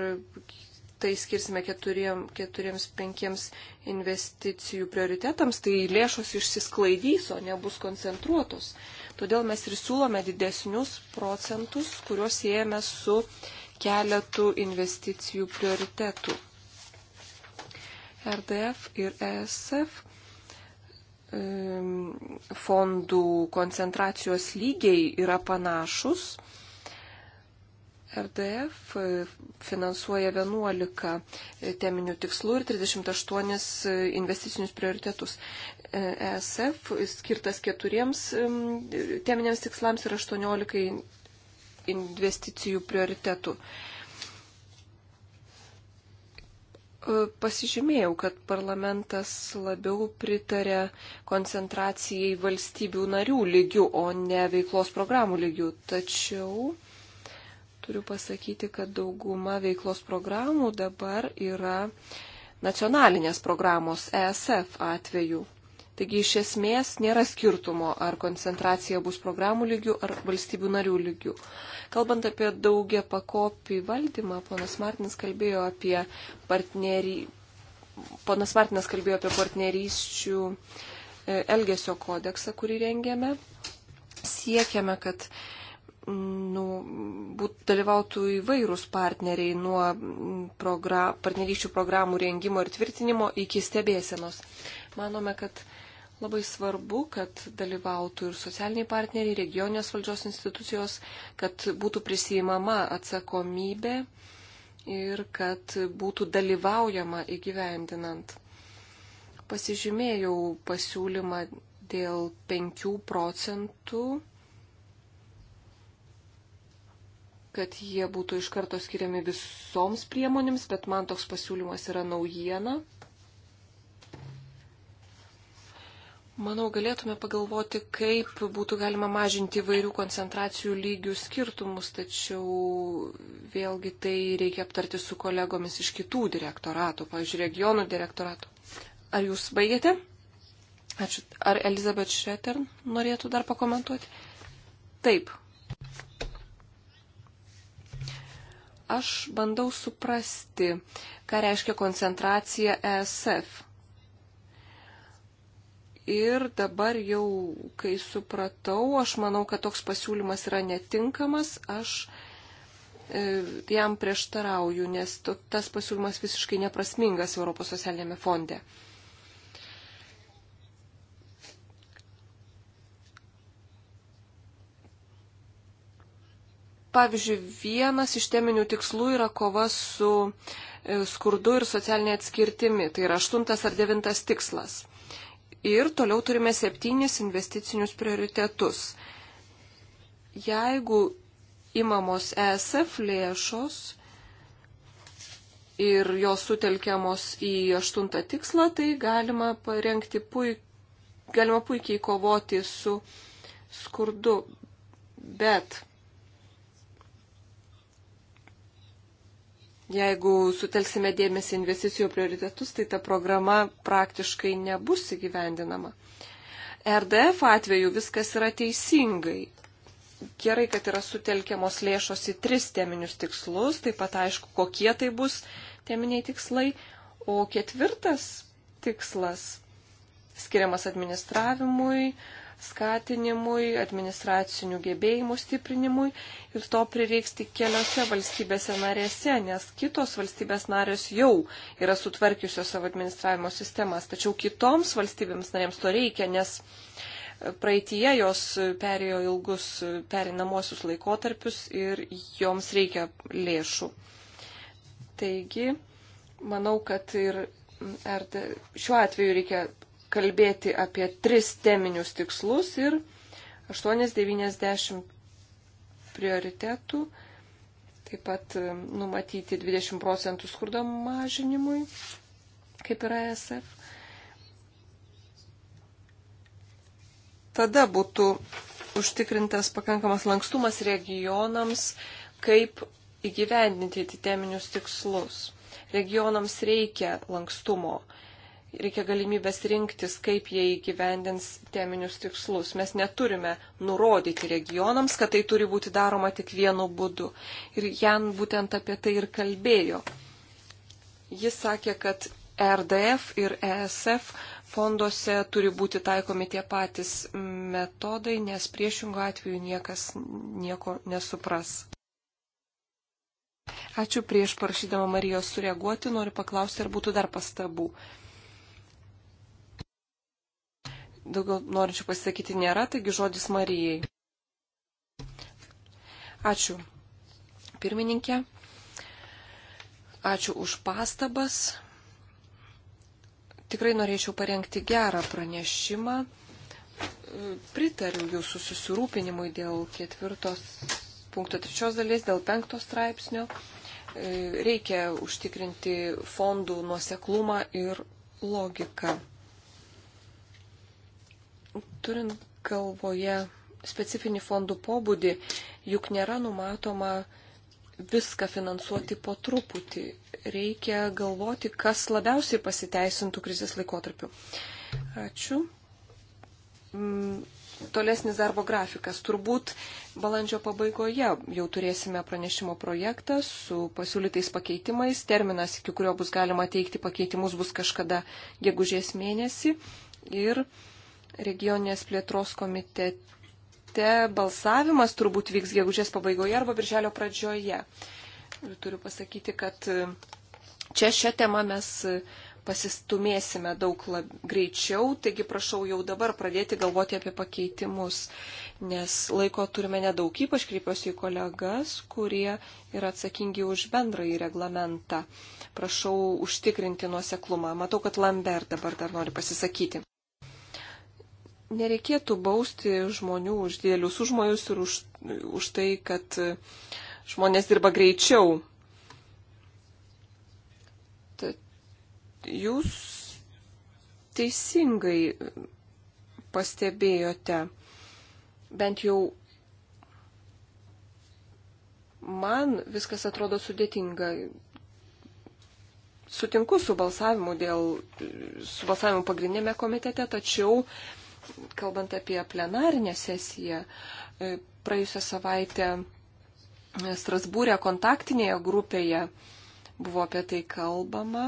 tai skirsime keturiem, keturiems, penkiems investicijų prioritetams, tai lėšos išsisklaidys, o nebus koncentruotos. Todėl mes ir siūlome didesnius procentus, kuriuos siejame su keletų investicijų prioritetų. RDF ir ESF fondų koncentracijos lygiai yra panašus. RDF e, finansuoja 11 teminių tikslų ir 38 e, investicinius prioritetus. ESF skirtas keturiems teminiams tikslams ir 18 investicijų prioritetų. E, pasižymėjau, kad parlamentas labiau pritarė koncentracijai valstybių narių lygių, o ne veiklos programų lygių. Tačiau turiu pasakyti, kad dauguma veiklos programų dabar yra nacionalinės programos ESF atveju. Taigi iš esmės nėra skirtumo, ar koncentracija bus programų lygių ar valstybių narių lygių. Kalbant apie daugia pakopį valdymą, ponas Martinas kalbėjo apie partnerį. Ponas Martinas kalbėjo apie partnerysčių e, elgesio kodeksą, kurį rengėme. Siekiame, kad mm, nu, būt, dalyvautų įvairūs partneriai nuo mm, progra, partnerysčių programų rengimo ir tvirtinimo iki stebėsenos. Manome, kad Labai svarbu, kad dalyvautų ir socialiniai partneriai, regioninės valdžios institucijos, kad būtų prisijimama atsakomybė ir kad būtų dalyvaujama įgyvendinant. Pasižymėjau pasiūlymą dėl 5 procentų, kad jie būtų iš karto skiriami visoms priemonėms, bet man toks pasiūlymas yra naujiena. Manau, galėtume pagalvoti, kaip būtų galima mažinti vairių koncentracijų lygių skirtumus, tačiau vėlgi tai reikia aptarti su kolegomis iš kitų direktoratų, pavyzdžiui, regionų direktoratų. Ar jūs baigėte? Ačiū. Ar Elizabeth Schretter norėtų dar pakomentuoti? Taip. Aš bandau suprasti, ką reiškia koncentracija ESF ir dabar jau, kai supratau, aš manau, kad toks pasiūlymas yra netinkamas, aš e, jam prieštarauju, nes to, tas pasiūlymas visiškai neprasmingas Europos socialinėme fonde. Pavyzdžiui, vienas iš teminių tikslų yra kova su e, skurdu ir socialinė atskirtimi. Tai yra aštuntas ar devintas tikslas ir toliau turime septynis investicinius prioritetus. Jeigu imamos ESF lėšos ir jos sutelkiamos į aštuntą tikslą, tai galima, puik... galima puikiai kovoti su skurdu. Bet jeigu sutelksime dėmesį investicijų prioritetus, tai ta programa praktiškai nebus įgyvendinama. RDF atveju viskas yra teisingai. Gerai, kad yra sutelkiamos lėšos į tris teminius tikslus, taip pat aišku, kokie tai bus teminiai tikslai. O ketvirtas tikslas skiriamas administravimui, skatinimui, administracinių gebėjimų stiprinimui ir to prireiks tik keliose valstybėse narėse, nes kitos valstybės narės jau yra sutvarkiusios savo administravimo sistemas, tačiau kitoms valstybėms narėms to reikia, nes praeitie jos perėjo ilgus perinamosius laikotarpius ir joms reikia lėšų. Taigi, manau, kad ir ar šiuo atveju reikia kalbėti apie tris teminius tikslus ir 8-90 prioritetų, taip pat e, numatyti 20 procentų skurdo mažinimui, kaip yra ESF. Tada būtų užtikrintas pakankamas lankstumas regionams, kaip įgyvendinti teminius tikslus. Regionams reikia lankstumo, reikia galimybės rinktis, kaip jie įgyvendins teminius tikslus. Mes neturime nurodyti regionams, kad tai turi būti daroma tik vienu būdu. Ir Jan būtent apie tai ir kalbėjo. Jis sakė, kad RDF ir ESF fonduose turi būti taikomi tie patys metodai, nes priešingų atveju niekas nieko nesupras. Ačiū prieš prašydama Marijos sureaguoti, noriu paklausti, ar būtų dar pastabų. Daugiau norinčių pasisakyti nėra, taigi žodis Marijai. Ačiū. Pirmininkė. Ačiū už pastabas. Tikrai norėčiau parengti gerą pranešimą. Pritariu jūsų susirūpinimui dėl ketvirtos punkto trečios dalies, dėl penktos straipsnio. Reikia užtikrinti fondų nuoseklumą ir logiką turint galvoje specifinį fondų pobūdį, juk nėra numatoma viską finansuoti po truputį. Reikia galvoti, kas labiausiai pasiteisintų krizės laikotarpiu. Ačiū. Mm, tolesnis darbo grafikas. Turbūt balandžio pabaigoje jau turėsime pranešimo projektą su pasiūlytais pakeitimais. Terminas, iki kurio bus galima teikti pakeitimus, bus kažkada gegužės mėnesį. Ir regioninės plėtros komitete balsavimas turbūt vyks gegužės pabaigoje arba birželio pradžioje. Ir turiu pasakyti, kad e, čia šią temą mes e, pasistumėsime daug lab, greičiau, taigi prašau jau dabar pradėti galvoti apie pakeitimus, nes laiko turime nedaug, ypač kreipiuosi į kolegas, kurie yra atsakingi už bendrąjį reglamentą. Prašau užtikrinti nuoseklumą. Matau, kad Lambert dabar dar nori pasisakyti nereikėtų bausti žmonių už didelius užmojus ir už, už tai, kad žmonės dirba greičiau. Tad jūs teisingai pastebėjote, bent jau man viskas atrodo sudėtinga. Sutinku su balsavimu dėl, su balsavimu pagrindinėme komitete, tačiau uh, kalbant apie plenarinę sesiją, e, praėjusią savaitę e, Strasbūrė kontaktinėje grupėje buvo apie tai kalbama.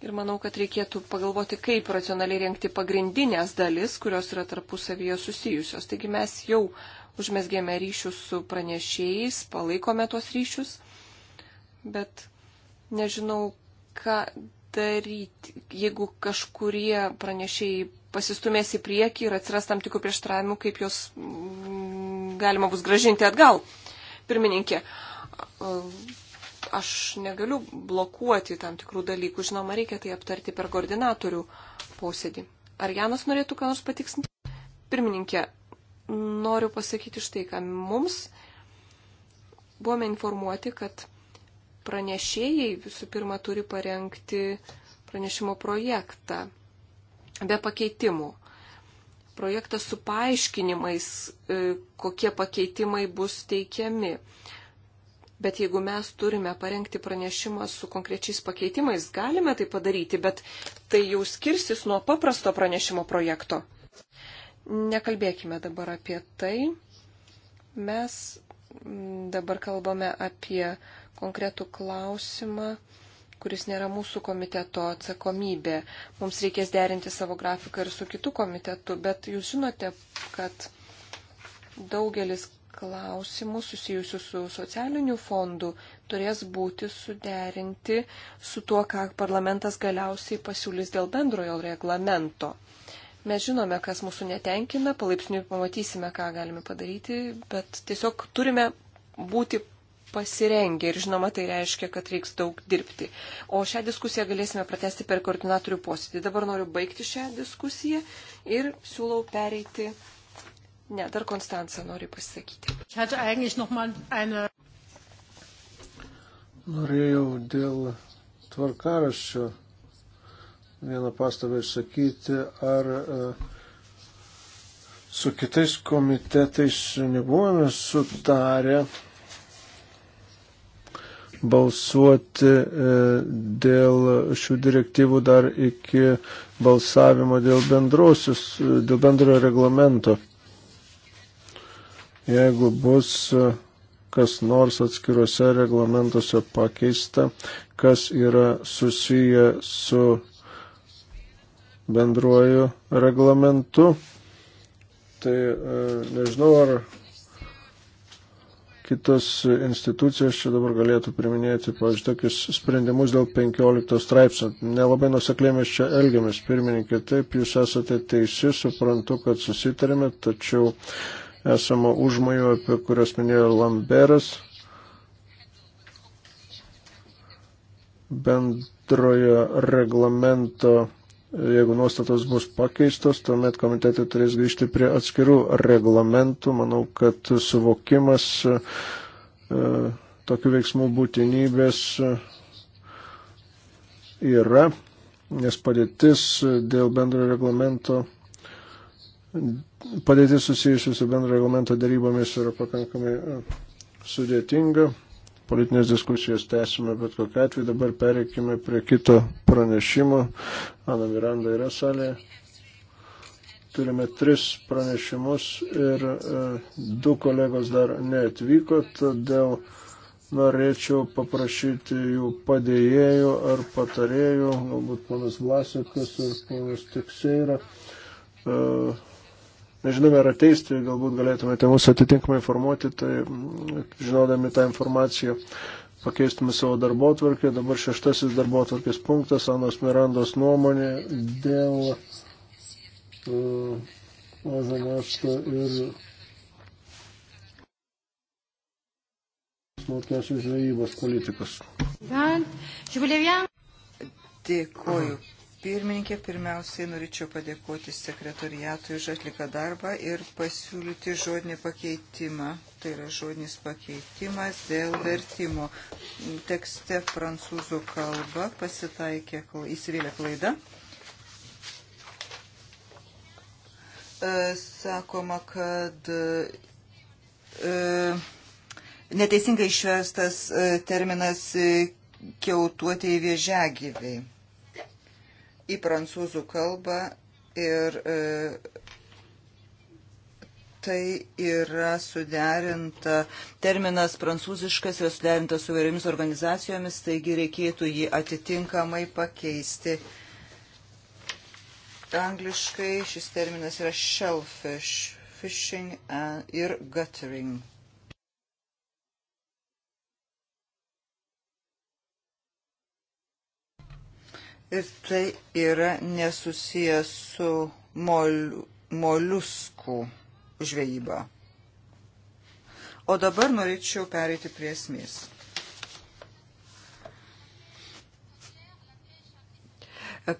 Ir manau, kad reikėtų pagalvoti, kaip racionaliai renkti pagrindinės dalis, kurios yra tarpusavyje susijusios. Taigi mes jau užmesgėme ryšius su pranešėjais, palaikome tuos ryšius, bet nežinau, ką daryti, jeigu kažkurie pranešėjai pasistumės į priekį ir atsiras tam tikrų prieštaravimų, kaip jos mm, galima bus gražinti atgal. Pirmininkė, aš negaliu blokuoti tam tikrų dalykų, žinoma, reikia tai aptarti per koordinatorių posėdį. Ar Janas norėtų ką nors patiksinti? Pirmininkė, noriu pasakyti štai, ką mums buvome informuoti, kad pranešėjai visų pirma turi parengti pranešimo projektą be pakeitimų. Projektas su paaiškinimais, e, kokie pakeitimai bus teikiami. Bet jeigu mes turime parengti pranešimą su konkrečiais pakeitimais, galime tai padaryti, bet tai jau skirsis nuo paprasto pranešimo projekto. Nekalbėkime dabar apie tai. Mes dabar kalbame apie konkretų klausimą kuris nėra mūsų komiteto atsakomybė. Mums reikės derinti savo grafiką ir su kitu komitetu, bet jūs žinote, kad daugelis klausimų susijusių su socialiniu fondu turės būti suderinti su tuo, ką parlamentas galiausiai pasiūlys dėl bendrojo reglamento. Mes žinome, kas mūsų netenkina, palaipsniui pamatysime, ką galime padaryti, bet tiesiog turime būti pasirengę ir žinoma tai reiškia, kad reiks daug dirbti. O šią diskusiją galėsime pratesti per koordinatorių posėdį. Dabar noriu baigti šią diskusiją ir siūlau pereiti. Ne, dar Konstanca nori pasakyti. Norėjau dėl tvarkaraščio vieną pastabą išsakyti, ar uh, su kitais komitetais nebuvome sutarę balsuoti e, dėl šių direktyvų dar iki balsavimo dėl, e, dėl bendrojo reglamento. Jeigu bus e, kas nors atskiruose reglamentuose pakeista, kas yra susiję su bendruoju reglamentu, tai nežinau, ar kitos institucijos čia dabar galėtų priminėti, pavyzdžiui, tokius sprendimus dėl 15 straipsnio. Nelabai nuseklė mes čia elgiamės, pirmininkė, taip, jūs esate teisi, suprantu, kad susitarėme, tačiau esama užmojų, apie kurias minėjo Lamberas, bendrojo reglamento Jeigu nuostatos bus pakeistos, tuomet komitetai turės grįžti prie atskirų reglamentų. Manau, kad suvokimas e, tokių veiksmų būtinybės e, yra, nes padėtis dėl bendro reglamento, padėtis susijusiu su bendro reglamento darybomis yra pakankamai e, sudėtinga politinės diskusijos tęsime, bet kokia atveju dabar pereikime prie kito pranešimo. Ana Miranda yra salėje. Turime tris pranešimus ir e, du kolegos dar neatvyko, todėl norėčiau paprašyti jų padėjėjų ar patarėjų, galbūt ponas Vlasikas ir ponas Tikseira. E, nežinome, ar ateis, tai galbūt galėtumėte mūsų atitinkamai informuoti, tai mm, žinodami tą informaciją pakeistume savo darbo atvarkę. Dabar šeštasis darbo atvarkės punktas, Anos Mirandos nuomonė dėl mažo uh, masto ir smulkios žvejybos politikos. Dėkuoju pirmininkė, pirmiausiai norėčiau padėkoti sekretoriatui už atliką darbą ir pasiūlyti žodinį pakeitimą. Tai yra žodinis pakeitimas dėl vertimo. Tekste prancūzų kalba pasitaikė įsivėlė klaida. E, sakoma, kad e, neteisingai išvestas e, terminas kiautuotieji viežegyviai į prancūzų kalbą ir e, tai yra suderinta, terminas prancūziškas yra suderintas su vairiomis organizacijomis, taigi reikėtų jį atitinkamai pakeisti. Angliškai šis terminas yra shellfish, fishing ir guttering. Ir tai yra nesusijęs su mol, moliuskų žvejyba. O dabar norėčiau pereiti prie esmės.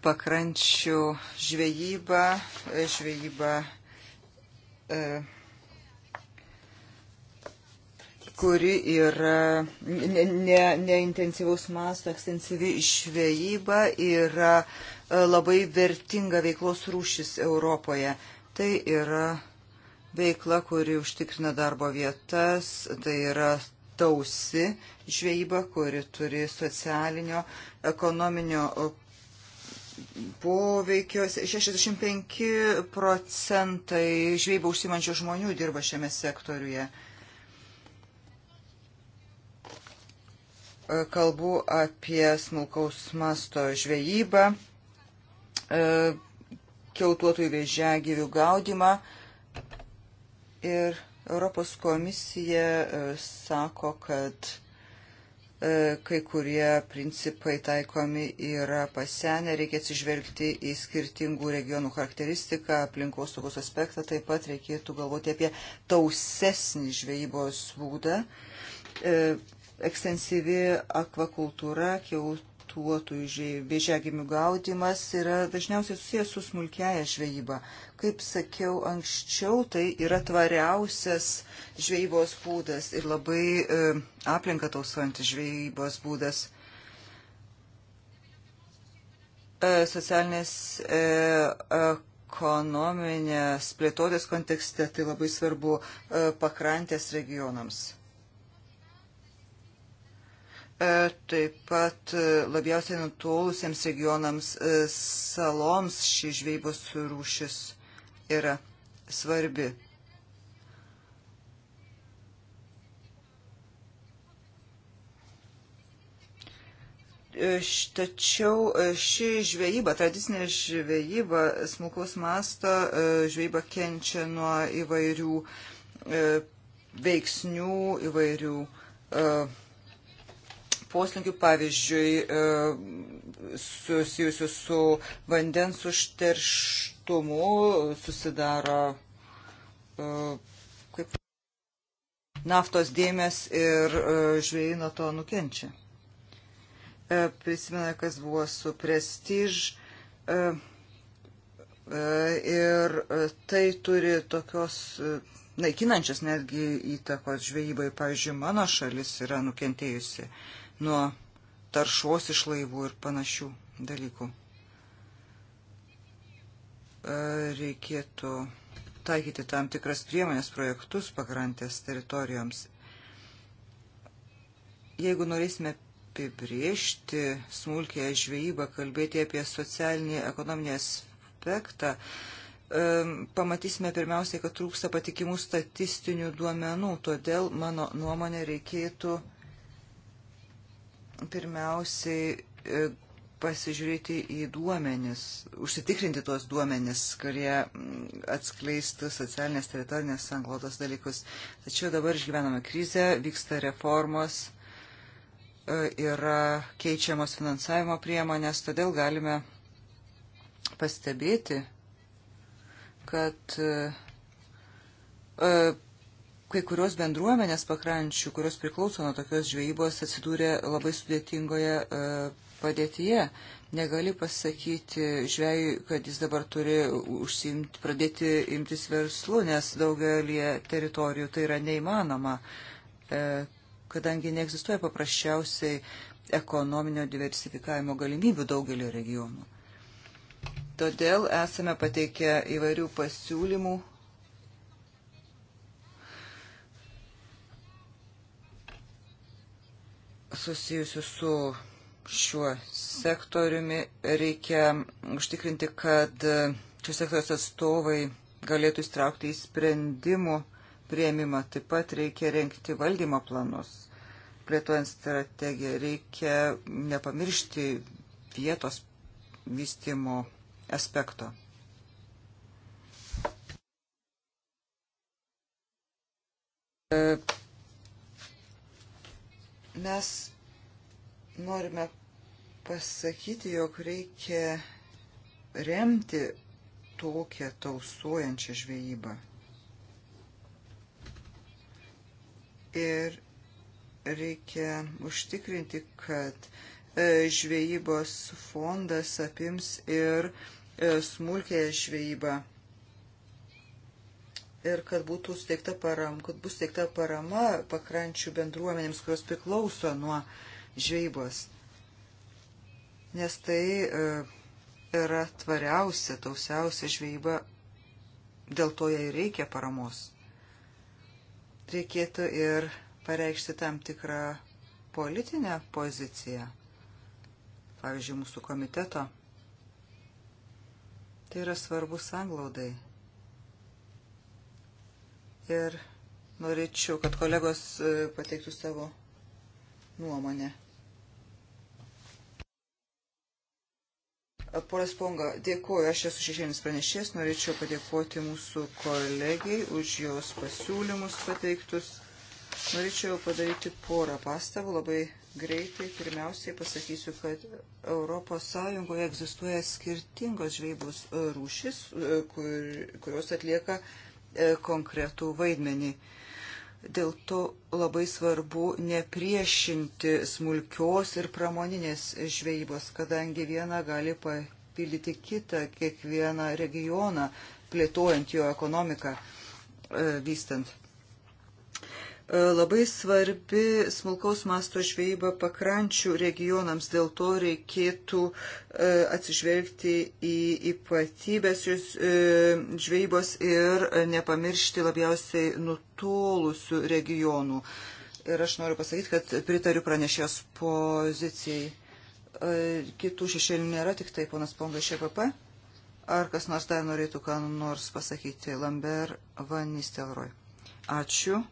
Pakrančių žvejyba, žvejyba e, kuri yra neintensyvaus ne, ne masto, ekstensyvi žvejyba, yra e, labai vertinga veiklos rūšis Europoje. Tai yra veikla, kuri užtikrina darbo vietas, tai yra tausi žvejyba, kuri turi socialinio, ekonominio e, poveikio 65 procentai žvejybą užsimančių žmonių dirba šiame sektoriuje. kalbu apie smulkaus masto žvejybą, e, kiautuotojų vėžiagyvių gaudimą. Ir Europos komisija e, sako, kad e, kai kurie principai taikomi yra pasenę, reikia atsižvelgti į skirtingų regionų charakteristiką, aplinkos saugos aspektą, taip pat reikėtų galvoti apie tausesnį žvejybos būdą ekstensyvi akvakultūra, kiautuotųjų vėžiagimių gaudimas yra dažniausiai susijęs su smulkiaja žvejyba. Kaip sakiau anksčiau, tai yra tvariausias žvejybos būdas ir labai e, aplinką tausojantis žvejybos būdas e, socialinės e, ekonominės plėtotės kontekste tai labai svarbu e, pakrantės regionams. E, taip pat e, labiausiai nutolusiems regionams e, saloms ši žvejybos rūšis yra svarbi. Tačiau ši žvejyba, tradicinė žvejyba, smulkaus masto žvejyba kenčia nuo įvairių veiksnių, įvairių uh, poslinkių, pavyzdžiui, e, susijusių su vandens užterštumu susidaro e, kaip naftos dėmes ir e, žvėjai nuo to nukenčia. Prisimena, kas buvo su prestiž ir tai turi tokios naikinančios netgi įtakos žvejybai. Pavyzdžiui, mano šalis yra nukentėjusi nuo taršos iš laivų ir panašių dalykų. E, reikėtų taikyti tam tikras priemonės projektus pakrantės teritorijoms. Jeigu norėsime apibriežti smulkėje žvejybą, kalbėti apie socialinį ekonominį aspektą, e, pamatysime pirmiausiai, kad trūksta patikimų statistinių duomenų, todėl mano nuomonė reikėtų uh, pirmiausiai e, pasižiūrėti į duomenis, užsitikrinti tuos duomenis, kurie mm, atskleistų socialinės teritorinės sanglotos dalykus. Tačiau dabar išgyvename krizę, vyksta reformos, e, yra keičiamos finansavimo priemonės, todėl galime pastebėti, kad e, kai kurios bendruomenės pakrančių, kurios priklauso nuo tokios žvejybos, atsidūrė labai sudėtingoje e, padėtyje. Negali pasakyti žvėjui, kad jis dabar turi užsimti, pradėti imtis verslų, nes daugelie teritorijų tai yra neįmanoma, e, kadangi neegzistuoja paprasčiausiai ekonominio diversifikavimo galimybių daugelio regionų. Todėl esame pateikę įvairių pasiūlymų susijusių su šiuo sektoriumi. Reikia užtikrinti, kad šios sektoriaus atstovai galėtų įstraukti į sprendimų prieimimą. Taip pat reikia renkti valdymo planus. Plėtojant strategiją reikia nepamiršti vietos vystimo aspekto. E, Mes norime pasakyti, jog reikia remti tokią tausuojančią žvejybą. Ir reikia užtikrinti, kad e, žvejybos fondas apims ir e, smulkėje žvejybą ir kad būtų steigta parama, kad bus steigta parama pakrančių bendruomenėms, kurios priklauso nuo žvejybos. Nes tai e, yra tvariausia, tausiausia žvejyba, dėl to jai reikia paramos. Reikėtų ir pareikšti tam tikrą politinę poziciją, pavyzdžiui, mūsų komiteto. Tai yra svarbus anglaudai ir norėčiau, kad kolegos e, pateiktų savo nuomonę. E, Poras Ponga, dėkuoju, aš esu šešėlinis pranešės, norėčiau padėkoti mūsų kolegiai už jos pasiūlymus pateiktus. Norėčiau padaryti porą pastabų labai greitai. Pirmiausiai pasakysiu, kad ES egzistuoja skirtingos žvejybos rūšis, e, kur, kurios atlieka uh, E, konkretų vaidmenį. Dėl to labai svarbu nepriešinti smulkios ir pramoninės žvejybos, kadangi viena gali papildyti kitą kiekvieną regioną, plėtojant jo ekonomiką, e, vystant labai svarbi smulkaus masto žvejyba pakrančių regionams, dėl to reikėtų e, atsižvelgti į ypatybės jūs e, žvejybos ir nepamiršti labiausiai nutolusių regionų. Ir aš noriu pasakyti, kad pritariu pranešės pozicijai. E, kitų šešėlių nėra, tik tai ponas Ponga iš EPP. Ar kas nors dar norėtų ką nors pasakyti? Lambert Van Nistelrooy. Ačiū.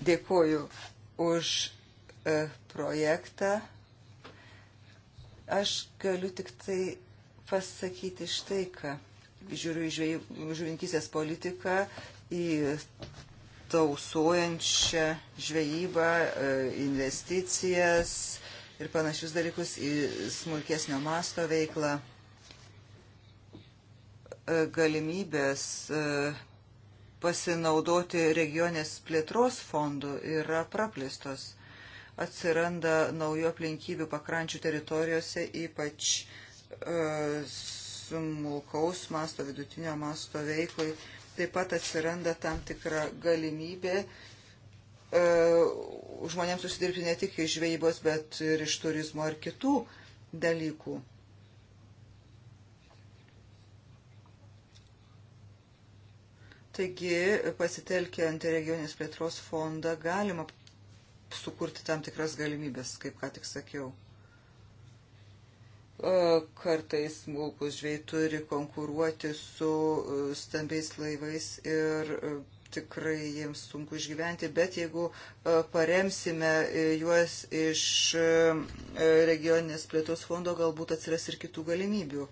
Dėkuoju už e, projektą. Aš galiu tik tai pasakyti štai ką. Žiūriu į žuvininkysės politiką, į tausojančią žvejybą, e, investicijas ir panašius dalykus į smulkesnio masto veiklą. E, galimybės e, pasinaudoti regionės plėtros fondų yra praplėstos. Atsiranda naujų aplinkybių pakrančių teritorijose, ypač e, smulkaus masto, vidutinio masto veiklai. Taip pat atsiranda tam tikra galimybė e, žmonėms užsidirbti ne tik iš žvejybos, bet ir iš turizmo ar kitų dalykų. Taigi, pasitelkiant regionės plėtros fondą, galima sukurti tam tikras galimybės, kaip ką tik sakiau. E, kartais smulkus žvėjai turi konkuruoti su e, stambiais laivais ir e, tikrai jiems sunku išgyventi, bet jeigu paremsime juos iš regioninės plėtos fondo, galbūt atsiras ir kitų galimybių.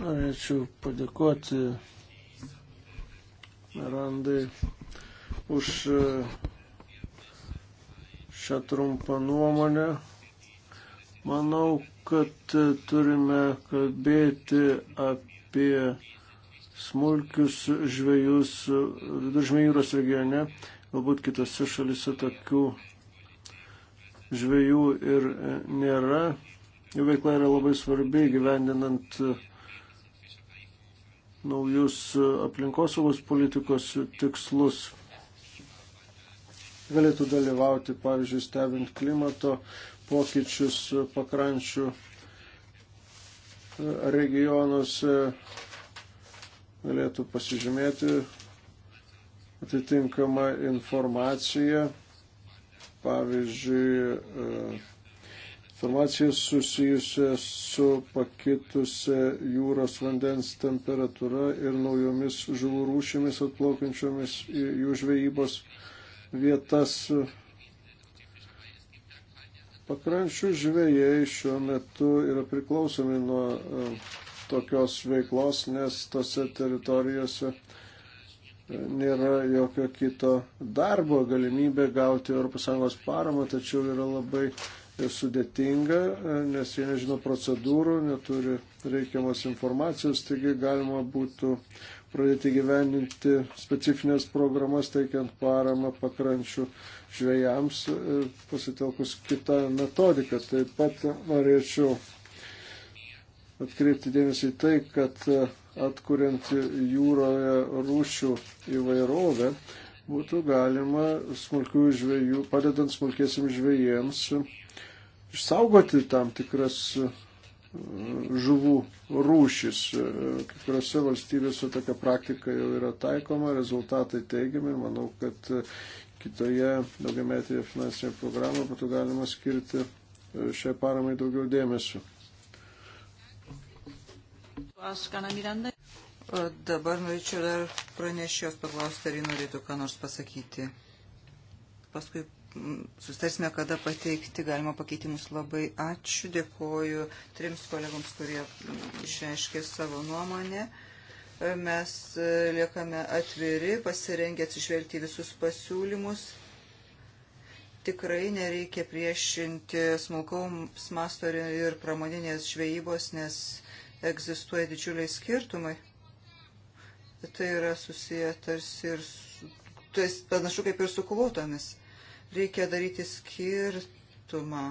Norėčiau padėkoti Randai už e, šią trumpą nuomonę. Manau, kad turime kalbėti apie smulkius žvėjus Viduržmė jūros regione, galbūt kitose šalise tokių žvėjų ir e, nėra. Jų veikla yra labai svarbi gyvendinant uh, naujus e, aplinkosaugos politikos tikslus. Galėtų dalyvauti, pavyzdžiui, stebint klimato pokyčius e, pakrančių e, regionuose, galėtų pasižymėti atitinkamą informaciją, pavyzdžiui, informaciją susijusią su pakitusią jūros vandens temperatūra ir naujomis žuvų rūšimis atplaukiančiomis į jų žvejybos vietas. Pakrančių žvėjai šiuo metu yra priklausomi nuo e, tokios veiklos, nes tose teritorijose e, nėra jokio kito darbo galimybė gauti ES paramą, tačiau yra labai sudėtinga, nes jie nežino procedūrų, neturi reikiamos informacijos, taigi galima būtų pradėti gyveninti specifines programas, teikiant paramą pakrančių žvėjams, e, pasitelkus kitą metodiką. Taip pat norėčiau atkreipti dėmesį į tai, kad e, atkuriant jūroje rūšių įvairovę, būtų galima smulkių žvėjų, padedant smulkėsim žvėjiems išsaugoti tam tikras e, žuvų rūšis. E, kai kuriuose valstybėse tokia praktika jau yra taikoma, rezultatai teigiami ir manau, kad e, kitoje daugiametėje finansinėje programoje būtų galima skirti šiai paramai daugiau dėmesio. O dabar norėčiau dar pranešėjos paklausti, ar ji norėtų ką nors pasakyti. Paskui sustarsime, kada pateikti galima pakeitimus. Labai ačiū, dėkoju trims kolegoms, kurie išreiškė savo nuomonę. Mes e, liekame atviri, pasirengę atsižvelgti visus pasiūlymus. Tikrai nereikia priešinti smulkaus masto ir pramoninės žvejybos, nes egzistuoja didžiuliai skirtumai. Tai yra susiję tarsi ir su, tai panašu kaip ir su kovotomis Reikia daryti skirtumą,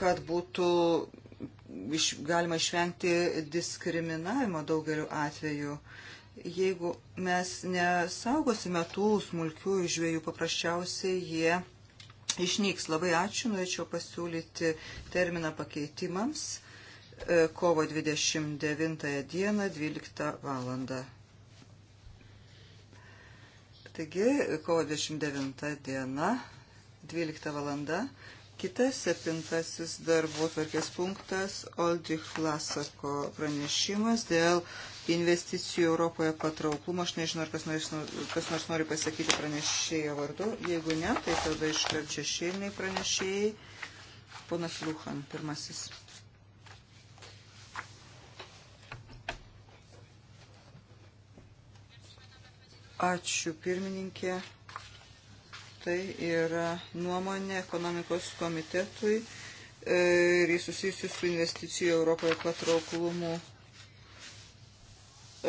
kad būtų iš, galima išvengti diskriminavimo daugeliu atveju. Jeigu mes nesaugosime tų smulkių žvėjų, paprasčiausiai jie išnyks. Labai ačiū, norėčiau pasiūlyti terminą pakeitimams e, kovo 29 dieną 12 valandą. Taigi, kovo 29 diena, 12 valanda. Kitas septintasis darbo tvarkės punktas - Oldrich Lasako pranešimas dėl investicijų Europoje patrauklumo. Aš nežinau, ar kas nors, kas nors nori pasakyti pranešėjo vardu. Jeigu ne, tai tada iškart šešėliniai pranešėjai. Ponas Luhan, pirmasis. Ačiū pirmininkė. Tai yra nuomonė ekonomikos komitetui e, ir jis susijusi su investicijų Europoje patrauklumu.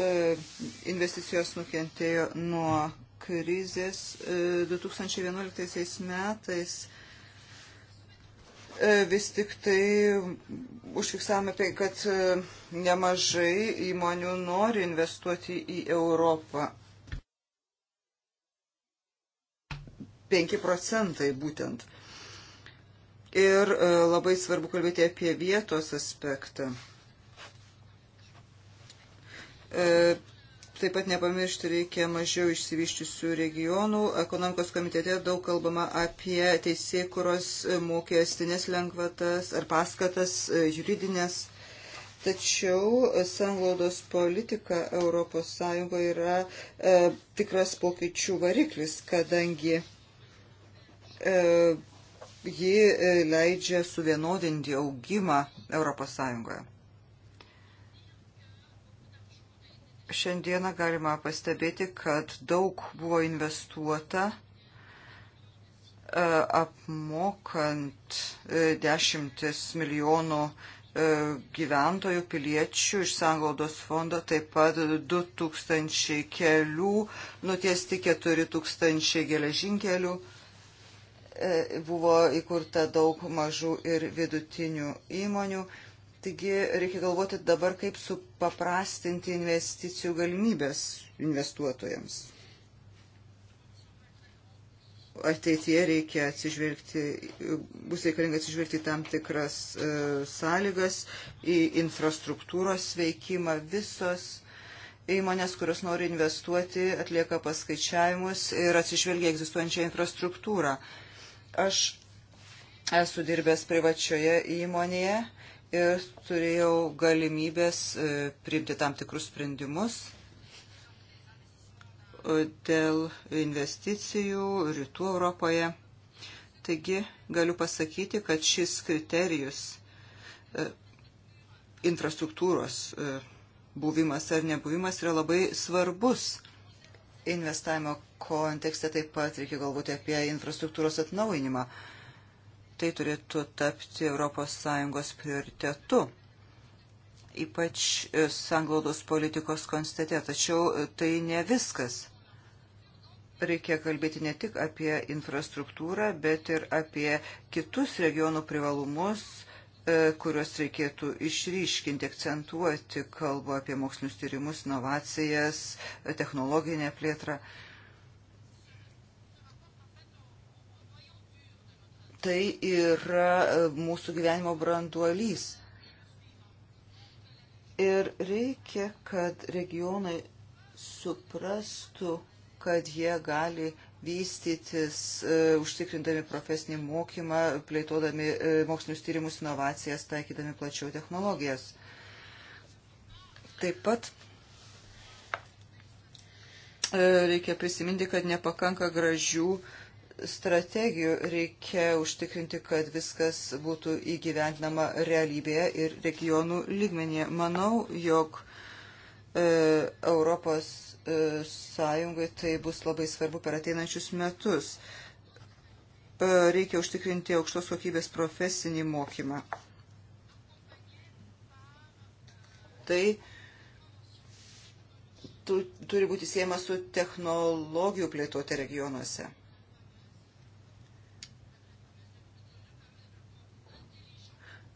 E, investicijos nukentėjo nuo krizės 2011 e, metais vis tik tai užfiksavome, tai, kad nemažai įmonių nori investuoti į Europą. 5 procentai būtent. Ir e, labai svarbu kalbėti apie vietos aspektą. E, taip pat nepamiršti reikia mažiau išsivyščiusių regionų. Ekonomikos komitete daug kalbama apie teisėkuros e, mokestinės lengvatas ar paskatas juridinės. Tačiau sanglaudos politika ES yra e, tikras pokyčių variklis, kadangi E, ji e, leidžia suvienodinti augimą ES. Šiandieną galima pastebėti, kad daug buvo investuota e, apmokant dešimtis milijonų gyventojų, piliečių iš Sanglaudos fondo, taip pat 2000 kelių, nutiesti 4000 geležinkelių. kelių E, buvo įkurta daug mažų ir vidutinių įmonių. Taigi reikia galvoti dabar, kaip supaprastinti investicijų galimybės investuotojams. Ateityje reikia atsižvelgti, bus reikalinga atsižvelgti tam tikras e, sąlygas, į infrastruktūros veikimą. Visos įmonės, kurios nori investuoti, atlieka paskaičiavimus ir atsižvelgia egzistuojančią infrastruktūrą. E, Aš esu dirbęs privačioje įmonėje ir turėjau galimybės e, priimti tam tikrus sprendimus e, dėl investicijų rytų Europoje. Taigi galiu pasakyti, kad šis kriterijus e, infrastruktūros buvimas ar nebuvimas yra labai svarbus investavimo kontekste taip pat reikia galvoti apie infrastruktūros atnaujinimą. Tai turėtų tapti ES prioritetu, ypač sanglaudos politikos konstete. Tačiau tai ne viskas. Reikia kalbėti ne tik apie infrastruktūrą, bet ir apie kitus regionų privalumus – E, kuriuos reikėtų išryškinti, akcentuoti, kalbu apie mokslinius tyrimus, inovacijas, e, technologinę plėtrą. Tai yra e, mūsų gyvenimo branduolys. Ir reikia, kad regionai suprastų, kad jie gali vystytis, e, užtikrindami profesinį mokymą, plėtodami e, mokslinius tyrimus, inovacijas, taikydami plačiau technologijas. Taip pat e, reikia prisiminti, kad nepakanka gražių strategijų, reikia užtikrinti, kad viskas būtų įgyventinama realybėje ir regionų lygmenyje. Manau, jog Europos E, sąjungai tai bus labai svarbu per ateinančius metus. E, reikia užtikrinti aukštos kokybės profesinį mokymą. Tai tu, turi būti siejama su technologijų plėtuote regionuose.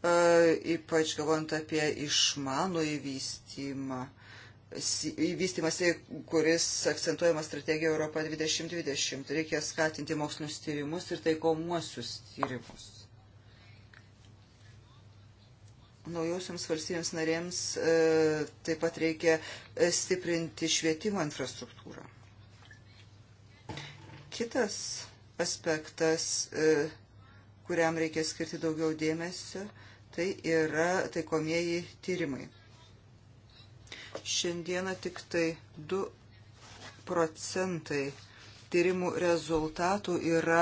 E, ypač galvant apie išmanų įvystymą vystimasi, kuris akcentuojamas strategija Europa 2020. Reikia skatinti mokslinius tyrimus ir taikomuosius tyrimus. Naujausiams valstybėms narėms e, taip pat reikia e, stiprinti švietimo infrastruktūrą. Kitas aspektas, e, kuriam reikia skirti daugiau dėmesio, tai yra taikomieji tyrimai. Šiandieną tik tai 2 procentai tyrimų rezultatų yra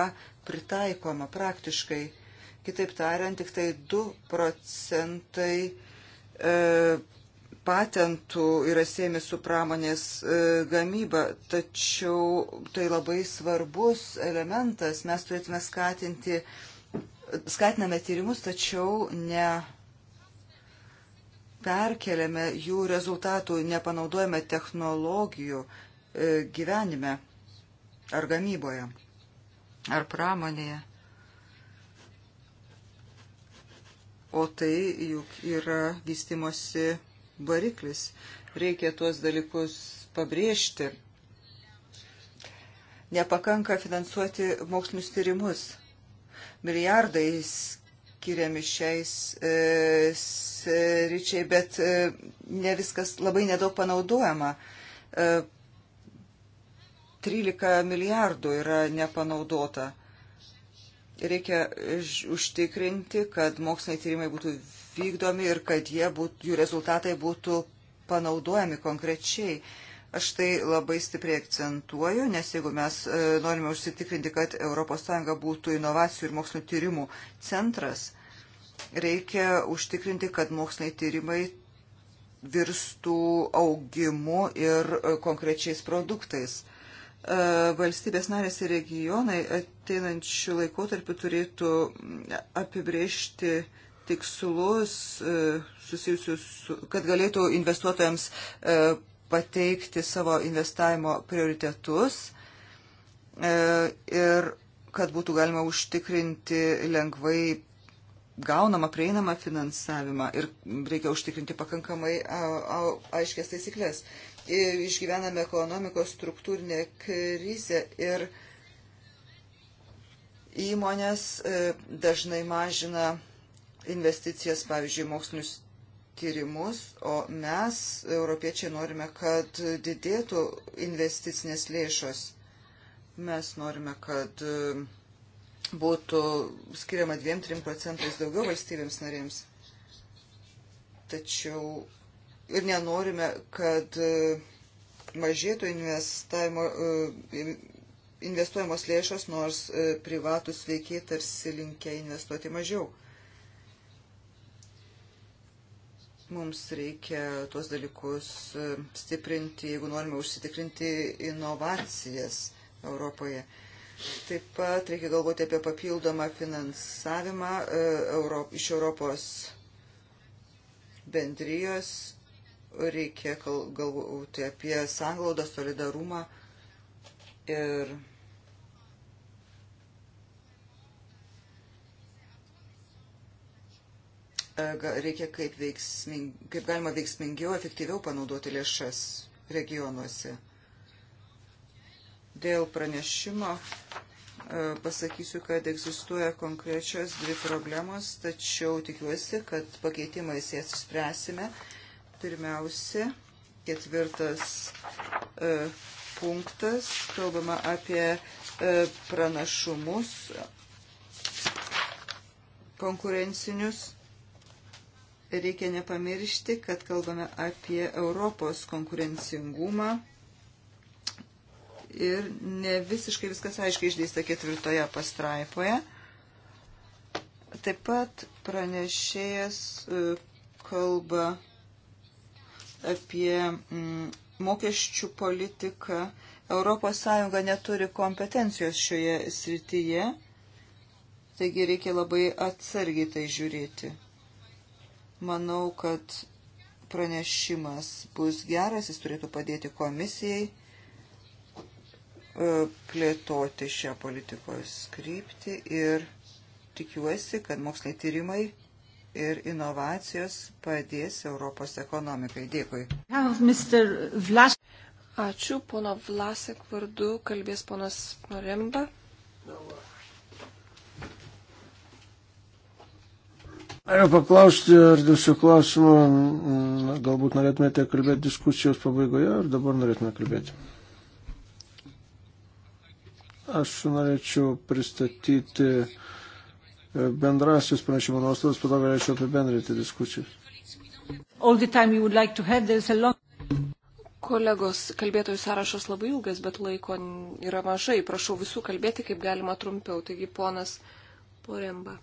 pritaikoma praktiškai. Kitaip tariant, tik tai 2 procentai e, patentų yra siejami su pramonės e, gamyba, tačiau tai labai svarbus elementas. Mes turėtume skatinti, skatiname tyrimus, tačiau ne perkeliame jų rezultatų, nepanaudojame technologijų e, gyvenime ar gamyboje ar pramonėje. O tai juk yra vystimosi variklis. Reikia tuos dalykus pabrėžti. Nepakanka finansuoti mokslinius tyrimus. Milijardais skiriami šiais e, sričiai, bet e, ne viskas labai nedaug panaudojama. E, 13 milijardų yra nepanaudota. Reikia užtikrinti, kad moksliniai tyrimai būtų vykdomi ir kad būtų, jų rezultatai būtų panaudojami konkrečiai. E, Aš tai labai stipriai akcentuoju, nes jeigu mes e, norime užsitikrinti, kad ES būtų inovacijų ir mokslinio tyrimų centras, reikia užtikrinti, kad moksliniai tyrimai virstų augimu ir e, konkrečiais produktais. E, valstybės narės ir regionai ateinančių laikotarpių turėtų apibriežti tikslus susijusius, kad galėtų investuotojams pateikti savo investavimo prioritetus e, ir kad būtų galima užtikrinti lengvai gaunamą prieinamą finansavimą ir reikia užtikrinti pakankamai aiškias taisyklės. E, išgyvename ekonomikos struktūrinę krizę ir įmonės e, dažnai mažina investicijas, pavyzdžiui, mokslinius tyrimus, o mes, europiečiai, norime, kad didėtų investicinės lėšos. Mes norime, kad e, būtų skiriama 2-3 procentais daugiau valstybėms narėms. Tačiau ir nenorime, kad e, mažėtų e, investuojamos lėšos, nors privatus veikiai tarsi linkia investuoti mažiau. Mums reikia tuos dalykus e, stiprinti, jeigu norime užsitikrinti inovacijas Europoje. Taip pat reikia galvoti apie papildomą finansavimą e, iš Europos bendrijos. Reikia galvoti apie sanglaudą, solidarumą ir E, reikia kaip, veiksming, kaip galima veiksmingiau, efektyviau panaudoti lėšas regionuose. Dėl pranešimo e, pasakysiu, kad egzistuoja konkrečios dvi problemos, tačiau tikiuosi, kad pakeitimais jas spręsime. Pirmiausia, ketvirtas e, punktas, kalbama apie e, pranašumus konkurencinius reikia nepamiršti, kad kalbame apie Europos konkurencingumą ir ne visiškai viskas aiškiai išdėsta ketvirtoje pastraipoje. Taip pat pranešėjas e, kalba apie mm, mokesčių politiką. ES neturi kompetencijos šioje srityje, taigi reikia labai atsargiai tai žiūrėti. Manau, kad pranešimas bus geras, jis turėtų padėti komisijai e, plėtoti šią politikos kryptį ir tikiuosi, kad moksliniai tyrimai ir inovacijos padės Europos ekonomikai. Dėkui. Ačiū, pono Vlasek vardu kalbės ponas Noremba. Dabar. Noriu paklausti, ar dėl šio klausimo mm, galbūt norėtumėte kalbėti diskusijos pabaigoje, ar dabar norėtumėte kalbėti? Aš norėčiau pristatyti e, bendrasis pranešimo nuostatas, po to galėčiau apibendrinti diskusijas. Like long... Kolegos, kalbėtojų sąrašas labai ilgas, bet laiko yra mažai. Prašau visų kalbėti kaip galima trumpiau. Taigi, ponas Poremba.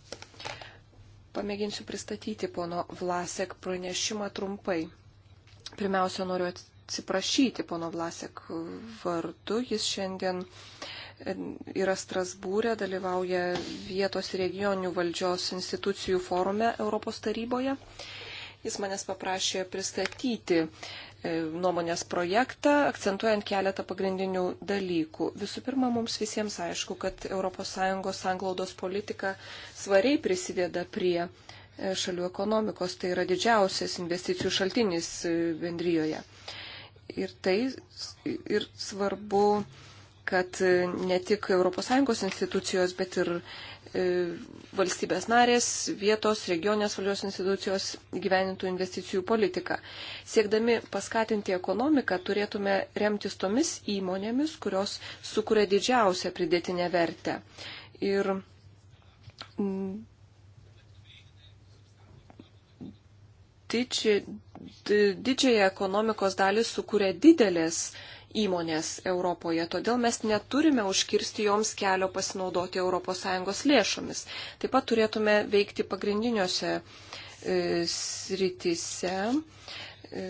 Pamėginsiu pristatyti pono Vlasek pranešimą trumpai. Pirmiausia, noriu atsiprašyti pono Vlasek vardu. Jis šiandien e, yra Strasbūrė, dalyvauja vietos regioninių valdžios institucijų forume Europos taryboje. Jis manęs paprašė pristatyti e, nuomonės projektą, akcentuojant keletą pagrindinių dalykų. Visų pirma, mums visiems aišku, kad ES anglaudos politika svariai prisideda prie e, šalių ekonomikos, tai yra didžiausias investicijų šaltinis e, bendryjoje. Ir tai ir svarbu, kad ne tik ES institucijos, bet ir E, valstybės narės, vietos, regionės valdžios institucijos gyvenintų investicijų politiką. Siekdami paskatinti ekonomiką, turėtume remtis tomis įmonėmis, kurios sukuria didžiausią pridėtinę vertę. Ir mm, didžiąją ekonomikos dalį sukuria didelės uh, įmonės Europoje. Todėl mes neturime užkirsti joms kelio pasinaudoti ES lėšomis. Taip pat turėtume veikti pagrindiniuose e, sritise. E,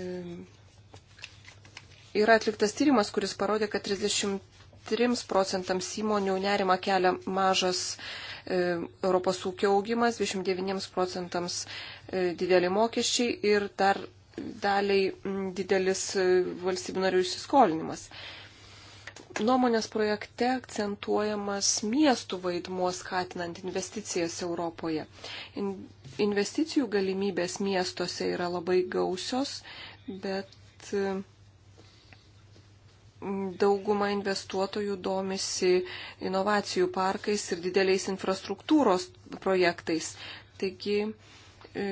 yra atliktas tyrimas, kuris parodė, kad 33 procentams įmonių nerima kelia mažas e, Europos ūkio augimas, 29 procentams e, dideli mokesčiai ir dar daliai mm, didelis e, valstybių narių įsiskolinimas. Nuomonės projekte akcentuojamas miestų vaidmuo skatinant investicijas Europoje. In, investicijų galimybės miestuose yra labai gausios, bet e, dauguma investuotojų domisi inovacijų parkais ir dideliais infrastruktūros projektais. Taigi E,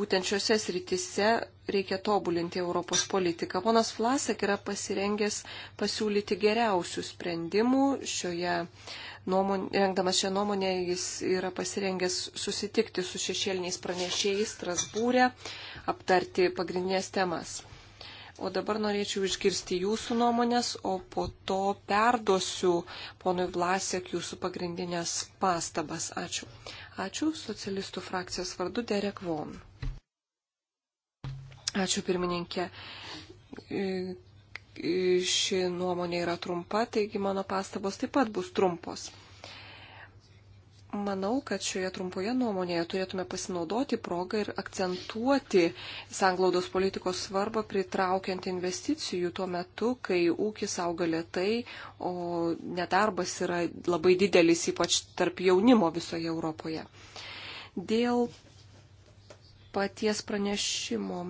būtent šiuose srityse reikia tobulinti Europos politiką. Ponas Flasek yra pasirengęs pasiūlyti geriausių sprendimų. Šioje nuomon, rengdamas šią nuomonę jis yra pasirengęs susitikti su šešėliniais pranešėjais Strasbūrė, aptarti pagrindinės temas. O dabar norėčiau išgirsti jūsų nuomonės, o po to perduosiu ponui Vlasek jūsų pagrindinės pastabas. Ačiū. Ačiū socialistų frakcijos vardu Derek Von. Ačiū pirmininkė. E, e, ši nuomonė yra trumpa, taigi mano pastabos taip pat bus trumpos. Manau, kad šioje trumpoje nuomonėje turėtume pasinaudoti progą ir akcentuoti sanglaudos politikos svarbą pritraukiant investicijų tuo metu, kai ūkis auga lietai, o nedarbas yra labai didelis, ypač tarp jaunimo visoje Europoje. Dėl paties pranešimo.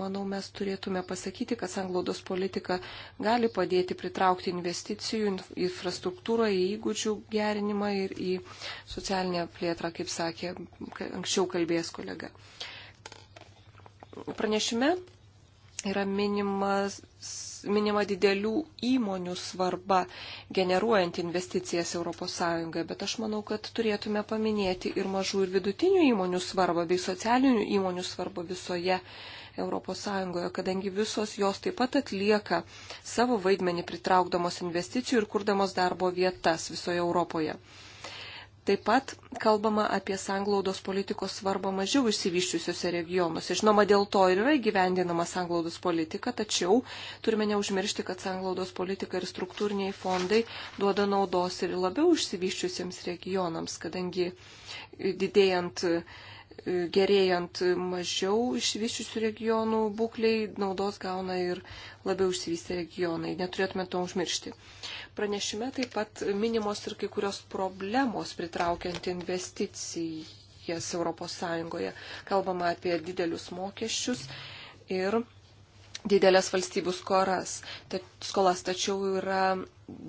Manau, mes turėtume pasakyti, kad sanglaudos politika gali padėti pritraukti investicijų infrastruktūrą, į įgūdžių gerinimą ir į socialinę plėtrą, kaip sakė anksčiau kalbėjęs kolega. Pranešime yra minimas, minima didelių įmonių svarba generuojant investicijas ES, bet aš manau, kad turėtume paminėti ir mažų ir vidutinių įmonių svarbą bei socialinių įmonių svarbą visoje ES, kadangi visos jos taip pat atlieka savo vaidmenį pritraukdamos investicijų ir kurdamos darbo vietas visoje Europoje. Taip pat kalbama apie sanglaudos politikos svarbą mažiau išsivyščiusiuose regionuose. Žinoma, dėl to ir yra įgyvendinama sanglaudos politika, tačiau turime neužmiršti, kad sanglaudos politika ir struktūriniai fondai duoda naudos ir labiau išsivyščiusiems regionams, kadangi didėjant gerėjant mažiau išvyščiusių regionų būkliai, naudos gauna ir labiau išsivystę regionai. Neturėtume to užmiršti. Pranešime taip pat minimos ir kai kurios problemos pritraukiant investicijas ES. Kalbama apie didelius mokesčius ir didelės valstybių skoras, ta, skolas, tačiau yra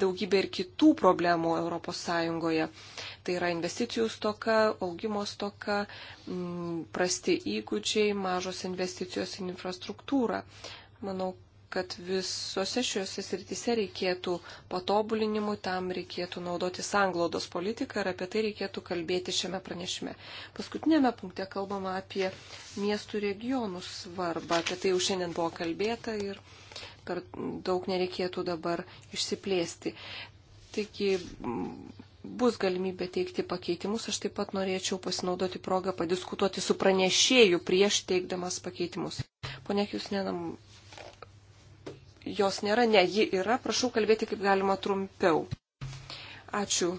daugybė ir kitų problemų ES. Tai yra investicijų stoka, augimo stoka, m, prasti įgūdžiai, mažos investicijos į in infrastruktūrą. Manau, kad visose šiuose srityse reikėtų patobulinimų, tam reikėtų naudoti sanglaudos politiką ir apie tai reikėtų kalbėti šiame pranešime. Paskutinėme punkte kalbama apie miestų regionų svarbą, apie tai jau šiandien buvo kalbėta ir per daug nereikėtų dabar išsiplėsti. Taigi bus galimybė teikti pakeitimus, aš taip pat norėčiau pasinaudoti progą padiskutuoti su pranešėju prieš teikdamas pakeitimus. Pone Jusnenam, jos nėra, ne, ji yra, prašau kalbėti kaip galima trumpiau. Ačiū,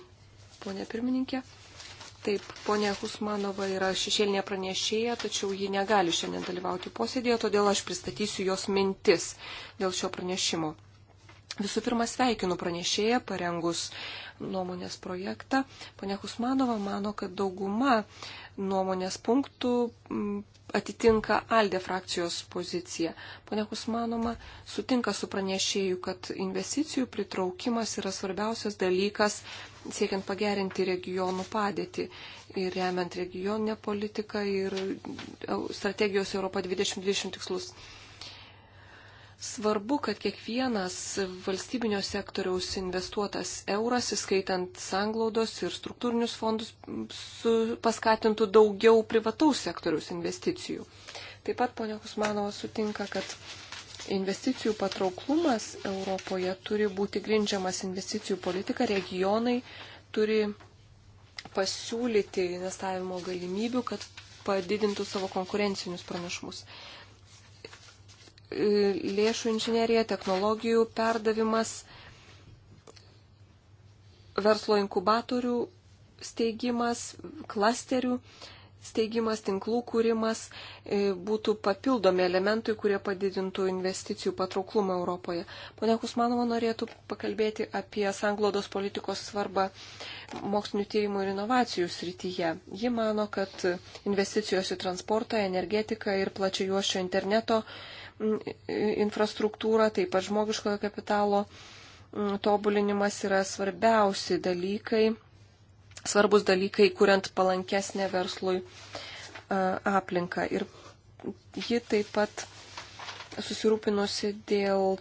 ponė pirmininkė. Taip, ponė Husmanova yra šešėlinė pranešėja, tačiau ji negali šiandien dalyvauti posėdėje, todėl aš pristatysiu jos mintis dėl šio pranešimo. Visų pirma, sveikinu pranešėją parengus nuomonės projektą. Pone Husmanova mano, kad dauguma nuomonės punktų atitinka Alde frakcijos pozicija. Pone Kusmanoma sutinka su pranešėju, kad investicijų pritraukimas yra svarbiausias dalykas siekiant pagerinti regionų padėtį ir remiant regioninę politiką ir strategijos Europa 2020 tikslus. Svarbu, kad kiekvienas valstybinio sektoriaus investuotas euras, įskaitant sanglaudos ir struktūrinius fondus, paskatintų daugiau privataus sektoriaus investicijų. Taip pat ponia Kusmanovas sutinka, kad investicijų patrauklumas Europoje turi būti grindžiamas investicijų politika, regionai turi pasiūlyti investavimo galimybių, kad padidintų savo konkurencinius pranašumus lėšų inžinierija, technologijų perdavimas, verslo inkubatorių steigimas, klasterių steigimas, tinklų kūrimas e, būtų papildomi elementai, kurie padidintų investicijų patrauklumą Europoje. Pone Kusmanova norėtų pakalbėti apie sanglodos politikos svarbą mokslinių tyrimų ir inovacijų srityje. Ji mano, kad investicijos į transportą, energetiką ir plačiajuošio interneto infrastruktūrą, taip pat žmogiškojo kapitalo mm, tobulinimas yra svarbiausi dalykai, svarbus dalykai, kuriant palankesnę verslui aplinką. Ir ji taip pat susirūpinusi dėl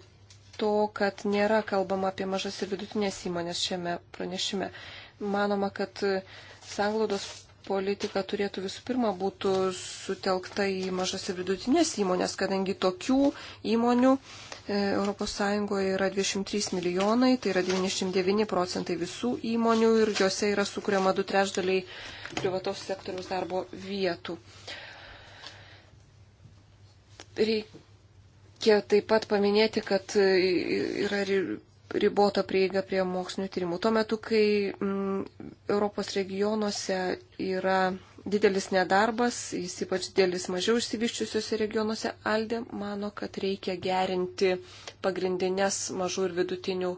to, kad nėra kalbama apie mažas ir vidutinės įmonės šiame pranešime. Manoma, kad sanglaudos politika turėtų visų pirma būtų sutelkta į mažas ir vidutinės įmonės, kadangi tokių įmonių ES yra 23 milijonai, tai yra 99 procentai visų įmonių ir juose yra sukūriama du trešdaliai privataus sektoriaus darbo vietų. Reikia taip pat paminėti, kad yra ribota prieiga prie mokslinių tyrimų. Tuo metu, kai mm, Europos regionuose yra didelis nedarbas, jis ypač didelis mažiau išsivyščiusiuose regionuose. Aldė mano, kad reikia gerinti pagrindinės mažų ir vidutinių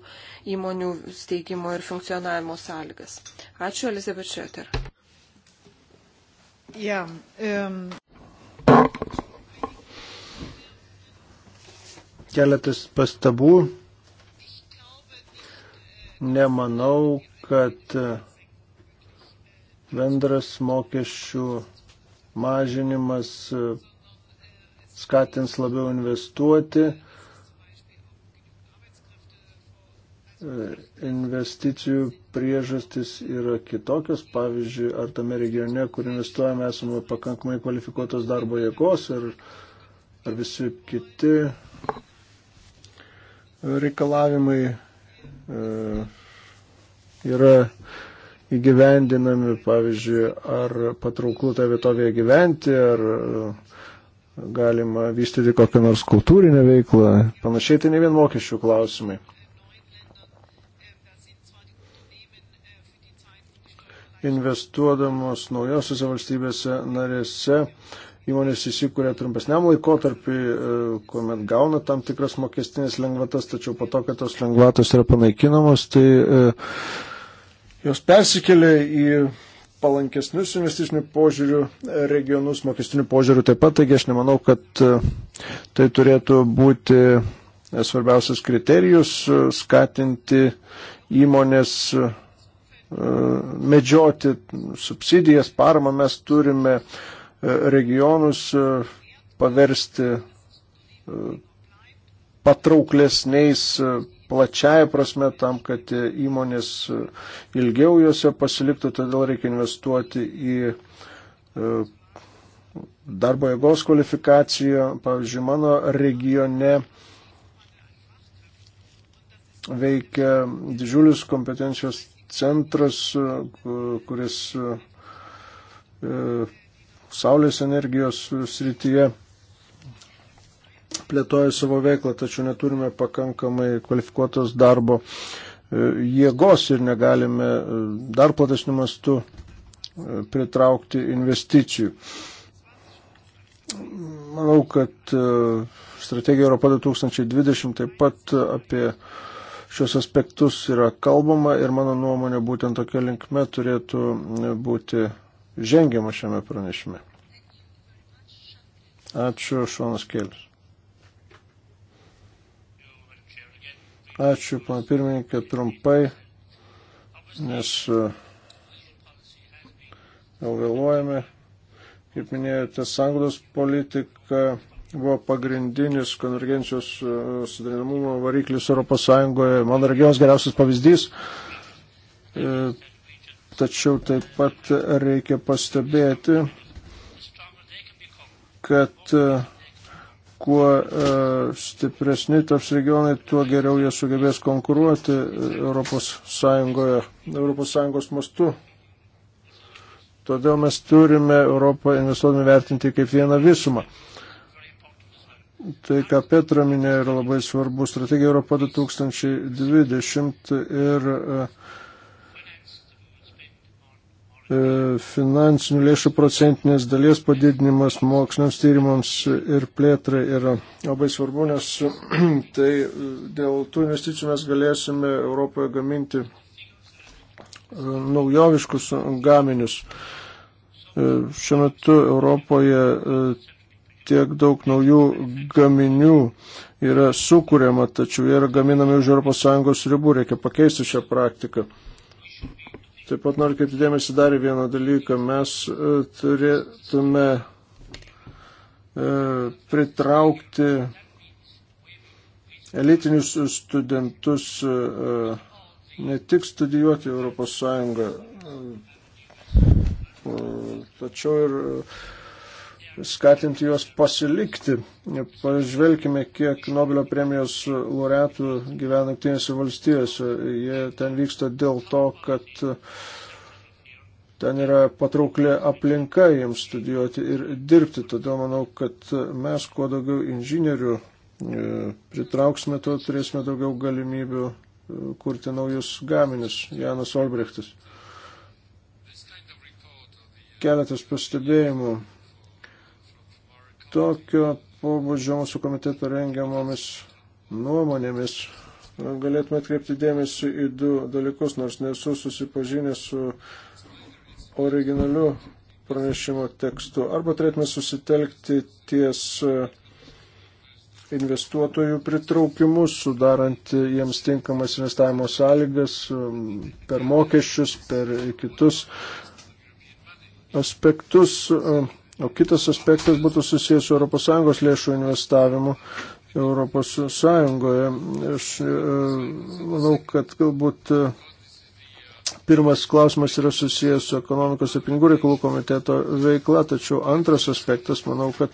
įmonių steigimo ir funkcionavimo sąlygas. Ačiū, Elizabeth Schroeder. Ja, um... Keletas pastabų. Nemanau, kad bendras mokesčių mažinimas skatins labiau investuoti, investicijų priežastis yra kitokios. Pavyzdžiui, ar tame regione, kur investuojame, esame pakankamai kvalifikuotos darbo jėgos, ar, ar visi kiti reikalavimai. E, yra įgyvendinami, pavyzdžiui, ar patrauklų tą tai vietovėje gyventi, ar e, galima vystyti kokią nors kultūrinę veiklą. Panašiai tai ne vien mokesčių klausimai. Investuodamos naujosiuose valstybėse narėse įmonės įsikūrė trumpesniam laikotarpį, e, kuomet gauna tam tikras mokestinės lengvatas, tačiau po to, kad tos lengvatos yra panaikinamos, tai uh, jos persikėlė į palankesnius investicinių požiūrių regionus, mokestinių požiūrių taip pat, taigi aš nemanau, kad e, tai turėtų būti e, svarbiausias kriterijus e, skatinti įmonės medžioti subsidijas, paramą mes turime regionus paversti patrauklesniais plačiaja prasme tam, kad įmonės ilgiau juose pasiliktų, todėl reikia investuoti į e, darbo jėgos kvalifikaciją. Pavyzdžiui, mano regione veikia didžiulis kompetencijos centras, e, kuris e, Saulės energijos srityje plėtoja savo veiklą, tačiau neturime pakankamai kvalifikuotos darbo e, jėgos ir negalime e, dar platesnių mastų e, pritraukti investicijų. Manau, kad strategija Europa 2020 taip pat apie šios aspektus yra kalbama ir mano nuomonė būtent tokia linkme turėtų būti žengiama šiame pranešime. Ačiū, Šonas Kėlis. Ačiū, pana pirmininkė, trumpai, nes e, jau vėluojame. Kaip minėjote, sanglos politika buvo pagrindinis konvergencijos e, sudarinamumo variklis Europos Sąjungoje. Mano regionas geriausias pavyzdys. E, tačiau taip pat reikia pastebėti, kad kuo e, stipresni taps regionai, tuo geriau jie sugebės konkuruoti Europos Sąjungoje, Europos Sąjungos mastu. Todėl mes turime Europą investuodami vertinti kaip vieną visumą. Tai, ką Petra minėjo, yra labai svarbu strategija Europa 2020 ir uh, E, finansinių lėšų procentinės dalies padidinimas moksliniams tyrimams ir plėtrai yra labai svarbu, nes tai e, dėl tų investicijų mes galėsime Europoje gaminti e, naujoviškus gaminius. Šiuo metu Europoje tiek daug naujų gaminių yra sukūriama, tačiau jie yra gaminami už ES ribų, reikia pakeisti šią praktiką. Taip pat noriu kaip dėmesį dar vieną dalyką. Mes e, turėtume e, pritraukti elitinius studentus e, ne tik studijuoti Europos Sąjungą, tačiau ir skatinti juos pasilikti. Pažvelkime, kiek Nobelio premijos laureatų gyvena Junktinėse valstijose. Jie ten vyksta dėl to, kad ten yra patraukli aplinka jiems studijuoti ir dirbti. Todėl manau, kad mes kuo daugiau inžinierių e, pritrauksime, to turėsime daugiau galimybių e, kurti naujus gaminius. Janas Olbrechtas. Keletas pastebėjimų tokio pobūdžio mūsų komiteto rengiamomis nuomonėmis galėtume atkreipti dėmesį į du dalykus, nors nesu susipažinęs su originaliu pranešimo tekstu. Arba turėtume susitelkti ties e, investuotojų pritraukimus, sudarant jiems tinkamas investavimo sąlygas e, per mokesčius, per kitus aspektus, e, O kitas aspektas būtų susijęs su ES lėšų investavimu. Europos Sąjungoje. Aš e, manau, kad galbūt e, pirmas klausimas yra susijęs su ekonomikos ir pinigų reikalų komiteto veikla, tačiau antras aspektas, manau, kad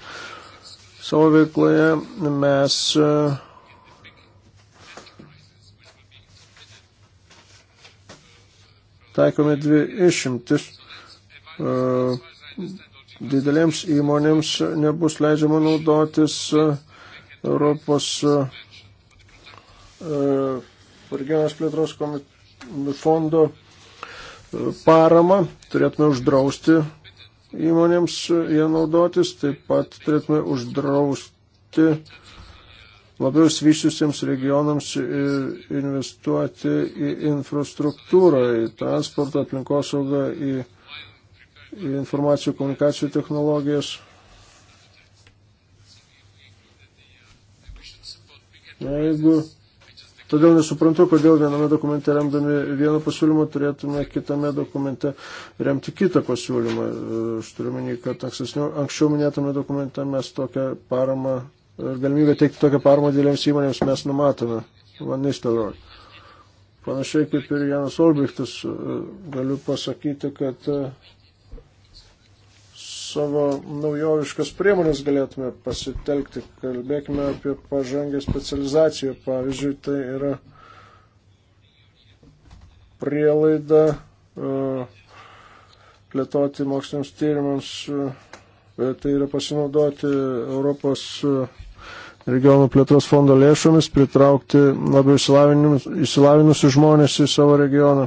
savo veikloje mes e, taikome dvi išimtis. Uh, didelėms įmonėms nebus leidžiama naudotis e, Europos e, e, regionės plėtros fondo paramą. Turėtume uždrausti įmonėms ją naudotis, taip pat turėtume uždrausti labiau svyščiusiems regionams investuoti į infrastruktūrą, į transportą, aplinkosaugą, į informacijų komunikacijų technologijas. Jeigu Todėl nesuprantu, kodėl viename dokumente remdami vieną pasiūlymą turėtume kitame dokumente remti kitą pasiūlymą. Aš turiu menį, kad anksčiau minėtame dokumente mes tokią paramą, galimybę teikti tokią paramą dėlėms įmonėms mes numatome. Man neistelor. Panašiai kaip ir Janas Olbrichtas, galiu pasakyti, kad savo naujoviškas priemonės galėtume pasitelkti. Kalbėkime apie pažangę specializaciją. Pavyzdžiui, tai yra prielaida e, plėtoti moksliniams tyrimams, e, tai yra pasinaudoti Europos e, regionų plėtros fondo lėšomis, pritraukti labiau įsilavinusius žmonės į savo regioną.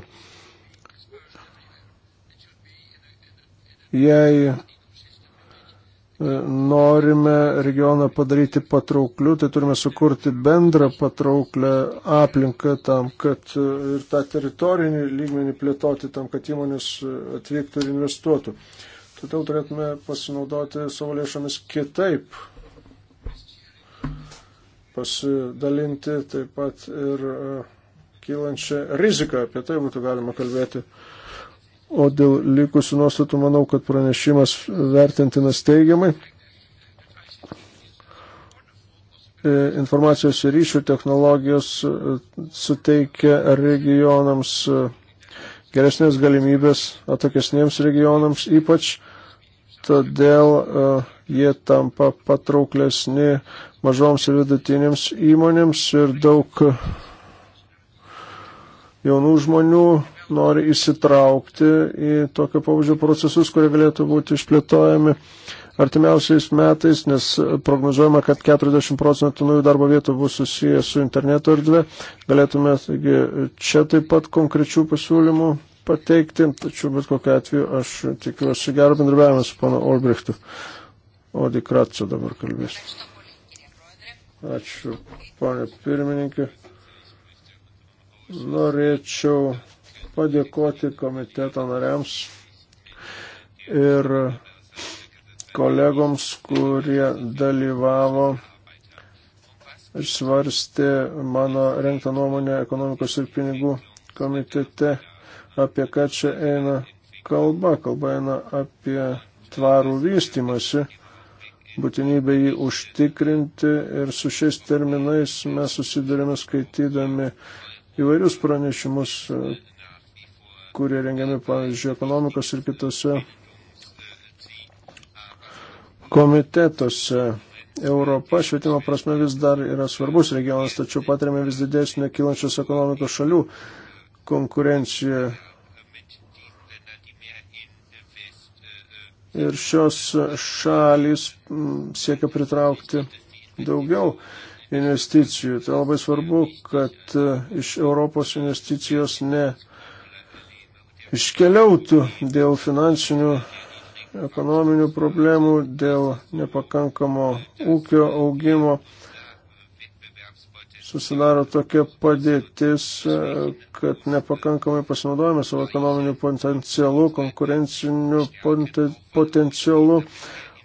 Jei norime regioną padaryti patraukliu, tai turime sukurti bendrą patrauklę aplinką tam, kad e, ir tą teritorinį lygmenį plėtoti tam, kad įmonės e, atvyktų ir investuotų. Todėl turėtume pasinaudoti savo lėšomis kitaip, pasidalinti taip pat ir e, kylančią riziką, apie tai būtų galima kalbėti O dėl likusių nuostatų manau, kad pranešimas vertintinas teigiamai. E, informacijos ir ryšių technologijos e, suteikia regionams e, geresnės galimybės atokesniems regionams, ypač todėl uh, jie tampa patrauklesni mažoms ir vidutinėms įmonėms ir daug jaunų žmonių nori įsitraukti į tokio pabudžio procesus, kurie galėtų būti išplėtojami artimiausiais metais, nes prognozuojama, kad 40 procentų naujų darbo vietų bus susijęs su interneto erdvė. Galėtume taigi, čia taip pat konkrečių pasiūlymų pateikti, tačiau bet kokiu atveju aš tikiuosi gerą bendrabiavimą su pano Olbrechtu. Odi Kratso dabar kalbės. Ačiū, ponė pirmininkė. Norėčiau padėkoti komiteto nariams ir kolegoms, kurie dalyvavo ir svarstė mano renktą nuomonę ekonomikos ir pinigų komitete, apie ką čia eina kalba. Kalba eina apie tvarų vystimasi, būtinybę jį užtikrinti ir su šiais terminais mes susidurime skaitydami įvairius pranešimus kurie rengiami, pavyzdžiui, ekonomikos ir kitose komitetuose. Europa švietimo prasme vis dar yra svarbus regionas, tačiau patiriame vis didesnį kylančios ekonomikos šalių konkurenciją. Ir šios šalys mm, siekia pritraukti daugiau investicijų. Tai labai svarbu, kad e, iš Europos investicijos ne iškeliautų dėl finansinių ekonominių problemų, dėl nepakankamo ūkio augimo. Susidaro tokia padėtis, kad nepakankamai pasinaudojame savo ekonominiu potencialu, konkurenciniu potencialu,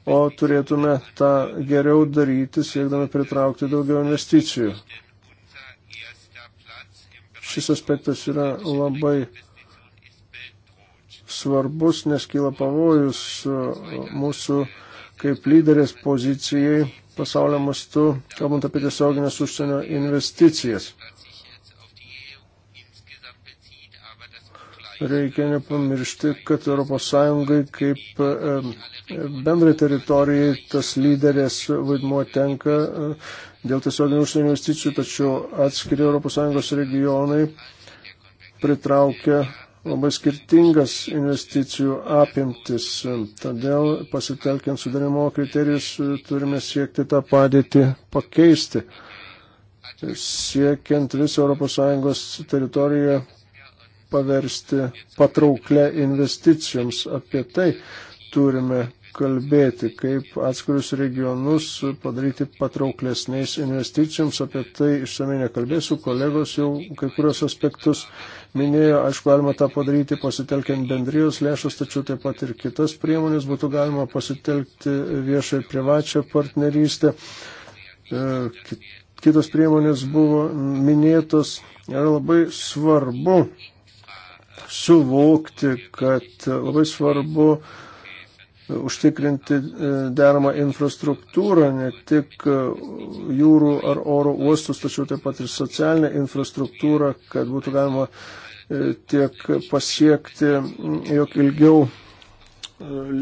o turėtume tą geriau daryti, siekdami pritraukti daugiau investicijų. Šis aspektas yra labai svarbus, nes kyla pavojus e, mūsų kaip lyderės pozicijai pasaulio mastu, kalbant apie tiesioginės užsienio investicijas. Reikia nepamiršti, kad ES kaip e, bendrai teritorijai tas lyderės vaidmuo tenka e, dėl tiesioginių užsienio investicijų, tačiau atskiri ES regionai pritraukia labai skirtingas investicijų apimtis. Todėl pasitelkiant sudarimo kriterijus turime siekti tą padėtį pakeisti. Siekiant visą ES teritoriją paversti patrauklę investicijoms. Apie tai turime kalbėti, kaip atskirius regionus padaryti patrauklesniais investicijoms. Apie tai išsamei nekalbėsiu. Kolegos jau kai kurios aspektus minėjo. Aišku, galima tą padaryti pasitelkiant bendrijos lėšas, tačiau taip pat ir kitas priemonės būtų galima pasitelkti viešai privačią partnerystę. E, kitos priemonės buvo minėtos. Yra labai svarbu suvokti, kad labai svarbu uh, užtikrinti e, deramą infrastruktūrą, ne tik e, jūrų ar oro uostus, tačiau taip pat ir socialinę infrastruktūrą, kad būtų galima e, tiek pasiekti, jog ilgiau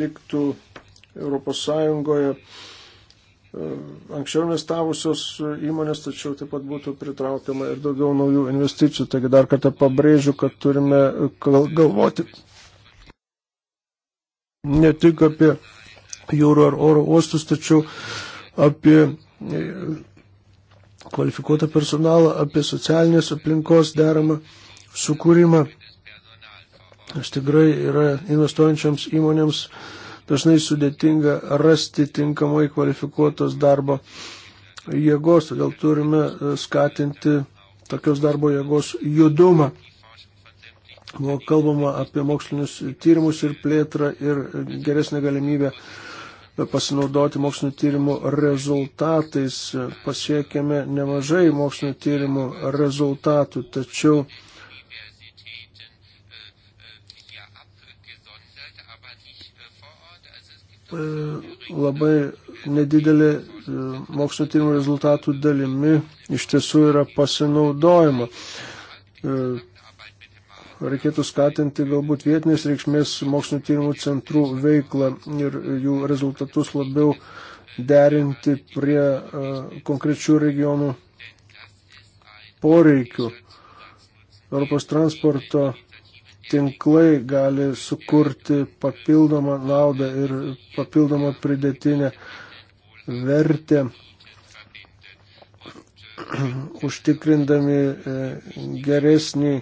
liktų ES anksčiau investavusios įmonės, tačiau taip pat būtų pritraukiama ir daugiau naujų investicijų. Taigi dar kartą pabrėžiu, kad turime galvoti ne tik apie jūrų ar oro uostus, tačiau apie e, kvalifikuotą personalą, apie socialinės aplinkos deramą sukūrimą. Aš tikrai yra investuojančiams įmonėms dažnai sudėtinga rasti tinkamai kvalifikuotos darbo jėgos, todėl turime e, skatinti tokios darbo jėgos judumą. Buvo kalbama apie mokslinius tyrimus ir plėtrą ir geresnę galimybę pasinaudoti mokslinio tyrimų rezultatais. Pasiekėme nemažai mokslinio tyrimų rezultatų, tačiau labai nedidelė e, mokslo tyrimų rezultatų dalimi iš tiesų yra pasinaudojama. E, reikėtų skatinti galbūt vietinės reikšmės mokslinio tyrimų centrų veiklą ir jų rezultatus labiau derinti prie uh, konkrečių regionų poreikių. Europos transporto tinklai gali sukurti papildomą naudą ir papildomą pridėtinę vertę, užtikrindami e, geresnį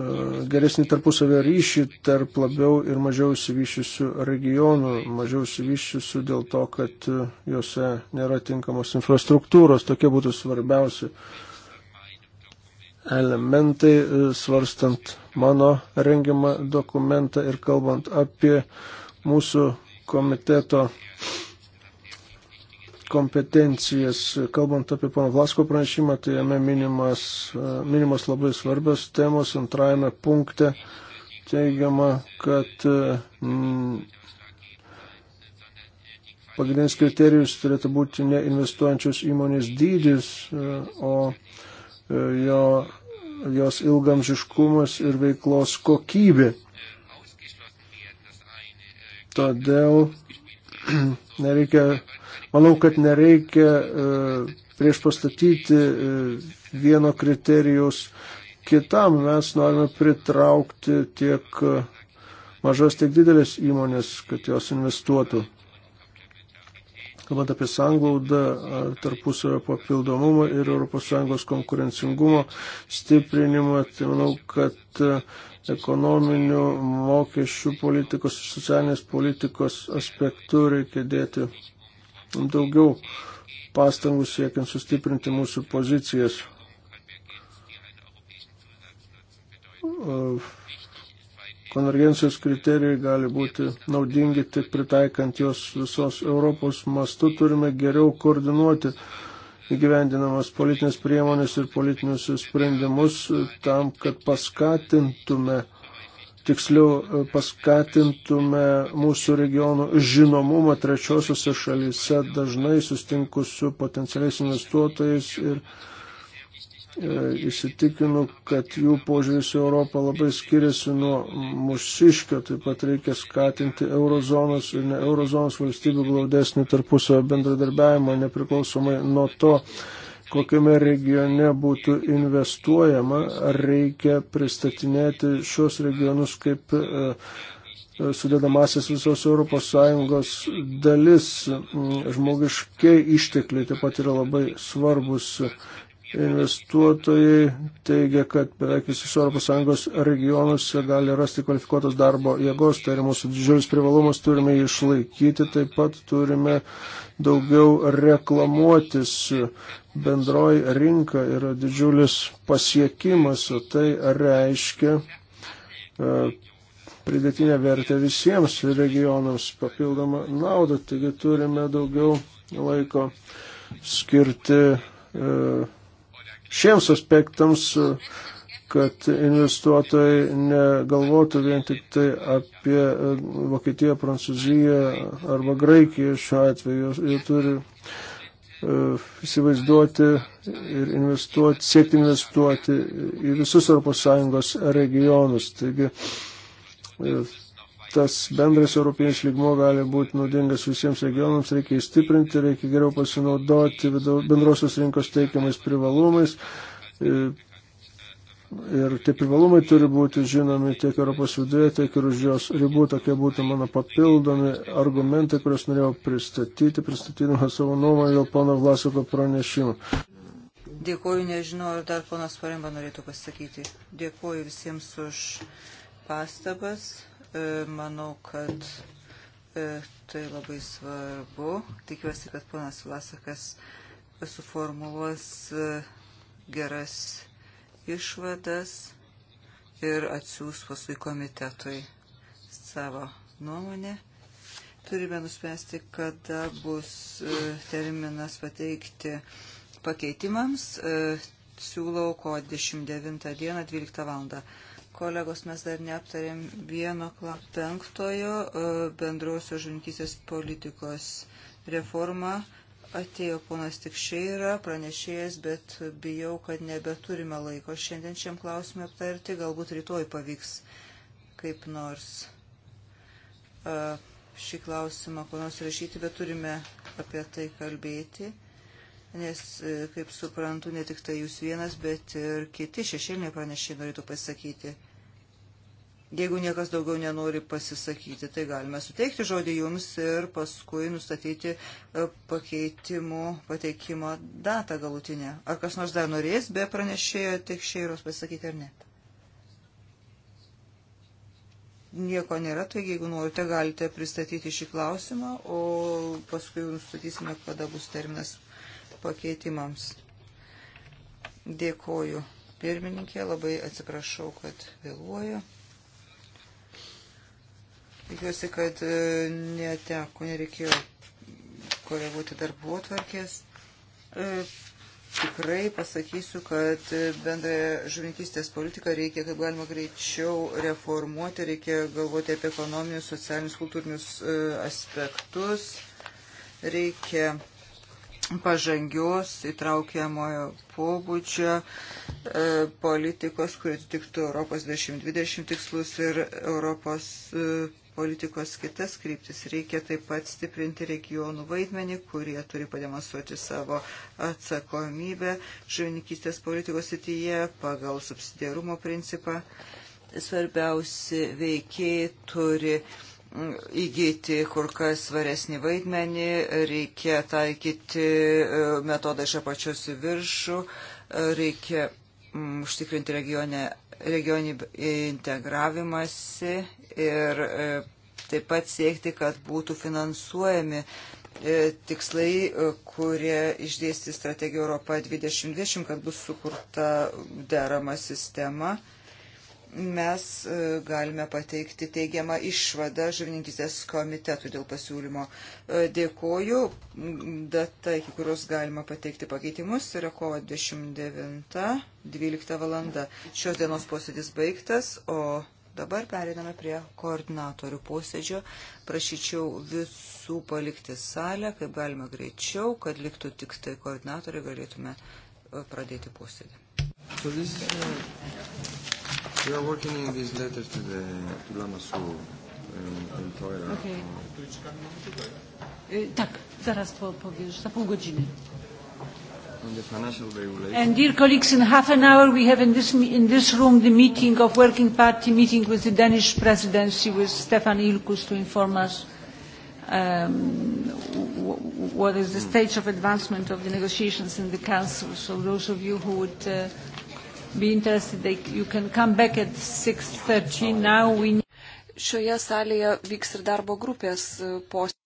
E, geresnį tarpusavę ryšį tarp labiau ir mažiau įsivyščiusių regionų, mažiau įsivyščiusių dėl to, kad e, juose nėra tinkamos infrastruktūros. Tokie būtų svarbiausi elementai, e, svarstant mano rengimą dokumentą ir kalbant apie mūsų komiteto uh, kompetencijas. Kalbant apie pono Vlasko pranešimą, tai jame minimas, e, minimas labai svarbios temos. Antrajame punkte teigiama, kad m, e, pagrindinis kriterijus turėtų būti ne investuojančios įmonės dydis, e, o jo, jos ilgamžiškumas ir veiklos kokybė. Todėl nereikia Manau, kad nereikia e, prieš pastatyti e, vieno kriterijaus kitam. Mes norime pritraukti tiek e, mažas, tiek didelės įmonės, kad jos investuotų. Kalbant apie sanglaudą, tarpusavio papildomumą ir ES konkurencingumo stiprinimą, tai manau, kad ekonominių mokesčių politikos ir socialinės politikos aspektų reikia dėti daugiau pastangų siekiant sustiprinti mūsų pozicijas. Konvergencijos kriterijai gali būti naudingi tik pritaikant jos visos Europos mastu. Turime geriau koordinuoti įgyvendinamas politinės priemonės ir politinius sprendimus tam, kad paskatintume uh, tiksliau e, paskatintume mūsų regionų žinomumą trečiosiuose šalyse, dažnai sustinku su potencialiais investuotojais ir e, įsitikinu, kad jų požiūris į Europą labai skiriasi nuo mūsiškio, taip pat reikia skatinti eurozonos ir ne eurozonos valstybių glaudesnį tarpusio bendradarbiavimą, nepriklausomai nuo to, kokiame regione būtų investuojama, ar reikia pristatinėti šios regionus kaip e, sudėdamasis visos ES dalis. Žmogiškiai ištekliai taip pat yra labai svarbus. Investuotojai teigia, kad beveik visus ES regionuose gali rasti kvalifikuotos darbo jėgos, tai yra mūsų didžiulis privalumas, turime jį išlaikyti, taip pat turime daugiau reklamuotis bendroji rinka yra didžiulis pasiekimas, o tai reiškia e, pridėtinę vertę visiems regionams papildomą naudą. Taigi turime daugiau laiko skirti e, šiems aspektams, kad investuotojai negalvotų vien tik tai apie e, Vokietiją, Prancūziją arba Graikiją šiuo atveju. Jie turi E, įsivaizduoti ir investuoti, siekti investuoti į visus ES regionus. Taigi e, tas bendras europienis lygmo gali būti naudingas visiems regionams, reikia įstiprinti, reikia geriau pasinaudoti bendrosios rinkos teikiamais privalumais, e, Ir tie privalumai turi būti žinomi tiek Europos viduje, tiek ir už jos ribų. Tokie būtų mano papildomi argumentai, kuriuos norėjau pristatyti, pristatydama savo nuomonę dėl pono Vlasiko pranešimo. Dėkuoju, nežinau, ar dar ponas Paremba norėtų pasakyti. Dėkuoju visiems už pastabas. E, manau, kad e, tai labai svarbu. Tikiuosi, kad ponas Vlasakas suformuluos e, geras išvadas ir atsiūs paskui komitetui savo nuomonę. Turime nuspręsti, kada bus e, terminas pateikti pakeitimams. E, siūlau ko 29 dieną 12 val. Kolegos, mes dar neaptarėm vieno penktojo e, bendrosios žunkysės politikos reformą atėjo ponas Tikščiai yra pranešėjas, bet bijau, kad nebeturime laiko šiandien šiam klausimui aptarti, galbūt rytoj pavyks kaip nors šį klausimą kuo nors rašyti, bet turime apie tai kalbėti, nes, e, kaip suprantu, ne tik tai jūs vienas, bet ir kiti šešėliniai pranešiai norėtų pasakyti. Jeigu niekas daugiau nenori pasisakyti, tai galime suteikti žodį jums ir paskui nustatyti e, pakeitimų pateikimo datą galutinę. Ar kas nors dar norės be pranešėjo tik šeiros pasakyti ar ne? Nieko nėra, tai jeigu norite, galite pristatyti šį klausimą, o paskui nustatysime, kada bus terminas pakeitimams. Dėkoju pirmininkė, labai atsiprašau, kad vėluoju. Tikiuosi, kad e, neteko, nereikėjo koreguoti darbo tvarkės. E, tikrai pasakysiu, kad e, bendrąją žuvininkystės politiką reikia, kaip galima greičiau reformuoti, reikia galvoti apie ekonominius, socialinius, kultūrinius aspektus, reikia pažangios, įtraukiamojo pobūdžio e, politikos, kuri atitiktų Europos 2020 tikslus ir Europos e, politikos kitas kryptis. Reikia taip pat stiprinti regionų vaidmenį, kurie turi pademonstruoti savo atsakomybę žuvininkystės politikos sityje pagal subsidiarumo principą. Svarbiausi veikiai turi mm, įgyti kur kas svaresnį vaidmenį, reikia taikyti e, metodą iš apačios į viršų, reikia Mm, užtikrinti regione, regionį integravimąsi ir e, taip pat siekti, kad būtų finansuojami e, tikslai, e, kurie išdėsti strategiją Europa 2020, kad bus sukurta derama sistema mes e, galime pateikti teigiamą išvadą žuvininkistės komitetų dėl pasiūlymo. E, dėkoju. Data, iki kurios galima pateikti pakeitimus, yra kovo 29.12 valanda. Šios dienos posėdis baigtas, o dabar pereiname prie koordinatorių posėdžio. Prašyčiau visų palikti salę, kaip galima greičiau, kad liktų tik tai koordinatoriai, galėtume e, pradėti posėdį. So this is, uh... We are working in this letter to the to Lamassu um, employer. Okay. Y, tak, zaraz po, powiesz, za pół godziny. On the financial regulation. And dear colleagues, in half an hour we have in this, in this room the meeting of Working Party meeting with the Danish presidency with Stefan Ilkus to inform us um, what is the stage of advancement of the negotiations in the Council. So those of you who would uh, be interested, they, you can come back at 6.30. Now we... Šioje salėje vyks ir darbo grupės posėdis.